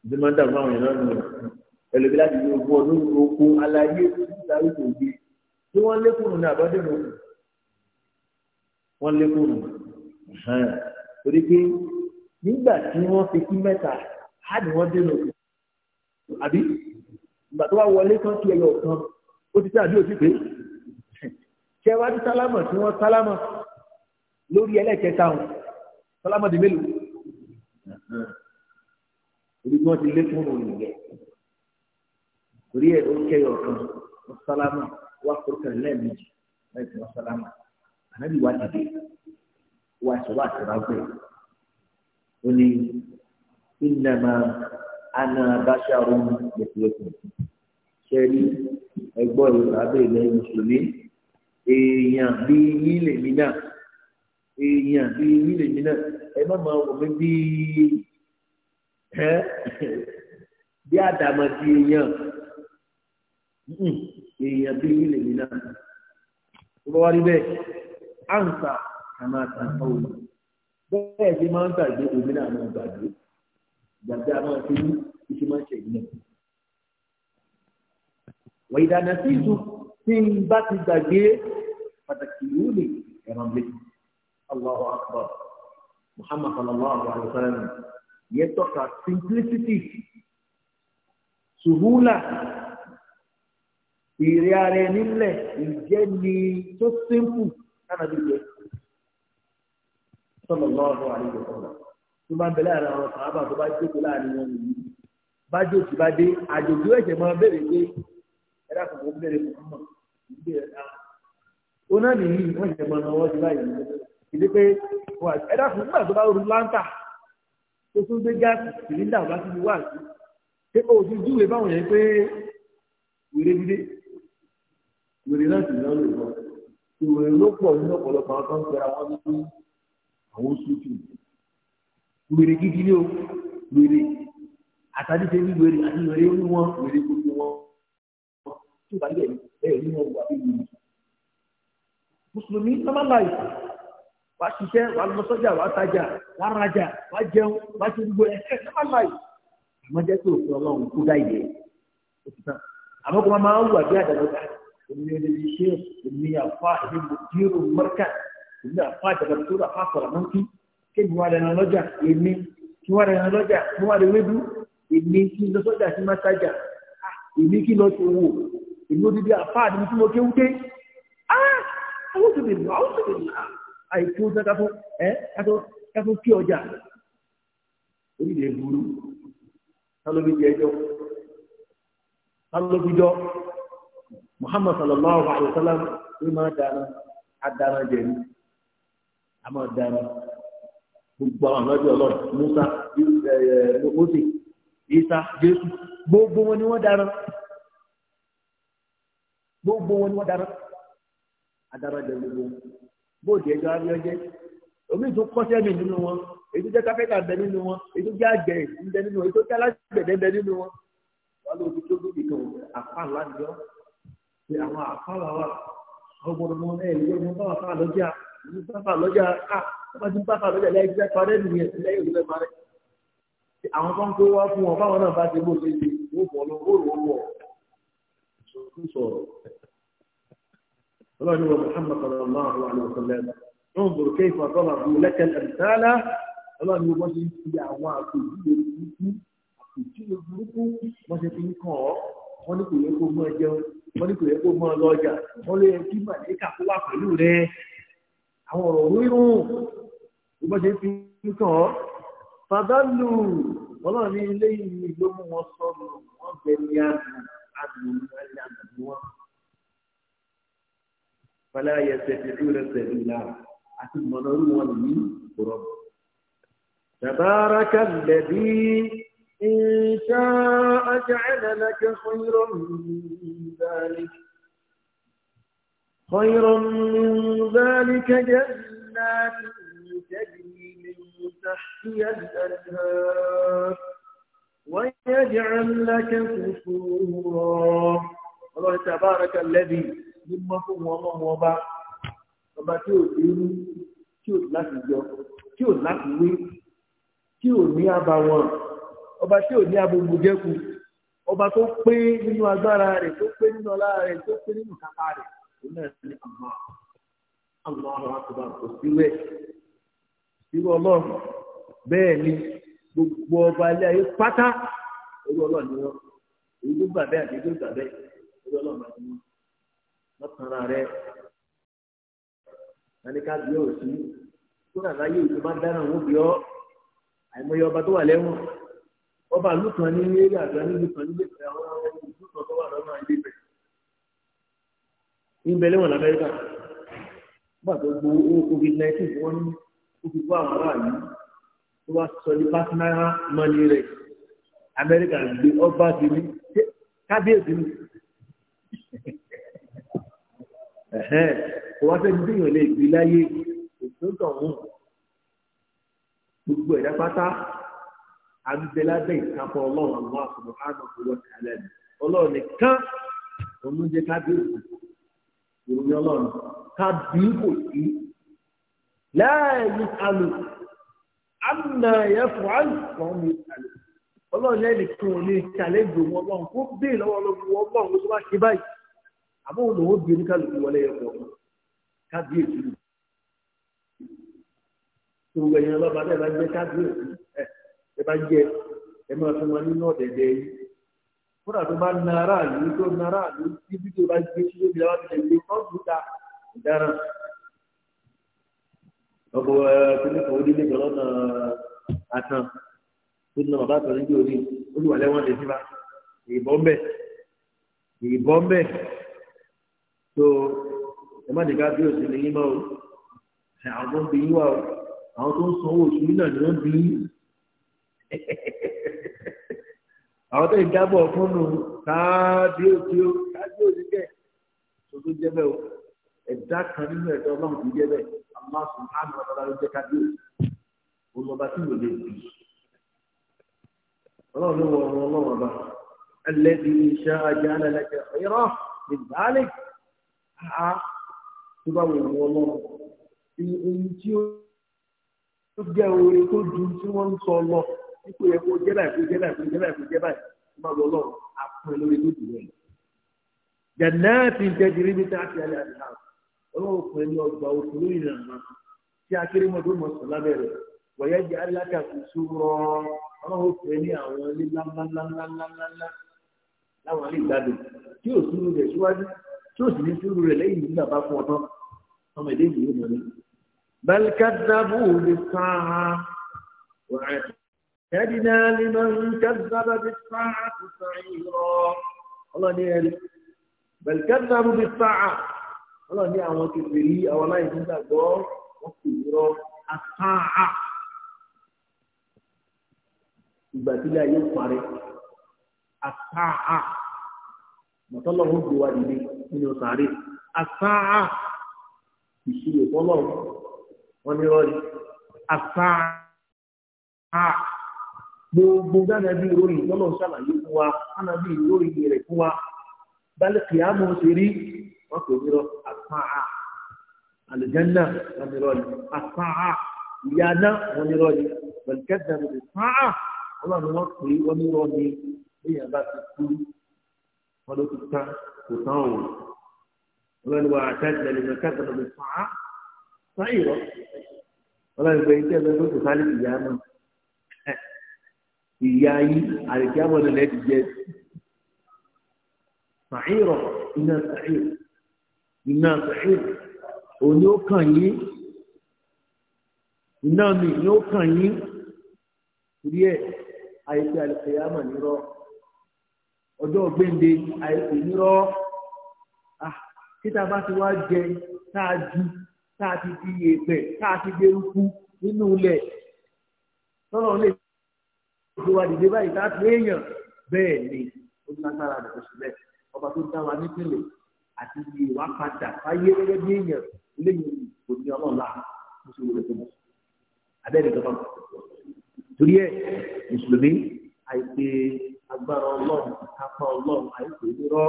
ìdí máa ń dàgbà àwọn ìlànà ẹlòmí láti ní ogún ọdún oko alayé nítorí kò gbé tí wọ́n lékùnrin ní àbádẹ́nu wọ́n lékùnrin torí pé nígbà tí wọ́n fi kí mẹ́ta á ní wọ́n dénú àbí ìgbà tó wá wọlé tán kí ẹyọ kan ó ti tẹ àbí òsì pé ṣẹwájú sálámà tí wọ́n sálámà lórí ẹlẹ́kẹta wọn sálámà di mélòó ibi tí wọ́n ti lékùnrin nìyẹn torí ẹ̀ ó kẹ́yọ̀ ọ̀kan ọ̀sálámà wà kúrúkà lẹ́ẹ̀mejì lẹ́ẹ̀kan ọ̀sálámà ànábì wà dìde wà sọ wà sọ̀rọ̀ àgbẹ̀ ó ní ìnàmà àna bàṣàrò lẹ́kùlẹ́kùn ṣẹ́rí ẹgbọ́ ìrọ̀lábẹ́ ilẹ̀ mùsùlùmí èèyàn bí yín lèmi náà èèyàn bí yín lèmi náà ẹ má máa wọ̀ mí bí ẹ bí àdàmọ̀ ti èèyàn. Mm-hmm. èèyàn bí ilé mi náà tó bá wá rí bẹ́ẹ̀ à ń ta àmà àtàkùn òun bẹ́ẹ̀ ṣe máa ń gbàgbé omi náà máa gbàgbé gbàgbé a máa fi iṣẹ́ máa ń ṣe ìgbìmọ̀. wọ́n ìdáná sí ìtú tí n bá ti gbàgbé pàtàkì yìí lè ẹ̀rọ mi. Allahu akbar Muhammad sallallahu alayhi wa sallam yẹ tọ́ka simplicity suhula ìrẹ́ ara ẹni lẹ̀ ìjẹ́ ni tó simple lánàá bí jẹ́ sọlọ lọ́ọ̀rọ̀ àlejò sọlọ tó bá ń bẹ láàrin àwọn sàábà tó bá jókòó láàrin wọn nìyí bá jókòó bá dé àjòjú ẹ̀jẹ̀ máa bèrè pé ẹ̀dá kòkó bèrè kòkó mọ̀ ìbéèrè náà ó náà nìyí wọ́n ìjẹ̀ máa náwó sí báyìí ìdí pé ẹ̀dá kòkó gbà tó bá rú láńtà tó tún gbé gáàsì sìlíńdà wá sí pé òjijì ìwé báwọn yẹn pé wèrè dídé wèrè náà sì náà lè lọ ìwèrè ló pọ̀ nínú ọ̀pọ̀lọpọ̀ àwọn tó ń pẹ́ra wọn ní àwọn sùtù wèrè gidi ni o wèrè àtàdé ṣe ní wèrè àti wèrè ní wọn wèrè gbogbo wọn tó bá yẹ bẹ́ẹ̀ ní wọn wà bí wèrè mùsùlùmí normal life wàá ṣiṣẹ́ wàá lọ sọ́jà wàá tajà wàá rajà wàá jẹun wàá ṣe gbogbo ẹ̀ṣẹ̀ normal life àmọ́ jẹ́ pé òfin ọlọ́run kó dá ìyẹ́ àmọ́ kó máa ń wà bí èmi ni olórí iṣẹ́ èmi ni àfa èmi mo dírò mọ́ríkà èmi ni àfa ìjàgbọ́n tó rà fáfọ̀rọ̀ mọ́ kí kébi wà lẹ́nu lọ́jà èmi kí wà lẹ́nu lọ́jà kí wà lẹ́nu wédú èmi kí lọ sọ́jà kí má sájà èmi kí lọ tó wò èmi odidi àfa àdìmí tí mo kéwú dé àwọn tó bèrè àwọn tó bèrè àìkú sáká fún ẹ muhammad sallallahu alayhi wa sallam ní máa dáná adáná jẹ ní a máa dáná gbogbo àwọn ọlọ́dún ọlọ́run musa eh, mose isa jésù gbogbo wọn ni wọ́n dáná gbogbo wọn ni wọ́n dáná adáná jẹ gbogbo wọn bóòdì ẹjọ́ abíọ́jẹ́ omi tún kọ́sẹ́ mi nínú wọn èyí tó jẹ́ káfíńtà bẹ nínú wọn èyí tó jẹ́ àgbẹ̀ ń bẹ nínú wọn èyí tó jẹ́ alágbẹ̀dẹ ń bẹ nínú wọn wọn lóòótọ́ tó lóòótọ́ àpá ńlá ni pé àwọn àfáwà wà ọgbọ̀n ọmọ ẹ̀ ìwé ọmọ bá wà fà lọ́jà ní bàbà lọ́jà ká bàbá ti ń bàbà lọ́jà ilé ẹgbẹ́ parẹ́ nìyẹn ilé ìwé parẹ́ àwọn kan tó wá fún wọn báwọn náà bá ti bó ṣe ṣe wọ́n bọ̀ lọ wọ́n rọ̀ wọ̀ sọ̀rọ̀ ọlọ́run wa muhammad sallallahu alayhi wa sallam ń bọ̀ kéèkì àtọ́lá fún lẹ́kẹ̀ẹ́ ẹ̀ńtálá ọlọ́run wa ṣe ń fi àwọn àpèjúwe burúkú àpèjúwe burúkú wọ́n ṣe fi ń kàn ọ́ wọ́n ní kò yẹ kó mọ́ ẹ jẹun wọ́n ní kò yẹ kó mọ́ ọ lọ́jà wọ́n lé kí màlẹ́kà kó wà pẹ̀lú rẹ àwọn ọ̀rọ̀ wíwùn bí wọ́n ṣe fi ń kàn ọ́ fàdánù wọ́n náà ní ilé yìí ló mú wọn sọnù wọ́n bẹ ní àdùn àdùn àdùn àdùn wọn. fàlẹ́ ayẹsẹ̀ ti dúró ẹsẹ̀ ìlà àti mọ̀nà orí wọn nìyí kò rọ̀. tàbárakà lẹ́bí. إن شاء جعل لك خيرا من ذلك خيرا من ذلك جنات تجري من تحتها الأنهار ويجعل لك قصورا الله تبارك الذي مما هو الله وبا ọba tí ò dérú tí ò láti yọ tí ọba tí ò ní abòmù jẹ́kù ọba tó pé nínú agbára rẹ̀ tó pé nínú ọlá rẹ̀ tó pé nínú kápá rẹ̀ òun náà sì ní àmọ́ àmọ́ àwọn àkùbà kò síwẹ̀ síwẹ̀ ọlọ́run bẹ́ẹ̀ ni gbogbo ọba ilé ayé pátá orí ọlọ́run ni wọ́n èyí tó gbà bẹ́ẹ̀ àti èyí tó gbà bẹ́ẹ̀ orí ọlọ́run ni wọ́n lọ́kànra rẹ̀ nani bí ọ̀ sí tó nà láyé ìjọba dáná òun bí ọ́ àìmọye ọba tó wà lẹ́wọ̀n ọba ìlú kan ní eré àgbà níbi kan níbi kan àwọn ìlú kan tó wà lọ́nà ilé ibẹ̀ níbẹ̀ lẹ́wọ̀n lamẹ́ríkà nígbà tó gbó owó covid nineteen wọ́n ní ó fi kó àwọn aráàlú tó wá sọ ní pásínáà mọ́ni rẹ̀ amẹ́ríkà gbé ọba ti ní kábíyèsí ní kò wá fẹ́ẹ́ dín ìyànlẹ́ ìgbé láyé ètò ìtọ̀hún gbogbo ẹ̀dá pátá àbíbẹ́lábẹ́ ìkápọ̀ ọlọ́run àwọn àfọ̀mọ́ àmọ̀ ọlọ́run kálẹ̀ ni ọlọ́run nìkan òun jẹ́ ká bí òkú ìròyìn ọlọ́run ká bí kò sí láàyè alò àmà ẹ̀fọ́ àlùkò mi alò ọlọ́run yẹn nìkan ò ní ìtàlẹ́jọ wọn ọlọ́run kó bí ìlọ́wọ́ ọlọ́run wọn ọlọ́run tó bá ṣe báyìí àmọ́ òun bí oníkàlùkù wọlé ẹ̀kọ́ ká bí ẹ bá jẹ ẹ máa fún wọn nínú ọ̀dẹ̀dẹ̀ yìí fúnra tó bá na aráàlú tó na aráàlú tí bí tó bá gbé sí lóbi àwọn àti ẹgbẹ́ tọ́jú ta ìdáràn ọkọ̀ ẹ kíní kan onílé kan lọ́nà àtàn tó na bàbá kan níbi òní olùwàlẹ́ wọn lè síba ìbọn bẹ ìbọn bẹ tó ẹ má dìgbà bí òsì ní yín mọ́ o àwọn tó ń bí yín wà o àwọn tó ń sanwó oṣù yín náà ni wọ́n bí yín àwọn tó ń dábọ̀ fún nù káàdì òkè ó káàdì òsì bẹ́ẹ̀ tó tó jẹ́ bẹ́ẹ̀ o ẹ̀dá kan nínú ẹ̀dá ọlọ́run tó jẹ́ bẹ́ẹ̀ Allah subhanahu wa ta'ala ló jẹ́ káàdì òsì olùbá tí yóò lè bì í ló wọ ọ̀run ọlọ́run ọba ẹlẹ́bi iṣẹ́ ajá alẹ́lẹ́kẹ̀ ọ̀yọ́rọ̀ ìgbàlẹ̀ àá tó bá wọ̀ ọ̀run ọlọ́run èyí tí ó jẹ́ oore tó dùn tí wọ́n ń sọ ọlọ́run ipò yẹ kó jẹ́ báyìí kó jẹ́ báyìí kó jẹ́ báyìí kó jẹ́ báyìí kó máa lọ lọ́rùn àpọn lórí lójú rẹ̀. jẹ̀nẹ́ẹ̀tì jẹjìrì ní táàtì alẹ́ àdìhà ọlọ́run fún ẹni ọgbà òkú lórí ìrànlọ́ tí akérèmọdé mọ̀ sọ lábẹ́ rẹ̀ wọ̀yẹ́ jẹ́ alákàtú sórọ́ ọlọ́run fún ẹni àwọn ilé ńláńláńláńláńlá láwọn ilé ìgbàdùn tí ò sùúrù rẹ̀ síwájú tí ò sì ní sùúrù rẹ̀ lẹ́yìn nígbà bá fún ọtán ọmọ ìdí ìlú mọ̀ ní. bẹ́ẹ̀ kẹ́tàbù ní sáà wọ́n rẹ̀ kẹ́dínà liman kẹ́dínàbà bí sáà ti sàìrọ̀ ọlọ́ni ẹ̀rí bẹ̀rẹ̀ kẹ́dínàbà bí sáà ọlọ́ni àwọn kẹfìrí àwọn aláìsí gbàgbọ́ wọn kò rọ asáà ìgbà tí ayé parí asáà mọ̀tọ́lọ́wọ́ gbé wa dìde nínú sàárè asáà ìṣirò fọlọ́wọ́ wọn ni rọ́ọ̀lì asáà gbogbo dánàbí ìròyìn lọ́nà ṣàlàyé fún wa dánàbí ìròyìn rẹ̀ fún wa bálẹ̀ kìámù ṣe rí wọn kò ní lọ àtàà àlùjánná wọn ní lọ́ọ̀lì àtàà ìyáná wọn ní lọ́ọ̀lì pẹ̀lúkẹ́dà ní àtàà ọlọ́run wọn pè é wọn ní lọ́ọ̀lì lẹ́yìn bá ti kú wọn ló ti ta kò tán o ọlọ́run wa àtàjà lè mọ kẹ́kọ̀ọ́ ní àtàà sáyìn lọ ọlọ́run gbẹ̀yìn ìyá yín àrètí àmọ́nà lẹ́ ti jẹ́ sàírọ̀ iná sàírọ̀ iná sàírọ̀ òní ó kàn yín iná mi ni ó kàn yín torí ẹ̀ àrètí àrètí àmọ́ nírọ̀ ọjọ́ gbẹ̀ǹde àrètí nírọ̀ títa ah, bá ti wá jẹ tá a ju tá a ti di iye tá a ti gbẹrú kú nínú ilẹ̀ tọ́lọ́ lè gbogbo wa dìde báyìí tá a fi èèyàn bẹ́ẹ̀ ni ó ní agbára rẹ̀ kò sí bẹ́ẹ̀ ọba tó dá wa nípìnlẹ̀ àti iye wa padà fáyé gẹ́gẹ́ bí èèyàn lẹ́yìn kò ní ọlọ́ọ̀la mùsùlùmí tó mọ̀ abẹ́rẹ́ tó mọ̀ torí ẹ̀ mùsùlùmí àìpé agbára ọlọ́run kápá ọlọ́run àìpé nírọ́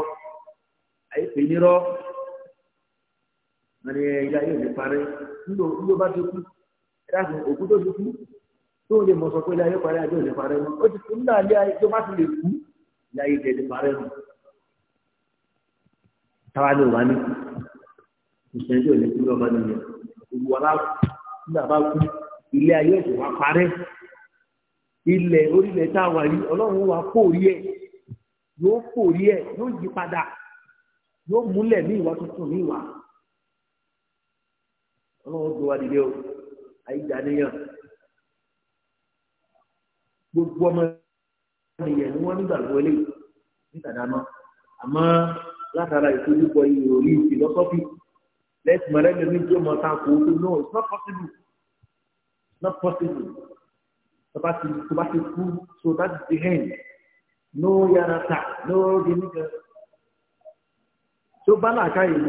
àìpé nírọ́ wọn ni ilé ayé ò ní parí ńlò ńlò bá ti kú ẹ dáhùn òkú tó ti kú tó lè mọ̀ sọ pé láyé parí àjọ ìlẹ̀ parẹ́ mọ́ ó ti kú nígbà ilé ayé tó bá ti lè kú láyé ìlẹ̀ ìlẹ̀ parẹ́ mọ́ táwa ni wà ní ìṣẹ́jú ìlẹ̀ kú lọ́ba nìyẹn gbogbo wa láàbù nígbà bá kú ilé ayé ẹ̀sìn wa parẹ́ ilẹ̀ orílẹ̀ tá a wà yìí ọlọ́run wa kóòrí ẹ̀ yóò kóòrí ẹ̀ yóò yí padà yóò múlẹ̀ ní ìwà tuntun ní ìwà ọlọ́run gbé wa dìde o àyíjà níyàn gbogbo ọmọ ènìyàn ni wọ́n nígbàgbọ́ ilé nítàdámọ́ àmọ́ látara ìfojúbọ ìròrí ìfìlọ́sọ́fì lẹ́sìn mọ̀lẹ́bí mi tó mọ tako tó no it's not possible it's not possible tó bá ti tó bá ti kú so that is the end no yàrá ta no gèmí kan tó bá làákà yìí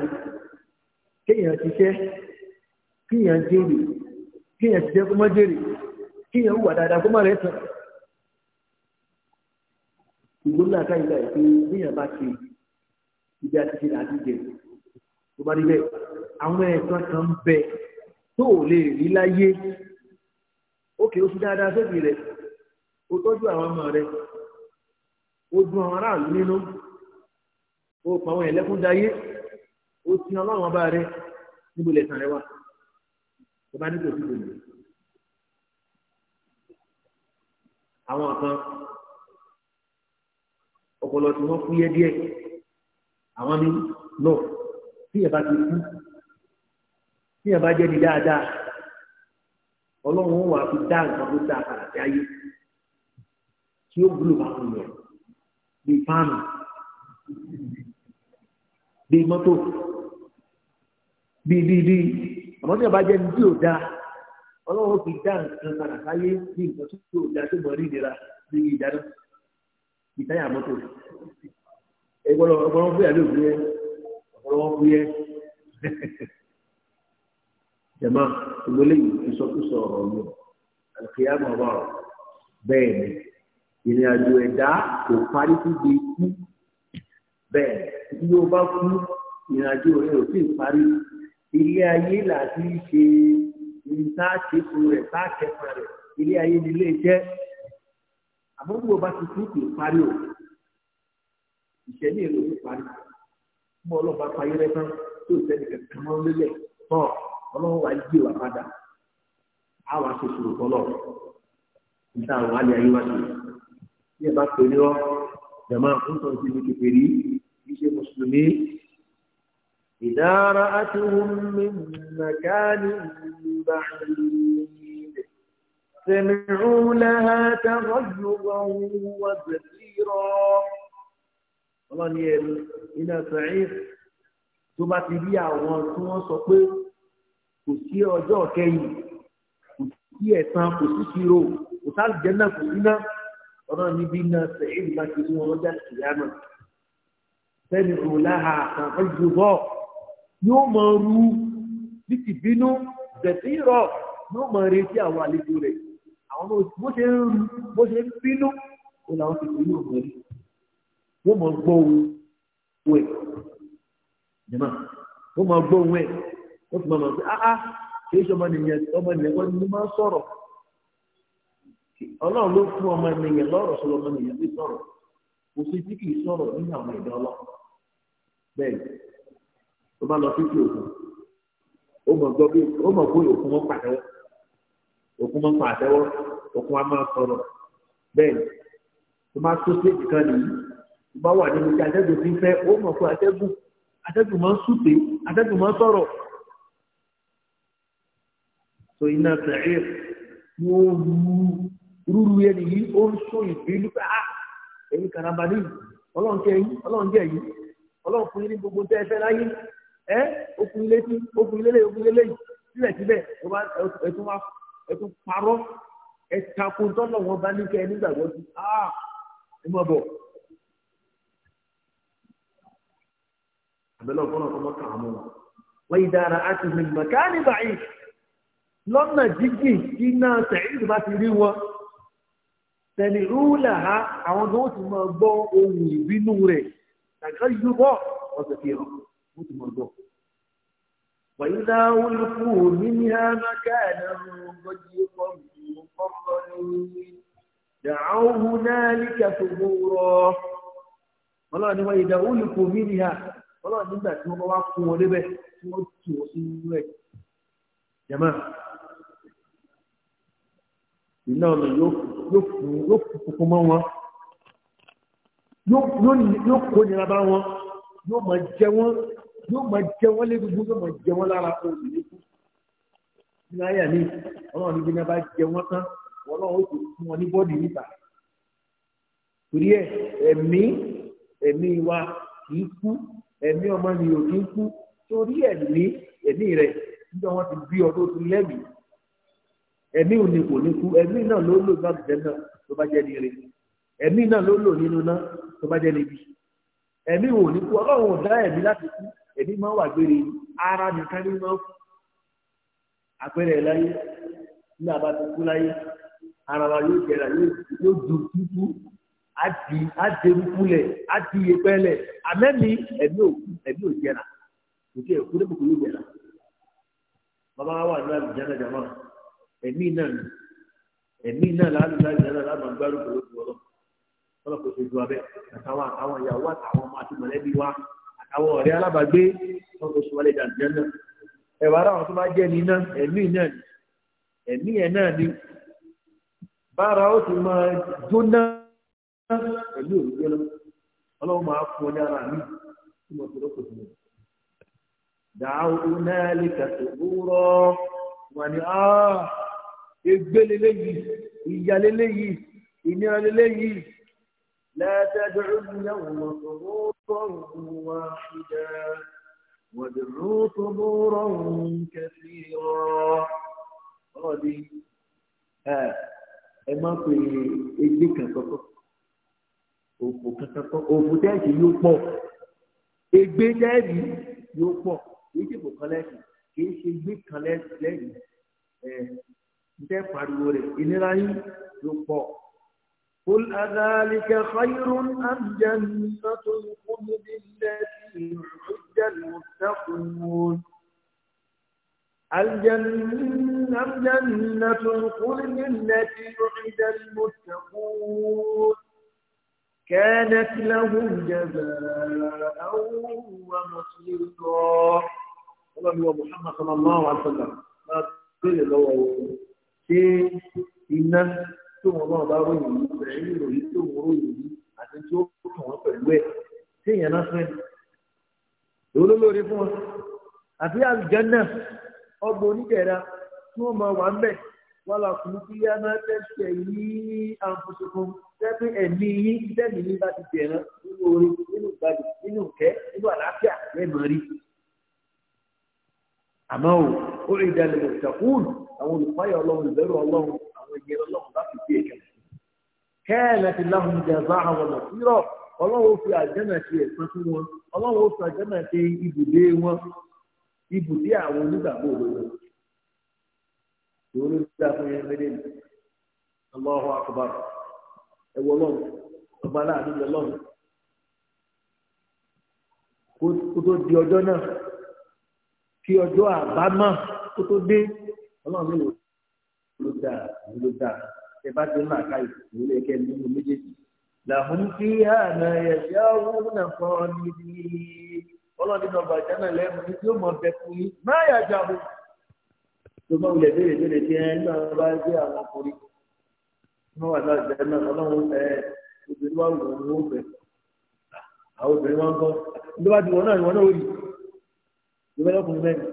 kéèyàn ṣiṣẹ́ kéèyàn jèrè kéèyàn ṣiṣẹ́ kó má jèrè kéèyàn hùwà dáadáa kó má rẹ̀ sọ̀rọ̀ ìgbóná àtàyíká yìí pé bíyàn bá ṣe ibi àti ṣe àti jẹ tó bá níbẹ̀ àwọn ẹ̀sán kan ń bẹ tó ò lè rí láyé ókè ó fi dáadáa sóbì rẹ ó tọ́jú àwọn ọmọ rẹ ó dun àwọn aráàlú nínú ó pa àwọn ẹ̀lẹ́kùn dayé ó ti ọlọ́run ọba rẹ níbo lẹ̀sán rẹ wà tó bá níbi òsì gbòmìnira àwọn kan ọpọlọ tí wọ́n fúyẹ́ díẹ̀ àwọn ní lọ tí ẹ̀ bá ti kú tí ẹ̀ bá jẹ́ di dáadáa ọlọ́run wà fi dá nǹkan tó dáa padà sí ayé tí ó gbúlò bá fún yẹn bíi fáànù bíi mọ́tò bíi bíi bíi àmọ́ tí ẹ̀ bá jẹ́ ní tí ò dáa ọlọ́run fi dá nǹkan padà sáyé bíi nǹkan tó dáa tó mọ̀ rí ìlera bíi ìdáná ìtayà mọ́tò ọpọlọ fúyà ló fúyẹ ọpọlọ fúyẹ jama ìgbélé ìsọkúsọ ọ̀rọ̀ mi àkìyàmọ ọba ọ bẹ́ẹ̀ ni ìrìn àjò ẹ̀dá kò parí di ikú bẹ́ẹ̀ bí o bá kú ìrìn àjò rẹ ò sì parí ilé ayé làti ṣe ní sáà ṣe fún rẹ sáà kẹfà rẹ ilé ayé nílé jẹ àmọ́ bí o bá ti kú kì í parí o ìṣẹ̀lẹ̀ èrò ti parí mọ ọlọ́ba payé rẹ tán tí o sẹ́ni kẹ̀kẹ́ mọ́ lélẹ̀ tọ́ ọlọ́run wa yí wa padà á wà ṣòṣòro tọ́lọ̀ níta àwọn alẹ́ ayé wa ṣe bí ẹ bá pè ní ọ jàmá ńsọ ti ní kékeré kì í ṣe mùsùlùmí. إذا رأتهم من مكان بعيد سمعوا لها تغيظا وزفيرا ọlọ́run ní ẹ̀rù iná sàáyìn tó bá ti rí àwọn tí wọ́n sọ pé kò sí ọjọ́ kẹyìn kò sí ẹ̀san kò sí ṣírò kò sáàlùjẹ́ náà kò sí náà ọlọ́run níbi iná sàáyìn bá ti rí wọn lọ́jà ìyá náà sẹ́ni òun láha àtàwọn ìjọba yóò mọ ru ní tìbínú bẹ̀tí rọ yóò mọ retí àwọn àlejò rẹ̀ àwọn bó ṣe ń bó ṣe ń bínú ó làwọn ti bínú ògbẹ́rì wọ́n mọ̀ gbọ́ òun ẹ̀ jẹ́mọ́ wọ́n mọ̀ gbọ́ òun ẹ̀ wọ́n ti mọ̀ mọ̀ pé áá kì í ṣe ọmọ nìyẹn ọmọ nìyẹn wọ́n ní máa sọ̀rọ̀ ọlọ́run ló fún ọmọ nìyẹn lọ́rọ̀ sọ̀rọ̀ ọmọ nìyẹn ló sọ̀rọ̀ kò sí tí kì í sọ̀rọ̀ nínú àwọn ẹ̀dá ọlọ́run bẹ́ẹ̀ tó bá lọ sí ti òkun ó mọ̀ gbọ́ bí ó mọ̀ gbọ́ òkun wọn pàtẹ́wọ́ òkun máa ń pa àtẹ́wọ́ òkun á máa tó máa tó kan nìyí tó bá wà nínú tí atẹ́gùn ti ń fẹ́ ó mọ̀ pé atẹ́gùn atẹ́gùn máa ń súté atẹ́gùn máa ń sọ̀rọ̀ tó iná sẹ̀rí wọ́n rúru yẹn nìyí ó ń sọ ìbínú pé a ah, èyí karamba ní gbogbo tẹ́ ẹ fẹ́ láyé ẹ tún parọ́ ẹ takò tọ́lọ̀ wọn bá níkẹ́ nígbàgbọ́ sí ah, ẹ mọ̀ bọ̀. àbẹ̀lẹ̀ ọ̀gbọ́n ọ̀gbọ́n kà á mọ̀ wọn. wọ́n yìí dára á ti rìn màkà ní báyìí lọ́nà jíjìn kí náà sẹ̀yìn tó bá ti rí wọn. tẹ̀lé rúlà ha àwọn tó ti máa gbọ́ ohun ìbínú rẹ̀ kàkà yú ọ̀sẹ̀ fi hàn wọ́n ti máa gbọ́. وإذا ألقوا منها مكانا ضيقا مقرنين دعوا هنالك ثبورا ọlọ́run ni wọ́n yìí dá olùkọ́ mi ni ha ọlọ́run nígbà tí wọ́n bá kún wọn débẹ̀ tí wọ́n tù ọ́ sí inú ẹ̀ jẹ̀mọ́ iná ọ̀nà yóò fún yóò fún kúkún mọ́ wọn yóò kó nira bá wọn yóò máa jẹ wọn yóò máa jẹ wọ́n lé gbogbo yóò máa jẹ wọ́n lára òbí níkú ní ayé àní ọlọ́run níbi náà bá jẹ wọ́n tán ọlọ́run ó sì fún wọn ní bọ́ọ̀dì níta torí ẹ ẹ̀mí ẹ̀mí wa kì í kú ẹ̀mí ọmọ mi ò kì í kú torí ẹ̀mí ẹ̀mí rẹ̀ nígbà wọn ti bí ọdún tó lẹ́mìí ẹ̀mí ò ní kò ní kú ẹ̀mí náà ló lò náà jẹ́ náà tó bá jẹ́ ní ire ẹ̀mí náà ló lò nínú náà tó bá jẹ́ níbi ẹ̀mí ò ní kú ọlọ́run ò dá ẹ̀mí láti kú ẹ̀mí máa wà gbére ara nìkan ní máa fún àpẹẹrẹ ẹ̀ láyé ní àbá ti kú láyé ara wa yóò jẹrà yóò dùn tútù àti àdéhùkulẹ̀ àti ìyẹpẹ́lẹ̀ àmẹ́mi ẹ̀mí ò ẹ̀mí ò jẹrà kò tí ẹ̀ kú dẹ́kun kò yóò jẹrà bàbá wa wà ní àlùjá náà jàmọ́ ẹ̀mí náà ẹ̀mí náà làálùjá náà làálùjá náà gbárùkù lójú ọlọ́ ọlọ́kùnrin ju abẹ́ àtàwọn àtàwọn ìyàwó àtàwọn ọmọ àti mọ̀lẹ́bí wa àwọn ọ̀rẹ́ alábàágbé wọn kò sùn wọlé dàjẹ́ náà ẹ̀wà ara àwọn tó bá jẹ́ ní iná ẹ̀mí náà ni ẹ̀mí ẹ̀ náà ni bára ó ti máa jóná ẹ̀mí òní jóná ọlọ́run máa fún ọ ní ara mi tí mo ti rọ́pò sílẹ̀. dàáwó náà lè kàtó wúrọ́ wọn ni ah, egbélé léyìí ìyálé léyìí ìnira léyìí lẹ́tẹ̀ẹ́dẹ́rẹ́ ìyàwó wọn sọ̀rọ̀. قوما واحدا وادعوا ثبورا كثيرا قد ẹ má pe ẹgbẹ́ kan sọ́kọ́ òfò kan sọ́kọ́ òfò tẹ́ẹ̀sì yóò pọ̀ ẹgbẹ́ tẹ́ẹ̀sì yóò pọ̀ ìdìbò kan lẹ́sìn kì í ṣe ẹgbẹ́ kan lẹ́yìn ẹ̀ ń tẹ́ pariwo rẹ̀ ìnira yín yóò pọ̀. قل أذلك خير أم جنة الخلد التي عد المتقون الجنة جنة الخلد التي عد المتقون كانت لهم جزاء ومصيرا الله هو محمد صلى الله عليه وسلم ما تقول له في tó wọn náà bá ròyìn yìí rẹ̀ ń ròyìn tó wọn ròyìn yìí àti tí ó kàn wọ́n pẹ̀lú ẹ̀ tí èèyàn náà fẹ́ fún wọn tí wọ́n máa wà ń bẹ̀ wọ́n lọ kùn kí yá máa tẹ̀sẹ̀ yìí àǹfọ̀sọ̀kan ẹ̀mí yín yín bá ti nínú nínú ìgbàdì nínú ìkẹ́ nínú àlàáfíà rí. àmọ́ ó rí àwọn fìdí èkó kẹ́ẹ̀lẹ́ ti láhùn jẹ̀bá àwọn nàfírọ̀ ọlọ́run fi àjẹ́nà ṣe ẹ̀sán fún wọn ọlọ́run fi àjẹ́nà ṣe ibùdé wọn ibùdé àwọn onígbàgbọ́ òdodo ìwọ ló ti dá fún yẹn lédè ní ọlọ́run akọba ẹwọ ọlọ́run ọba aláàánú ni ọlọ́run kó tó di ọjọ́ náà kí ọjọ́ àbámọ̀ kó tó dé ọlọ́run ló dáa ló dáa ẹ bá ti ń là ká ìsìnkú ilé ẹkẹ nínú méjèèjì làwọn fi hànà ẹ̀yà owó náà kọ́ níbi ọlọ́ọ̀dún náà bàjẹ́ náà lẹ́nu ní tí ó mọ bẹ fún yín má yà jà bó. tó bá wulẹ̀ béèrè béèrè tí ẹ náà bá gbé àwọn ọkùnrin wọn wà láti ẹ náà ọlọ́run ẹ obìnrin wà wù ú bẹ̀ àwọn obìnrin wọn kọ́ ló bá ti wọ náà ìwọ náà ó yìí ìwọlẹ́kùnrin mẹ́rin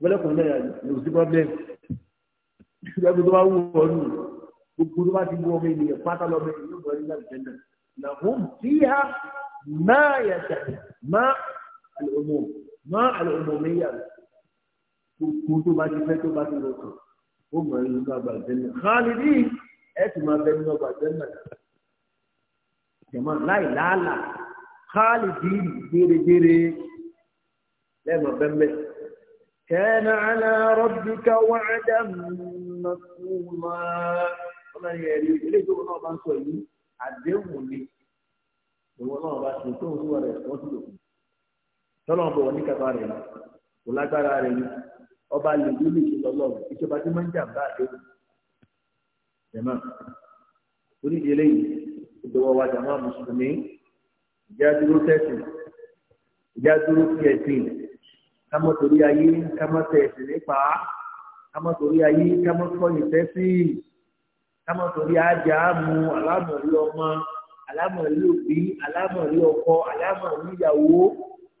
ìwọlẹ́kùnrin mẹ́rin lòsí pọ́blẹ́mù ìṣẹ́gun tó bá wù ọ́ nù gbogbo tó bá ti wù ọmọ ènìyàn pátá lọ́mọ ènìyàn yóò bọ̀ nígbà ìjẹ́nà làwọn bí ha máa yàtọ̀ máa àlùmọ̀ máa àlùmọ̀ méyà gbogbo tó bá ti fẹ́ tó bá ti rọ̀ kàn ó mọ̀ ẹ́ nígbà àgbà ìjẹ́nà khalidi ẹ̀ tún máa fẹ́ nígbà àgbà ìjẹ́nà jẹ̀mọ́ láì láàlà khalidi gbèrègbèrè lẹ́ẹ̀mọ̀ bẹ́ẹ̀ bẹ́ẹ̀ كان على ربك وعدا mọ́kúmá ọlọ́run yẹn rí ilé ìjọba náà bá ń sọ yìí àdéhùn ni ìwọ náà bá ṣe tó ń wọ rẹ̀ wọ́n ti lò fún tọ́lọ́run bọ̀ wọ́n ní kàtà rẹ̀ kò lágbára rẹ̀ ni ọba lè ló lè ṣe lọ́lọ́run ìjọba tí máa ń jà bá àdéhùn jẹ̀mọ́ torí ìdílé ìdọ̀wọ́ wa jàmọ́ mùsùlùmí ìjà tẹ̀sìn ìjà dúró kámọ́ torí ayé kámọ́ tẹ̀sìn nípa ká má torí ayé ká má kọ́ ìfẹ́ sí i ká má torí ajá mu alámọ̀rí ọmọ alámọ̀rí òbí alámọ̀rí ọkọ alámọ̀rí ìyàwó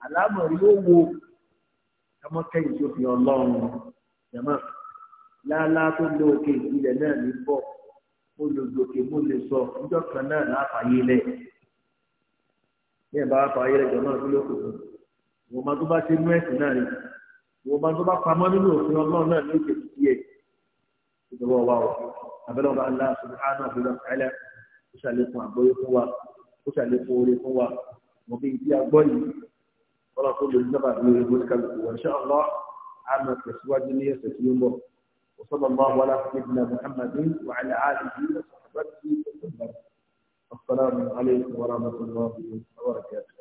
alámọ̀rí òwò ká má kẹ́yìn tó fi ọlọ́run jẹ̀mọ́ lálá tó lé òkè ìpìlẹ̀ náà ní bọ̀ mo lè gòkè mo lè sọ ọjọ́ kan náà láfààyè lẹ̀ ní ẹ̀ bá fààyè lẹ̀ jọ̀mọ́ ìpínlẹ̀ òkè wọn ma tó bá ṣe nú ẹ̀sìn náà rí wọ́n bá tó bá pamọ́ nínú òfin ọlọ́run náà ní òkè sí ẹ̀ ìjọba ọba ọ̀ abẹ́rẹ́ ọba ńlá subhanahu wa ta'ala ó ṣàlékún àgbọ́yé fún wa ó ṣàlékún oore fún wa mo bí ibi àgbọ́ yìí ọlọ́run tó lè sábà ní orí bóníkà lóko wọ́n ṣe ọlọ́ àmọ́ tẹ̀síwájú ní ẹsẹ̀ tí ó ń bọ̀ وصلى الله على سيدنا محمد وعلى